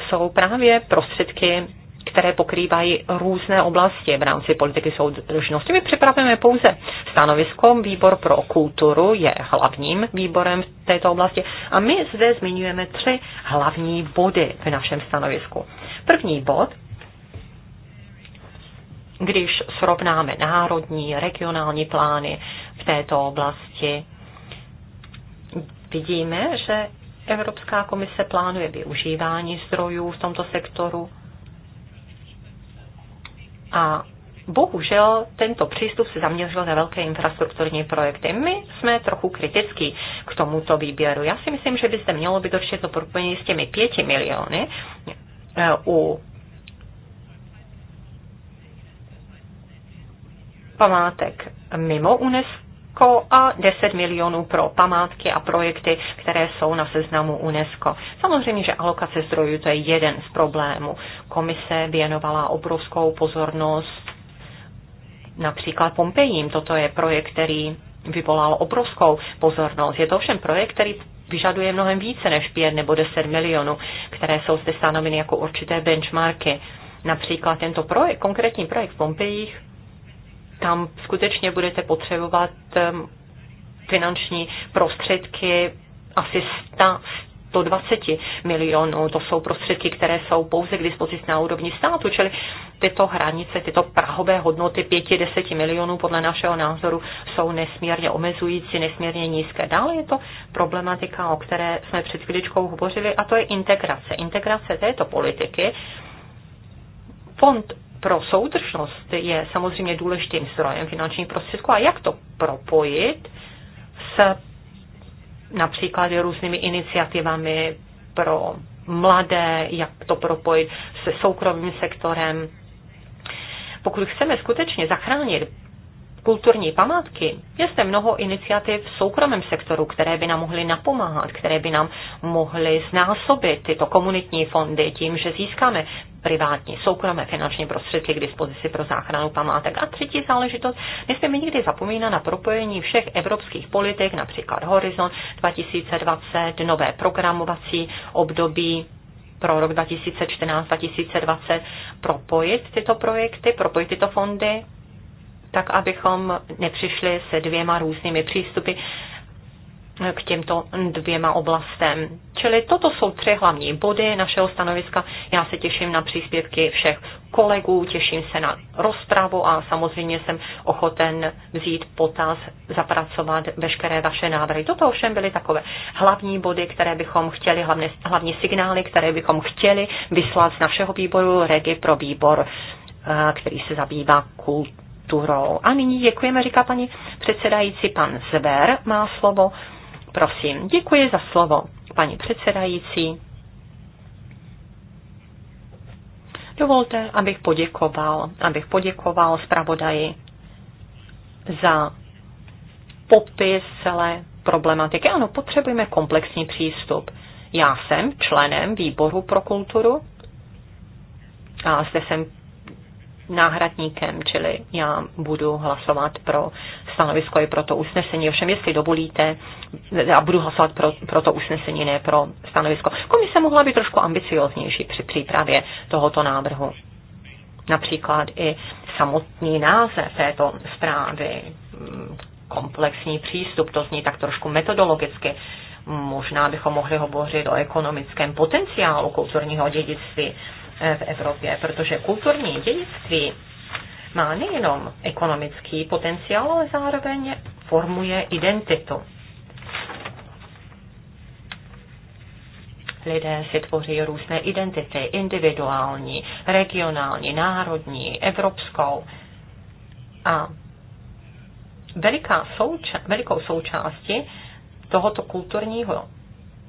jsou právě prostředky které pokrývají různé oblasti v rámci politiky soudržnosti. My připravujeme pouze stanovisko. Výbor pro kulturu je hlavním výborem v této oblasti a my zde zmiňujeme tři hlavní body v našem stanovisku. První bod když srovnáme národní, regionální plány v této oblasti, vidíme, že Evropská komise plánuje využívání zdrojů v tomto sektoru a bohužel tento přístup se zaměřil na velké infrastrukturní projekty. My jsme trochu kritický k tomuto výběru. Já si myslím, že by se mělo být určitě to propojení s těmi pěti miliony eh, u památek mimo UNESCO a 10 milionů pro památky a projekty, které jsou na seznamu UNESCO. Samozřejmě, že alokace zdrojů to je jeden z problémů. Komise věnovala obrovskou pozornost například Pompejím. Toto je projekt, který vyvolal obrovskou pozornost. Je to ovšem projekt, který vyžaduje mnohem více než 5 nebo 10 milionů, které jsou zde stanoveny jako určité benchmarky. Například tento projekt, konkrétní projekt v Pompejích, tam skutečně budete potřebovat ehm, finanční prostředky asi 100, 120 20 milionů. To jsou prostředky, které jsou pouze k dispozici na úrovni státu, čili tyto hranice, tyto prahové hodnoty 5-10 milionů podle našeho názoru jsou nesmírně omezující, nesmírně nízké. Dále je to problematika, o které jsme před chvíličkou hovořili, a to je integrace. Integrace této politiky. Fond pro soudržnost je samozřejmě důležitým zdrojem finančních prostředků a jak to propojit s například různými iniciativami pro mladé, jak to propojit se soukromým sektorem. Pokud chceme skutečně zachránit kulturní památky, je zde mnoho iniciativ v soukromém sektoru, které by nám mohly napomáhat, které by nám mohly znásobit tyto komunitní fondy tím, že získáme privátní, soukromé finanční prostředky k dispozici pro záchranu památek. A třetí záležitost, nesmíme nikdy zapomínat na propojení všech evropských politik, například Horizon 2020, nové programovací období, pro rok 2014-2020 propojit tyto projekty, propojit tyto fondy tak abychom nepřišli se dvěma různými přístupy k těmto dvěma oblastem. Čili toto jsou tři hlavní body našeho stanoviska. Já se těším na příspěvky všech kolegů, těším se na rozpravu a samozřejmě jsem ochoten vzít potaz, zapracovat veškeré vaše návrhy. Toto ovšem byly takové hlavní body, které bychom chtěli, hlavně, hlavní signály, které bychom chtěli vyslat z našeho výboru REGI pro výbor, eh, který se zabývá kulturou kulturou. A nyní děkujeme, říká paní předsedající, pan Zver má slovo. Prosím, děkuji za slovo, paní předsedající. Dovolte, abych poděkoval, abych poděkoval zpravodaji za popis celé problematiky. Ano, potřebujeme komplexní přístup. Já jsem členem výboru pro kulturu a zde jsem náhradníkem, čili já budu hlasovat pro stanovisko i pro to usnesení. Ovšem, jestli dovolíte, já budu hlasovat pro, pro to usnesení, ne pro stanovisko. Komise mohla být trošku ambicioznější při přípravě tohoto návrhu. Například i samotný název této zprávy, komplexní přístup, to zní tak trošku metodologicky. Možná bychom mohli hovořit o ekonomickém potenciálu kulturního dědictví, v Evropě, protože kulturní dědictví má nejenom ekonomický potenciál, ale zároveň formuje identitu. Lidé si tvoří různé identity, individuální, regionální, národní, evropskou. A veliká souča- velikou součástí tohoto kulturního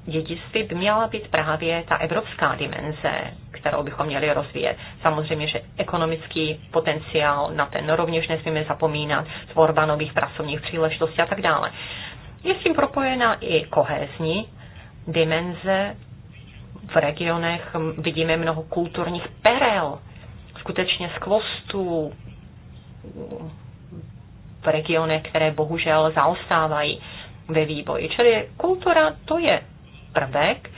dědictví by měla být právě ta evropská dimenze, kterou bychom měli rozvíjet. Samozřejmě, že ekonomický potenciál na ten rovněž nesmíme zapomínat, tvorba nových pracovních příležitostí a tak dále. Je s tím propojena i kohézní dimenze. V regionech vidíme mnoho kulturních perel, skutečně skvostů v regionech, které bohužel zaostávají ve vývoji. Čili kultura to je prvek,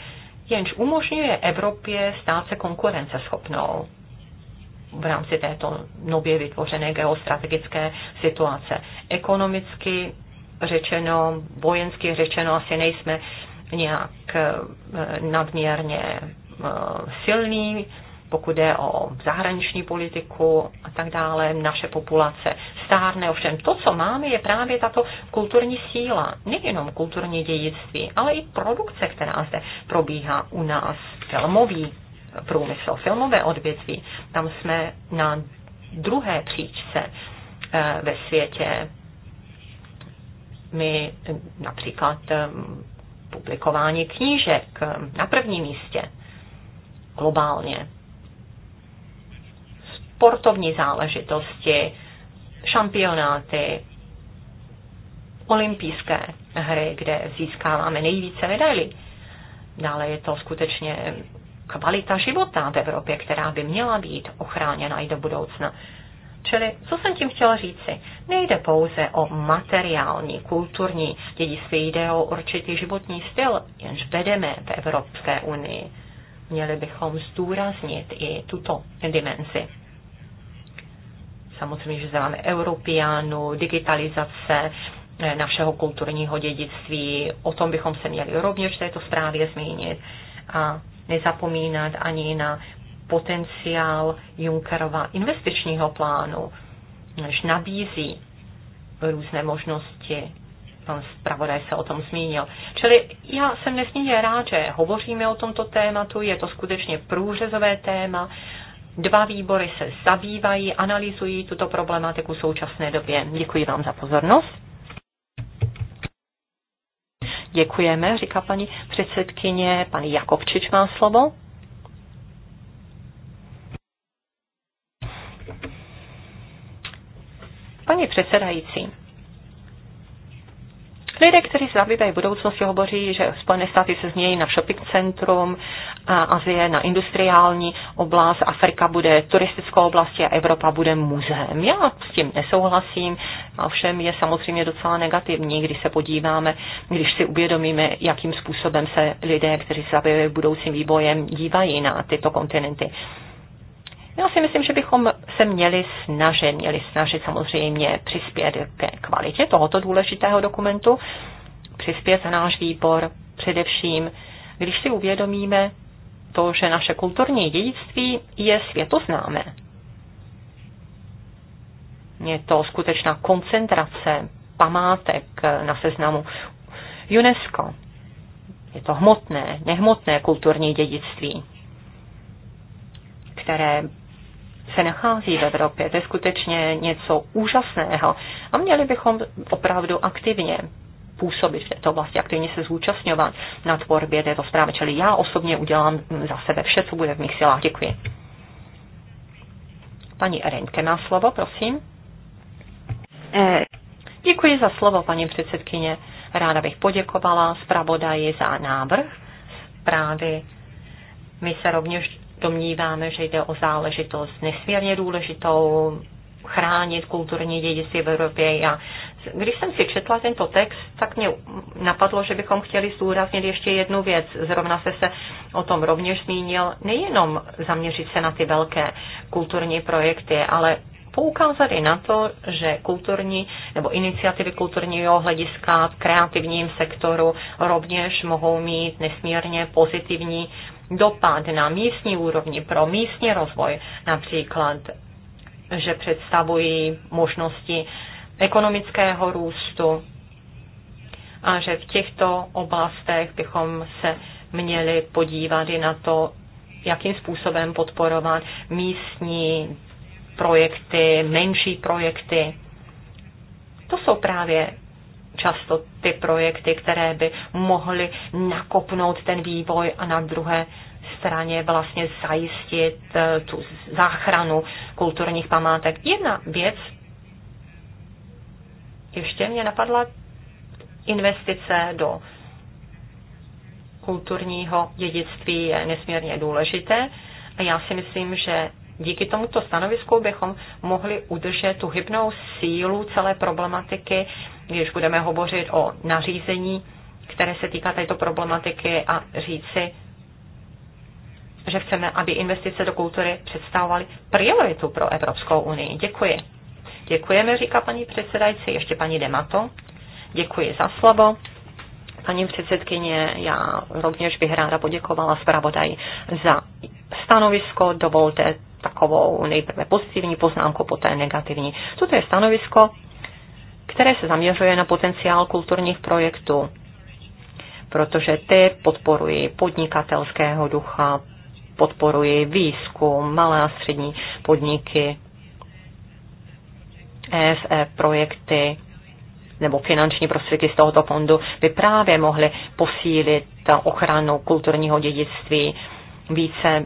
jenž umožňuje Evropě stát se konkurenceschopnou v rámci této nově vytvořené geostrategické situace. Ekonomicky řečeno, vojensky řečeno, asi nejsme nějak eh, nadměrně eh, silný pokud je o zahraniční politiku a tak dále, naše populace stárne. Ovšem to, co máme, je právě tato kulturní síla, nejenom kulturní dědictví, ale i produkce, která zde probíhá u nás, filmový průmysl, filmové odvětví. Tam jsme na druhé příčce eh, ve světě. My eh, například eh, publikování knížek na prvním místě globálně sportovní záležitosti, šampionáty, olympijské hry, kde získáváme nejvíce medailí. Dále je to skutečně kvalita života v Evropě, která by měla být ochráněna i do budoucna. Čili, co jsem tím chtěla říci? Nejde pouze o materiální, kulturní dědictví, jde o určitý životní styl, jenž vedeme v Evropské unii. Měli bychom zdůraznit i tuto dimenzi samozřejmě, že zeláme máme Europeanu, digitalizace eh, našeho kulturního dědictví. O tom bychom se měli rovněž v této zprávě zmínit a nezapomínat ani na potenciál Junckerova investičního plánu, než nabízí různé možnosti. Pan zpravodaj se o tom zmínil. Čili já jsem nesmírně rád, že hovoříme o tomto tématu, je to skutečně průřezové téma Dva výbory se zabývají, analyzují tuto problematiku v současné době. Děkuji vám za pozornost. Děkujeme, říká paní předsedkyně. Pan Jakobčič má slovo. Paní předsedající, Lidé, kteří se zabývají budoucnosti, hovoří, že Spojené státy se změní na shopping centrum, a Azie na industriální oblast, Afrika bude turistickou oblastí a Evropa bude muzeem. Já s tím nesouhlasím, a všem je samozřejmě docela negativní, když se podíváme, když si uvědomíme, jakým způsobem se lidé, kteří se zabývají budoucím vývojem, dívají na tyto kontinenty. Já si myslím, že bychom se měli snažit, měli snažit samozřejmě přispět ke kvalitě tohoto důležitého dokumentu, přispět za náš výbor především, když si uvědomíme to, že naše kulturní dědictví je světoznámé. Je to skutečná koncentrace památek na seznamu UNESCO. Je to hmotné, nehmotné kulturní dědictví, které se nachází v Evropě. To je skutečně něco úžasného a měli bychom opravdu aktivně působit v této oblasti, aktivně se zúčastňovat na tvorbě této zprávy. Čili já osobně udělám za sebe vše, co bude v mých silách. Děkuji. Paní Renke má slovo, prosím. Eh. Děkuji za slovo, paní předsedkyně. Ráda bych poděkovala zpravodaji za návrh zprávy. My se rovněž domníváme, že jde o záležitost nesmírně důležitou, chránit kulturní dědictví v Evropě. A když jsem si četla tento text, tak mě napadlo, že bychom chtěli zdůraznit ještě jednu věc. Zrovna se se o tom rovněž zmínil, nejenom zaměřit se na ty velké kulturní projekty, ale poukázat i na to, že kulturní nebo iniciativy kulturního hlediska v kreativním sektoru rovněž mohou mít nesmírně pozitivní dopad na místní úrovni pro místní rozvoj, například, že představují možnosti ekonomického růstu a že v těchto oblastech bychom se měli podívat i na to, jakým způsobem podporovat místní projekty, menší projekty. To jsou právě často ty projekty, které by mohly nakopnout ten vývoj a na druhé straně vlastně zajistit eh, tu záchranu kulturních památek. Jedna věc, ještě mě napadla investice do kulturního dědictví je nesmírně důležité a já si myslím, že díky tomuto stanovisku bychom mohli udržet tu hybnou sílu celé problematiky když budeme hovořit o nařízení, které se týká této problematiky a říci, že chceme, aby investice do kultury představovaly prioritu pro Evropskou unii. Děkuji. Děkujeme, říká paní předsedající, ještě paní Demato. Děkuji za slovo. Paní předsedkyně, já rovněž bych ráda poděkovala zpravodaji za stanovisko. Dovolte takovou nejprve pozitivní poznámku, poté negativní. Toto je stanovisko které se zaměřuje na potenciál kulturních projektů, protože ty podporují podnikatelského ducha, podporují výzkum, malé a střední podniky, ESE e projekty nebo finanční prostředky z tohoto fondu by právě mohly posílit ochranu kulturního dědictví, více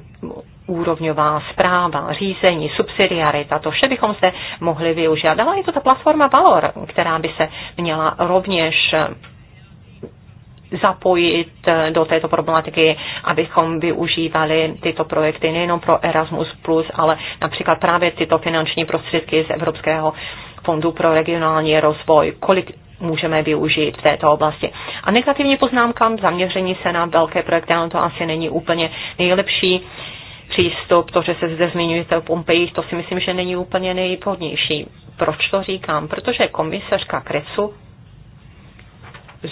úrovňová zpráva, řízení, subsidiarita, to vše bychom se mohli využít. Ale je to ta platforma Valor, která by se měla rovněž zapojit do této problematiky, abychom využívali tyto projekty nejenom pro Erasmus+, ale například právě tyto finanční prostředky z Evropského fondu pro regionální rozvoj, kolik můžeme využít v této oblasti. A negativní poznámka, zaměření se na velké projekty, ale to asi není úplně nejlepší přístup, to, že se zde zmiňujete o Pompejích, to si myslím, že není úplně nejvhodnější. Proč to říkám? Protože komisařka Krecu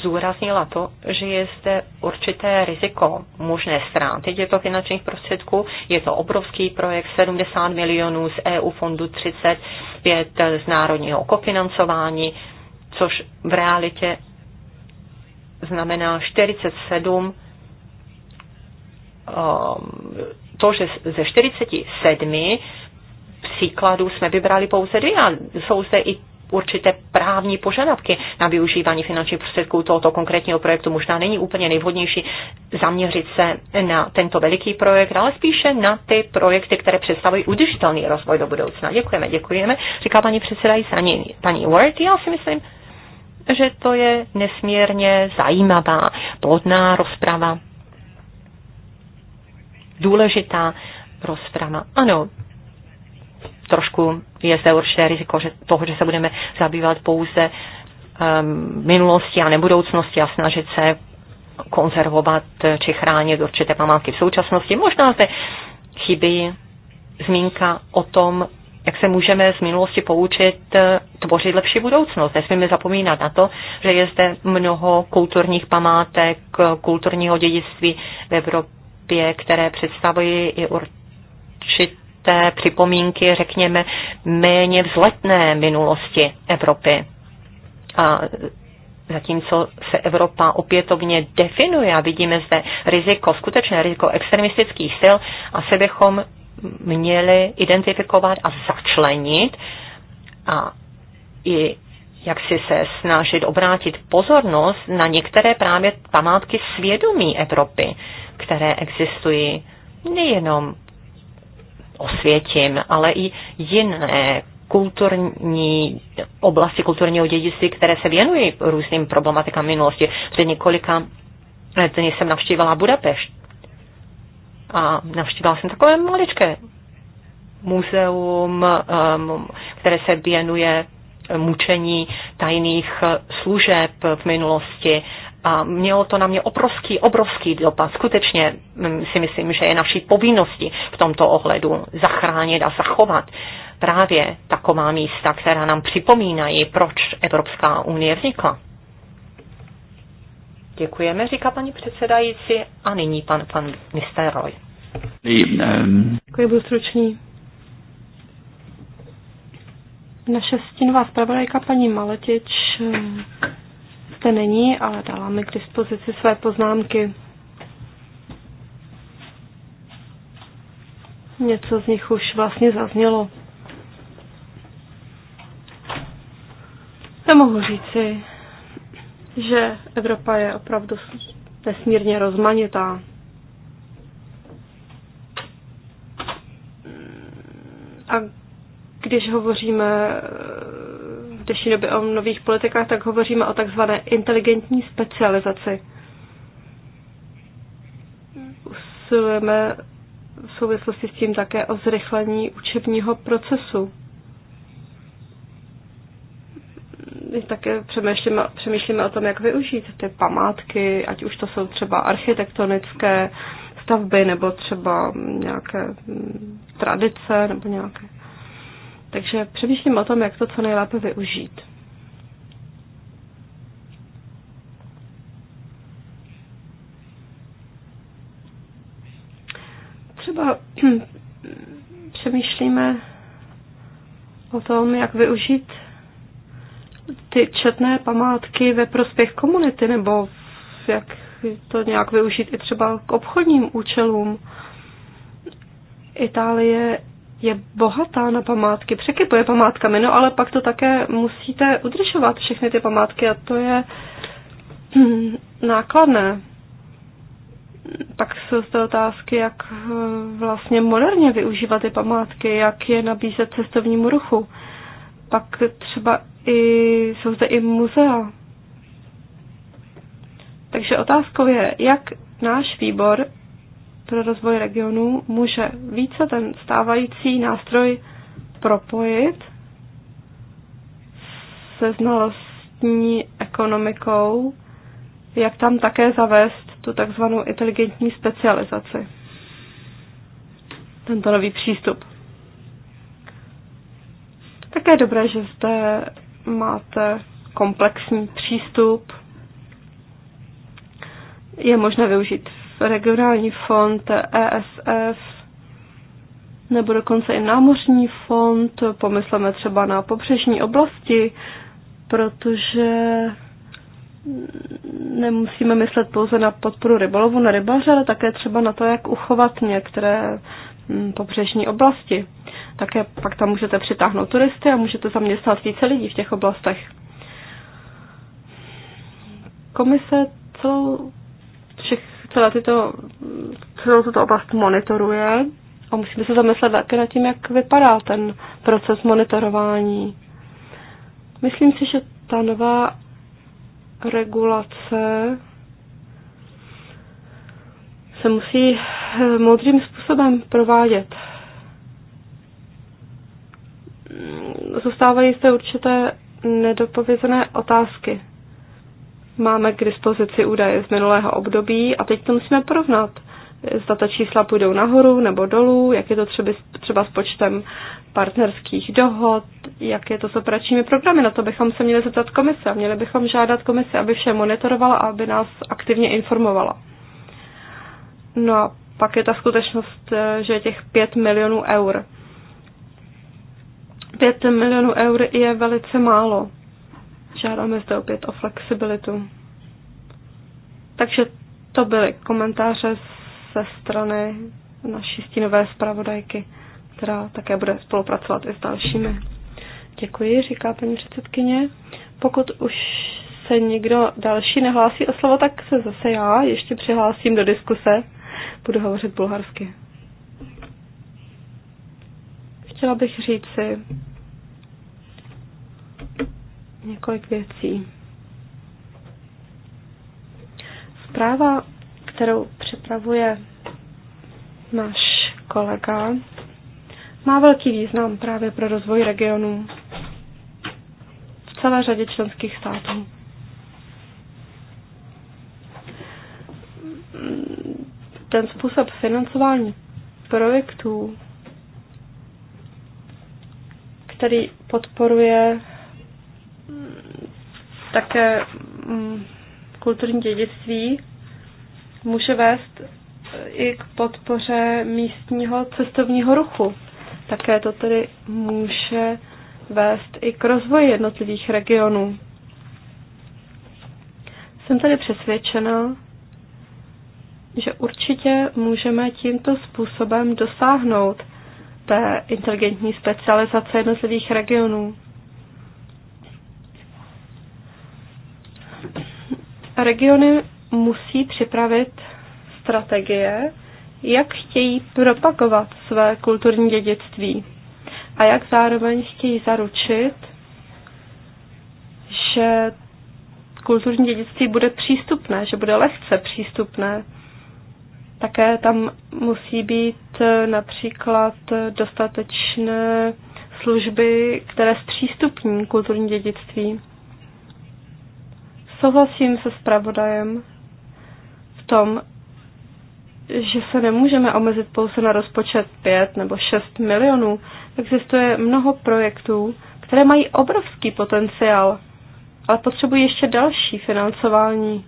zúraznila to, že je zde určité riziko možné ztráty těchto finančních prostředků. Je to obrovský projekt, 70 milionů z EU fondu 35 z národního kofinancování, což v realitě znamená 47 Ehm, to, že ze 47 příkladů jsme vybrali pouze dvě a jsou zde i určité právní požadavky na využívání finančních prostředků tohoto konkrétního projektu. Možná není úplně nejvhodnější zaměřit se na tento veliký projekt, ale spíše na ty projekty, které představují udržitelný rozvoj do budoucna. Děkujeme, děkujeme. Říká paní předsedající, paní, paní Ward, já si myslím, že to je nesmírně zajímavá, plodná rozprava důležitá rozprava. Ano, trošku je zde určité riziko že toho, že se budeme zabývat pouze um, minulosti a nebudoucnosti a snažit se konzervovat či chránit určité památky v současnosti. Možná zde chybí zmínka o tom, jak se můžeme z minulosti poučit eh, tvořit lepší budoucnost. Nesmíme zapomínat na to, že je zde mnoho kulturních památek, kulturního dědictví v Evropě vazbě, které představují i určité připomínky, řekněme, méně vzletné minulosti Evropy. A zatímco se Evropa opětovně definuje a vidíme zde riziko, skutečné riziko extremistických sil, asi bychom měli identifikovat a začlenit a i jak si se snažit obrátit pozornost na některé právě památky svědomí Evropy, které existují nejenom osvětím, ale i jiné kulturní oblasti kulturního dědictví, které se věnují různým problematikám minulosti. Před několika dny jsem navštívila Budapešť a navštívila jsem takové maličké muzeum, um, které se věnuje mučení tajných služeb v minulosti a mělo to na mě obrovský, obrovský dopad. Skutečně mm, si myslím, že je naší povinnosti v tomto ohledu zachránit a zachovat právě taková místa, která nám připomínají, proč Evropská unie vznikla. Děkujeme, říká paní předsedající. A nyní pan, pan Mr. Roy. Ehm, Děkuji, budu stručný. Naše stínová zpravodajka paní Maletič ehm, zde není, ale dala mi k dispozici své poznámky. Něco z nich už vlastně zaznělo. Nemohu říci, že Evropa je opravdu nesmírně rozmanitá. A když hovoříme dnešní době o nových politikách, tak hovoříme o takzvané inteligentní specializaci. Usilujeme v souvislosti s tím také o zrychlení učebního procesu. Také přemýšlíme, přemýšlíme o tom, jak využít ty památky, ať už to jsou třeba architektonické stavby nebo třeba nějaké mm, tradice nebo nějaké takže přemýšlím o tom, jak to co nejlépe využít. Třeba [CLEARS THROAT] přemýšlíme o tom, jak využít ty četné památky ve prospěch komunity, nebo jak to nějak využít i třeba k obchodním účelům. Itálie je bohatá na památky, překypuje památkami, no ale pak to také musíte udržovat všechny ty památky a to je hm, [CLEARS THROAT] nákladné. Pak jsou zde otázky, jak eh, vlastně moderně využívat ty památky, jak je nabízet cestovnímu ruchu. Pak třeba i, jsou zde i muzea. Takže otázkou je, jak náš výbor pro rozvoj regionů může více ten stávající nástroj propojit se znalostní ekonomikou, jak tam také zavést tu takzvanou inteligentní specializaci. Tento nový přístup. Také je dobré, že zde máte komplexní přístup. Je možné využít regionální fond ESF nebo dokonce i námořní fond, pomysleme třeba na pobřežní oblasti, protože nemusíme myslet pouze na podporu rybolovu na rybaře, ale také třeba na to, jak uchovat některé mm, pobřežní oblasti. Také pak tam můžete přitáhnout turisty a můžete zaměstnat více lidí v těch oblastech. Komise celou všech, celé tyto, celou tuto oblast monitoruje a musíme se zamyslet také nad tím, jak vypadá ten proces monitorování. Myslím si, že ta nová regulace se musí eh, moudrým způsobem provádět. Zůstávají zde určité nedopovězené otázky. Máme k dispozici údaje z minulého období a teď to musíme porovnat. Zda ta čísla půjdou nahoru nebo dolů, jak je to třeba, třeba s počtem partnerských dohod, jak je to s operačními programy. Na to bychom se měli zeptat komise a měli bychom žádat komise, aby vše monitorovala a aby nás aktivně informovala. No a pak je ta skutečnost, že je těch 5 milionů eur. 5 milionů eur je velice málo žádáme zde opět o flexibilitu. Takže to byly komentáře ze strany naší stínové zpravodajky, která také bude spolupracovat i s dalšími. Děkuji, říká paní předsedkyně. Pokud už se nikdo další nehlásí o slovo, tak se zase já ještě přihlásím do diskuse. Budu hovořit bulharsky. Chtěla bych říct si, několik věcí. Zpráva, kterou připravuje náš kolega, má velký význam právě pro rozvoj regionů v celé řadě členských států. Ten způsob financování projektů, který podporuje také mm, kulturní dědictví může vést eh, i k podpoře místního cestovního ruchu. Také to tedy může vést i k rozvoji jednotlivých regionů. Jsem tady přesvědčena, že určitě můžeme tímto způsobem dosáhnout té inteligentní specializace jednotlivých regionů. regiony musí připravit strategie, jak chtějí propagovat své kulturní dědictví a jak zároveň chtějí zaručit, že kulturní dědictví bude přístupné, že bude lehce přístupné. Také tam musí být eh, například dostatečné služby, které zpřístupní kulturní dědictví. Souhlasím se zpravodajem v tom, že se nemůžeme omezit pouze na rozpočet 5 nebo 6 milionů. Existuje mnoho projektů, které mají obrovský potenciál, ale potřebují ještě další financování,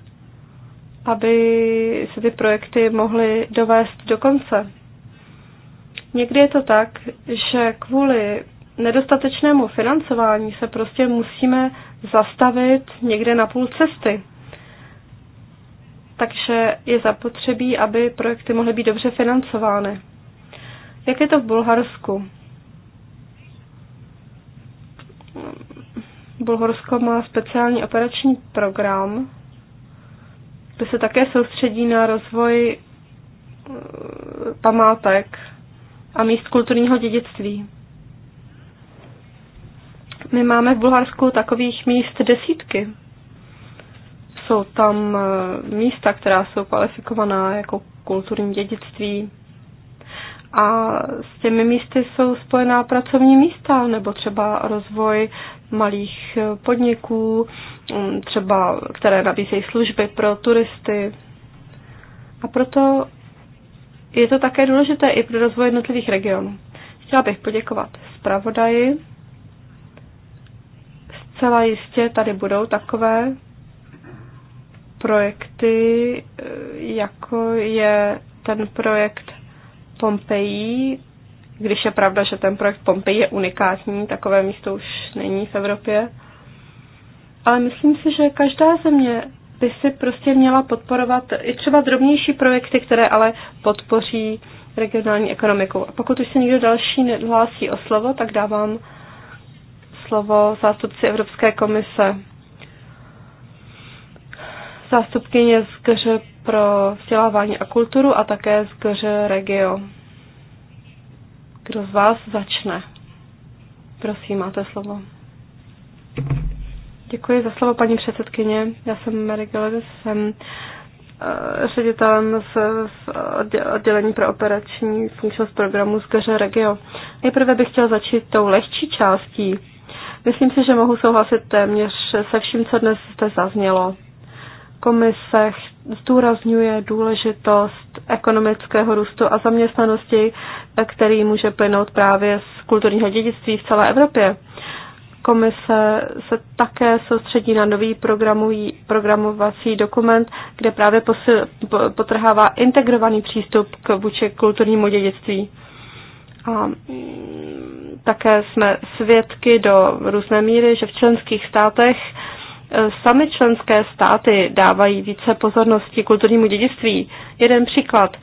aby se ty projekty mohly dovést do konce. Někdy je to tak, že kvůli nedostatečnému financování se prostě musíme zastavit někde na půl cesty. Takže je zapotřebí, aby projekty mohly být dobře financovány. Jak je to v Bulharsku? Bulharsko má speciální operační program, kde se také soustředí na rozvoj eh, památek a míst kulturního dědictví. My máme v Bulharsku takových míst desítky. Jsou tam eh, místa, která jsou kvalifikovaná jako kulturní dědictví. A s těmi místy jsou spojená pracovní místa, nebo třeba rozvoj malých eh, podniků, mm, třeba které nabízejí služby pro turisty. A proto je to také důležité i pro rozvoj jednotlivých regionů. Chtěla bych poděkovat zpravodaji Zcela jistě tady budou takové projekty, eh, jako je ten projekt Pompeji, když je pravda, že ten projekt Pompeji je unikátní, takové místo už není v Evropě. Ale myslím si, že každá země by si prostě měla podporovat i třeba drobnější projekty, které ale podpoří regionální ekonomiku. A pokud už se někdo další nehlásí o slovo, tak dávám slovo zástupci Evropské komise. Zástupkyně z GŘ pro vzdělávání a kulturu a také z GŘ Regio. Kdo z vás začne? Prosím, máte slovo. Děkuji za slovo, paní předsedkyně. Já jsem Mary Gallagher, jsem eh, ředitelem z, z oddělení pro operační funkčnost programu z GŘ Regio. Nejprve bych chtěla začít tou lehčí částí Myslím si, že mohu souhlasit téměř se vším, co dnes zde zaznělo. Komise zdůrazňuje důležitost ekonomického růstu a zaměstnanosti, který může plynout právě z kulturního dědictví v celé Evropě. Komise se také soustředí na nový programovací dokument, kde právě posil, potrhává integrovaný přístup k vůči kulturnímu dědictví. A mm, také jsme svědky do různé míry, že v členských státech e, sami členské státy dávají více pozornosti kulturnímu dědictví. Jeden příklad.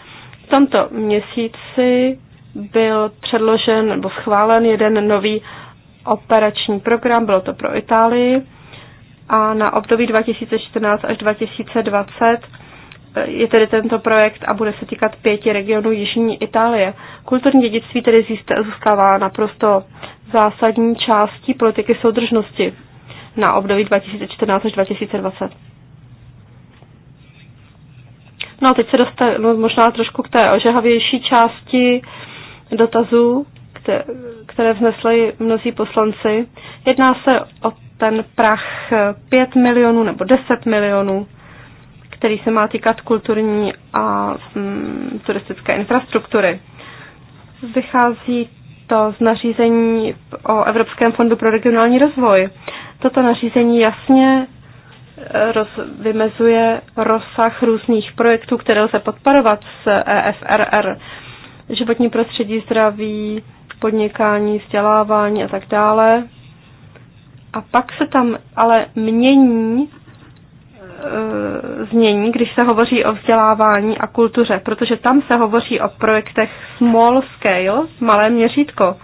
V tomto měsíci byl předložen nebo schválen jeden nový operační program, bylo to pro Itálii, a na období 2014 až 2020 Eh, je tedy tento projekt a bude se týkat pěti regionů Jižní Itálie. Kulturní dědictví tedy zůstává naprosto zásadní částí politiky soudržnosti na období 2014 až 2020. No a teď se dostanu možná trošku k té ožehavější části dotazů, které vznesly mnozí poslanci. Jedná se o ten prach 5 milionů nebo 10 milionů který se má týkat kulturní a mm, turistické infrastruktury. Vychází to z nařízení o Evropském fondu pro regionální rozvoj. Toto nařízení jasně e, roz, vymezuje rozsah různých projektů, které lze podporovat z EFRR. Životní prostředí, zdraví, podnikání, vzdělávání a tak dále. A pak se tam ale mění E, znění, když se hovoří o vzdělávání a kultuře, protože tam se hovoří o projektech small scale, malé měřítko.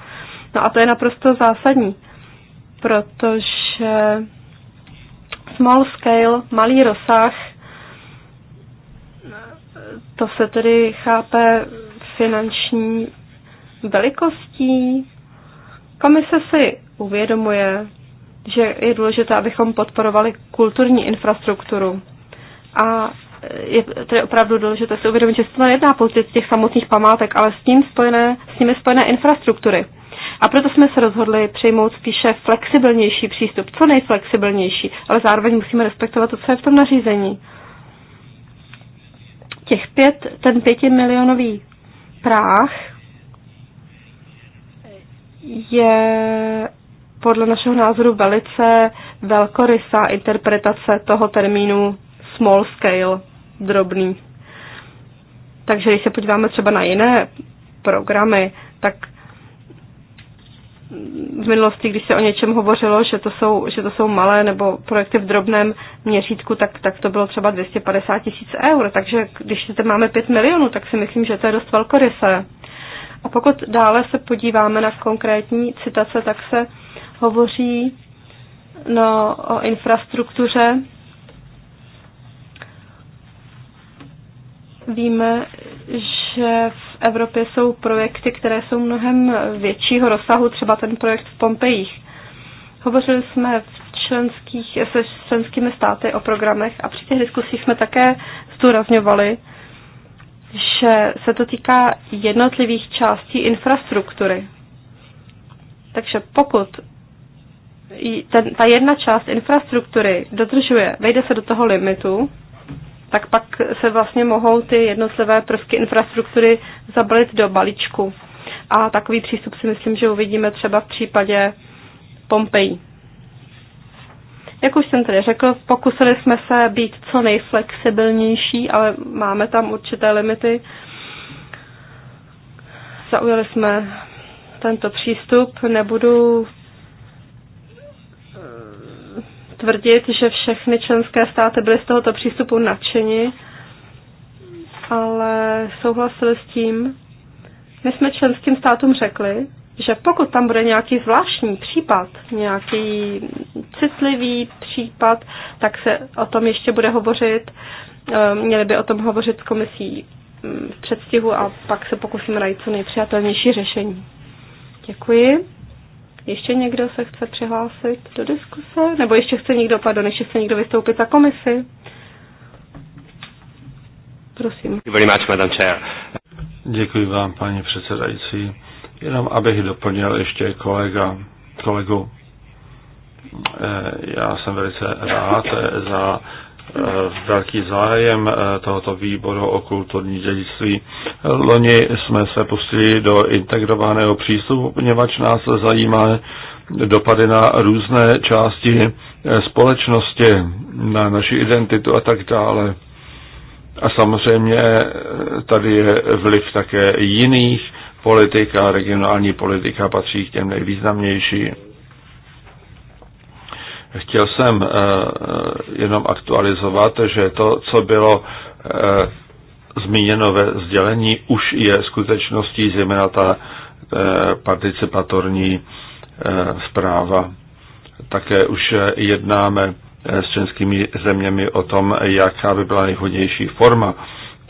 No a to je naprosto zásadní, protože small scale, malý rozsah, to se tedy chápe finanční velikostí. Komise si uvědomuje že je důležité, abychom podporovali kulturní infrastrukturu. A e, je tedy opravdu důležité si uvědomit, že se to nejedná pouze těch samotných památek, ale s, tím spojené, s nimi spojené infrastruktury. A proto jsme se rozhodli přejmout spíše flexibilnější přístup, co nejflexibilnější, ale zároveň musíme respektovat to, co je v tom nařízení. Těch pět, ten pětimilionový práh je podle našeho názoru velice velkorysá interpretace toho termínu small scale, drobný. Takže když se podíváme třeba na jiné programy, tak v minulosti, když se o něčem hovořilo, že to jsou, že to jsou malé nebo projekty v drobném měřítku, tak, tak to bylo třeba 250 tisíc eur. Takže když zde máme 5 milionů, tak si myslím, že to je dost velkorysé. A pokud dále se podíváme na konkrétní citace, tak se hovoří no, o infrastruktuře. Víme, že v Evropě jsou projekty, které jsou mnohem většího rozsahu, třeba ten projekt v Pompejích. Hovořili jsme v členských, se členskými státy o programech a při těch diskusích jsme také zdůrazňovali, že se to týká jednotlivých částí infrastruktury. Takže pokud ten, ta jedna část infrastruktury dodržuje, vejde se do toho limitu, tak pak se vlastně mohou ty jednotlivé prvky infrastruktury zabalit do balíčku. A takový přístup si myslím, že uvidíme třeba v případě Pompeji. Jak už jsem tady řekl, pokusili jsme se být co nejflexibilnější, ale máme tam určité limity. Zaujali jsme tento přístup. Nebudu tvrdit, že všechny členské státy byly z tohoto přístupu nadšeni, ale souhlasili s tím. My jsme členským státům řekli, že pokud tam bude nějaký zvláštní případ, nějaký citlivý případ, tak se o tom ještě bude hovořit. Ehm, měli by o tom hovořit s komisí mm, v předstihu a pak se pokusíme najít co nejpřijatelnější řešení. Děkuji. Ještě někdo se chce přihlásit do diskuse? Nebo ještě chce někdo, pardon, ještě chce někdo vystoupit za komisi? Prosím. Děkuji vám, paní předsedající. Jenom abych doplnil ještě kolega, kolegu. Eh, já jsem velice rád eh, za Eh, velký zájem eh, tohoto výboru o kulturní dědictví. Loni jsme se pustili do integrovaného přístupu, poněvadž nás zajímá dopady na různé části eh, společnosti, na naši identitu a tak dále. A samozřejmě tady je vliv také jiných politik a regionální politika patří k těm nejvýznamnějším. Chtěl jsem eh, eh, jenom aktualizovat, že to, co bylo eh, zmíněno ve sdělení, už je skutečností, zejména ta participatorní zpráva. Také už jednáme s českými zeměmi o tom, jaká by byla nejvhodnější forma.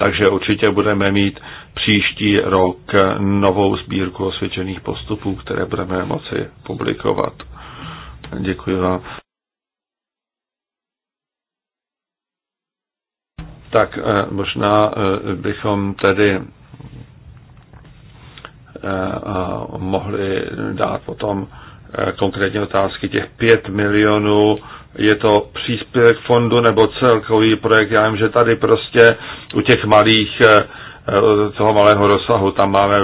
Takže určitě budeme mít příští rok novou sbírku osvědčených postupů, které budeme moci publikovat. Děkuji vám. tak eh, možná eh, bychom tedy eh, mohli dát potom konkrétní otázky těch 5 milionů, je to příspěvek fondu nebo celkový projekt, já vím, že tady prostě u těch malých toho malého rozsahu, tam máme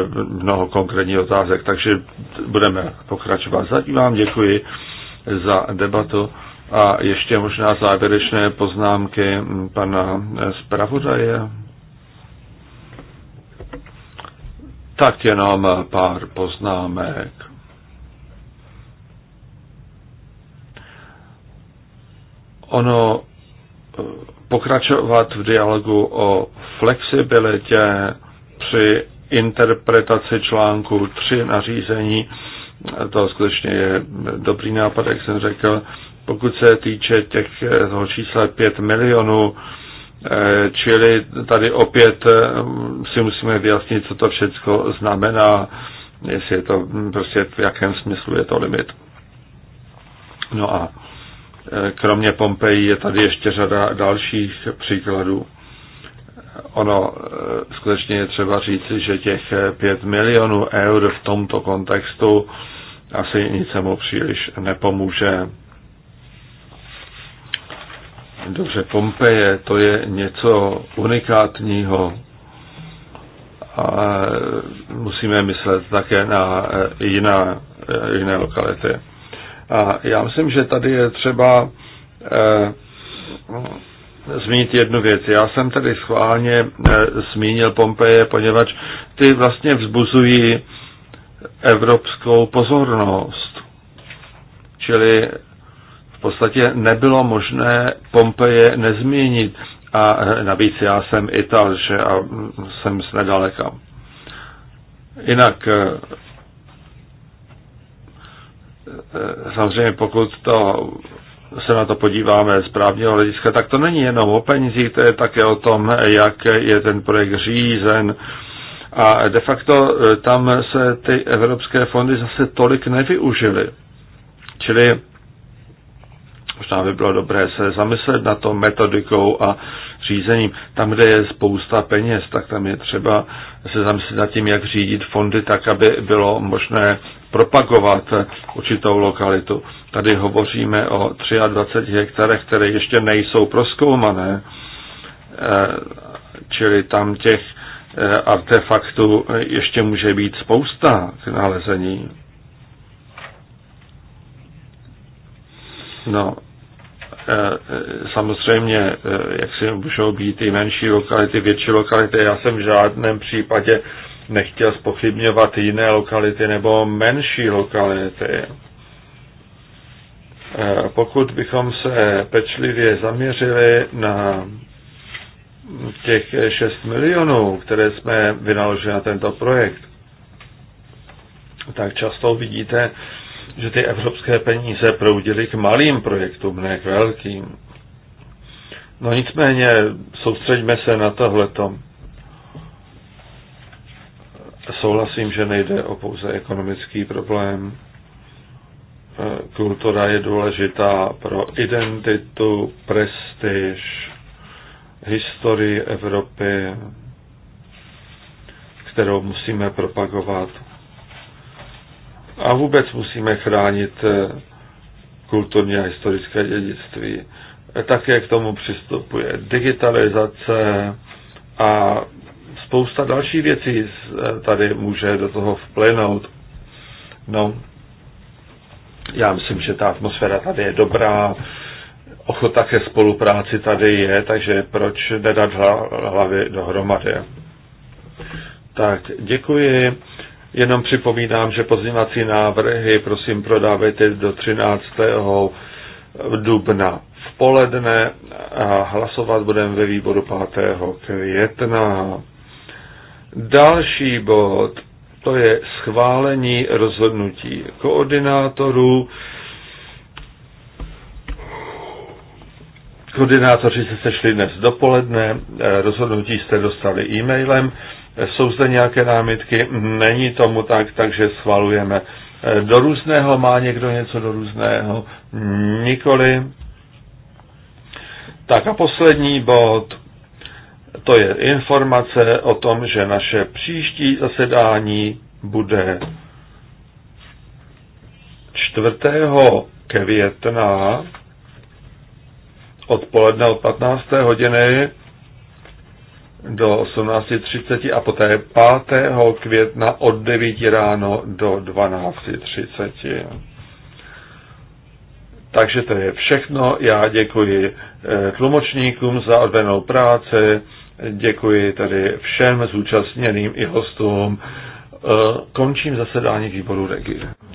mnoho konkrétních otázek, takže budeme pokračovat. Zatím vám děkuji za debatu a ještě možná závěrečné poznámky pana zpravodaje. Tak jenom pár poznámek. Ono eh, pokračovat v dialogu o flexibilitě při interpretaci článku 3 nařízení, to skutečně je dobrý nápad, jak jsem řekl, pokud se týče těch, toho čísla 5 milionů, eh, čili tady opět eh, si musíme vyjasnit, co to všechno znamená, jestli je to hm, prostě v jakém smyslu je to limit. No a eh, kromě Pompeji je tady ještě řada dalších příkladů. Ono skutečně je třeba říci, že těch 5 milionů eur v tomto kontextu asi nic mu příliš nepomůže. Dobře, Pompeje, to je něco unikátního. A e, musíme myslet také na e, jiná, e, jiné lokality. A já myslím, že tady je třeba zmínit jednu věc. Já jsem tady schválně zmínil Pompeje, poněvadž ty vlastně vzbuzují evropskou pozornost. Čili podstatě nebylo možné Pompeje nezměnit A navíc já jsem Ital, že a jsem z nedaleka. Jinak eh, eh, samozřejmě pokud to se na to podíváme z právního hlediska, tak to není jenom o penězích, to je také o tom, jak je ten projekt řízen. A de facto eh, tam se ty evropské fondy zase tolik nevyužily. Čili Možná by bylo dobré se zamyslet na to metodikou a řízením. Tam, kde je spousta peněz, tak tam je třeba se zamyslet nad tím, jak řídit fondy tak, aby bylo možné propagovat určitou lokalitu. Tady hovoříme o 23 hektarech, které ještě nejsou proskoumané, eh, čili tam těch eh, artefaktů ještě může být spousta k nalezení. No, Eh, samozřejmě, eh, jak si můžou být i menší lokality, větší lokality. Já jsem v žádném případě nechtěl spochybňovat jiné lokality nebo menší lokality. Eh, pokud bychom se pečlivě zaměřili na těch 6 milionů, které jsme vynaložili na tento projekt, tak často vidíte, že ty evropské peníze proudily k malým projektům, ne k velkým. No nicméně soustředíme se na tohleto. Souhlasím, že nejde o pouze ekonomický problém. E, kultura je důležitá pro identitu, prestiž, historii Evropy, kterou musíme propagovat. A vůbec musíme chránit eh, kulturní a historické dědictví. Také k tomu přistupuje digitalizace a spousta dalších věcí eh, tady může do toho vplynout. No, já myslím, že ta atmosféra tady je dobrá, ochota ke spolupráci tady je, takže proč nedat hlavy dohromady. Tak děkuji Jenom připomínám, že pozměňovací návrhy prosím prodávejte do 13. dubna v poledne a hlasovat budeme ve výboru 5. května. Další bod, to je schválení rozhodnutí koordinátorů. Koordinátoři se sešli dnes dopoledne, eh, rozhodnutí jste dostali e-mailem. Jsou zde nějaké námitky? Není tomu tak, takže schvalujeme. Do různého má někdo něco do různého? Nikoli. Tak a poslední bod, to je informace o tom, že naše příští zasedání bude 4. května odpoledne od 15. hodiny do 18.30 a poté 5. května od 9 ráno do 12.30. Takže to je všechno. Já děkuji eh, tlumočníkům za odvenou práci, děkuji tady všem zúčastněným i hostům. Eh, končím zasedání výboru Regi.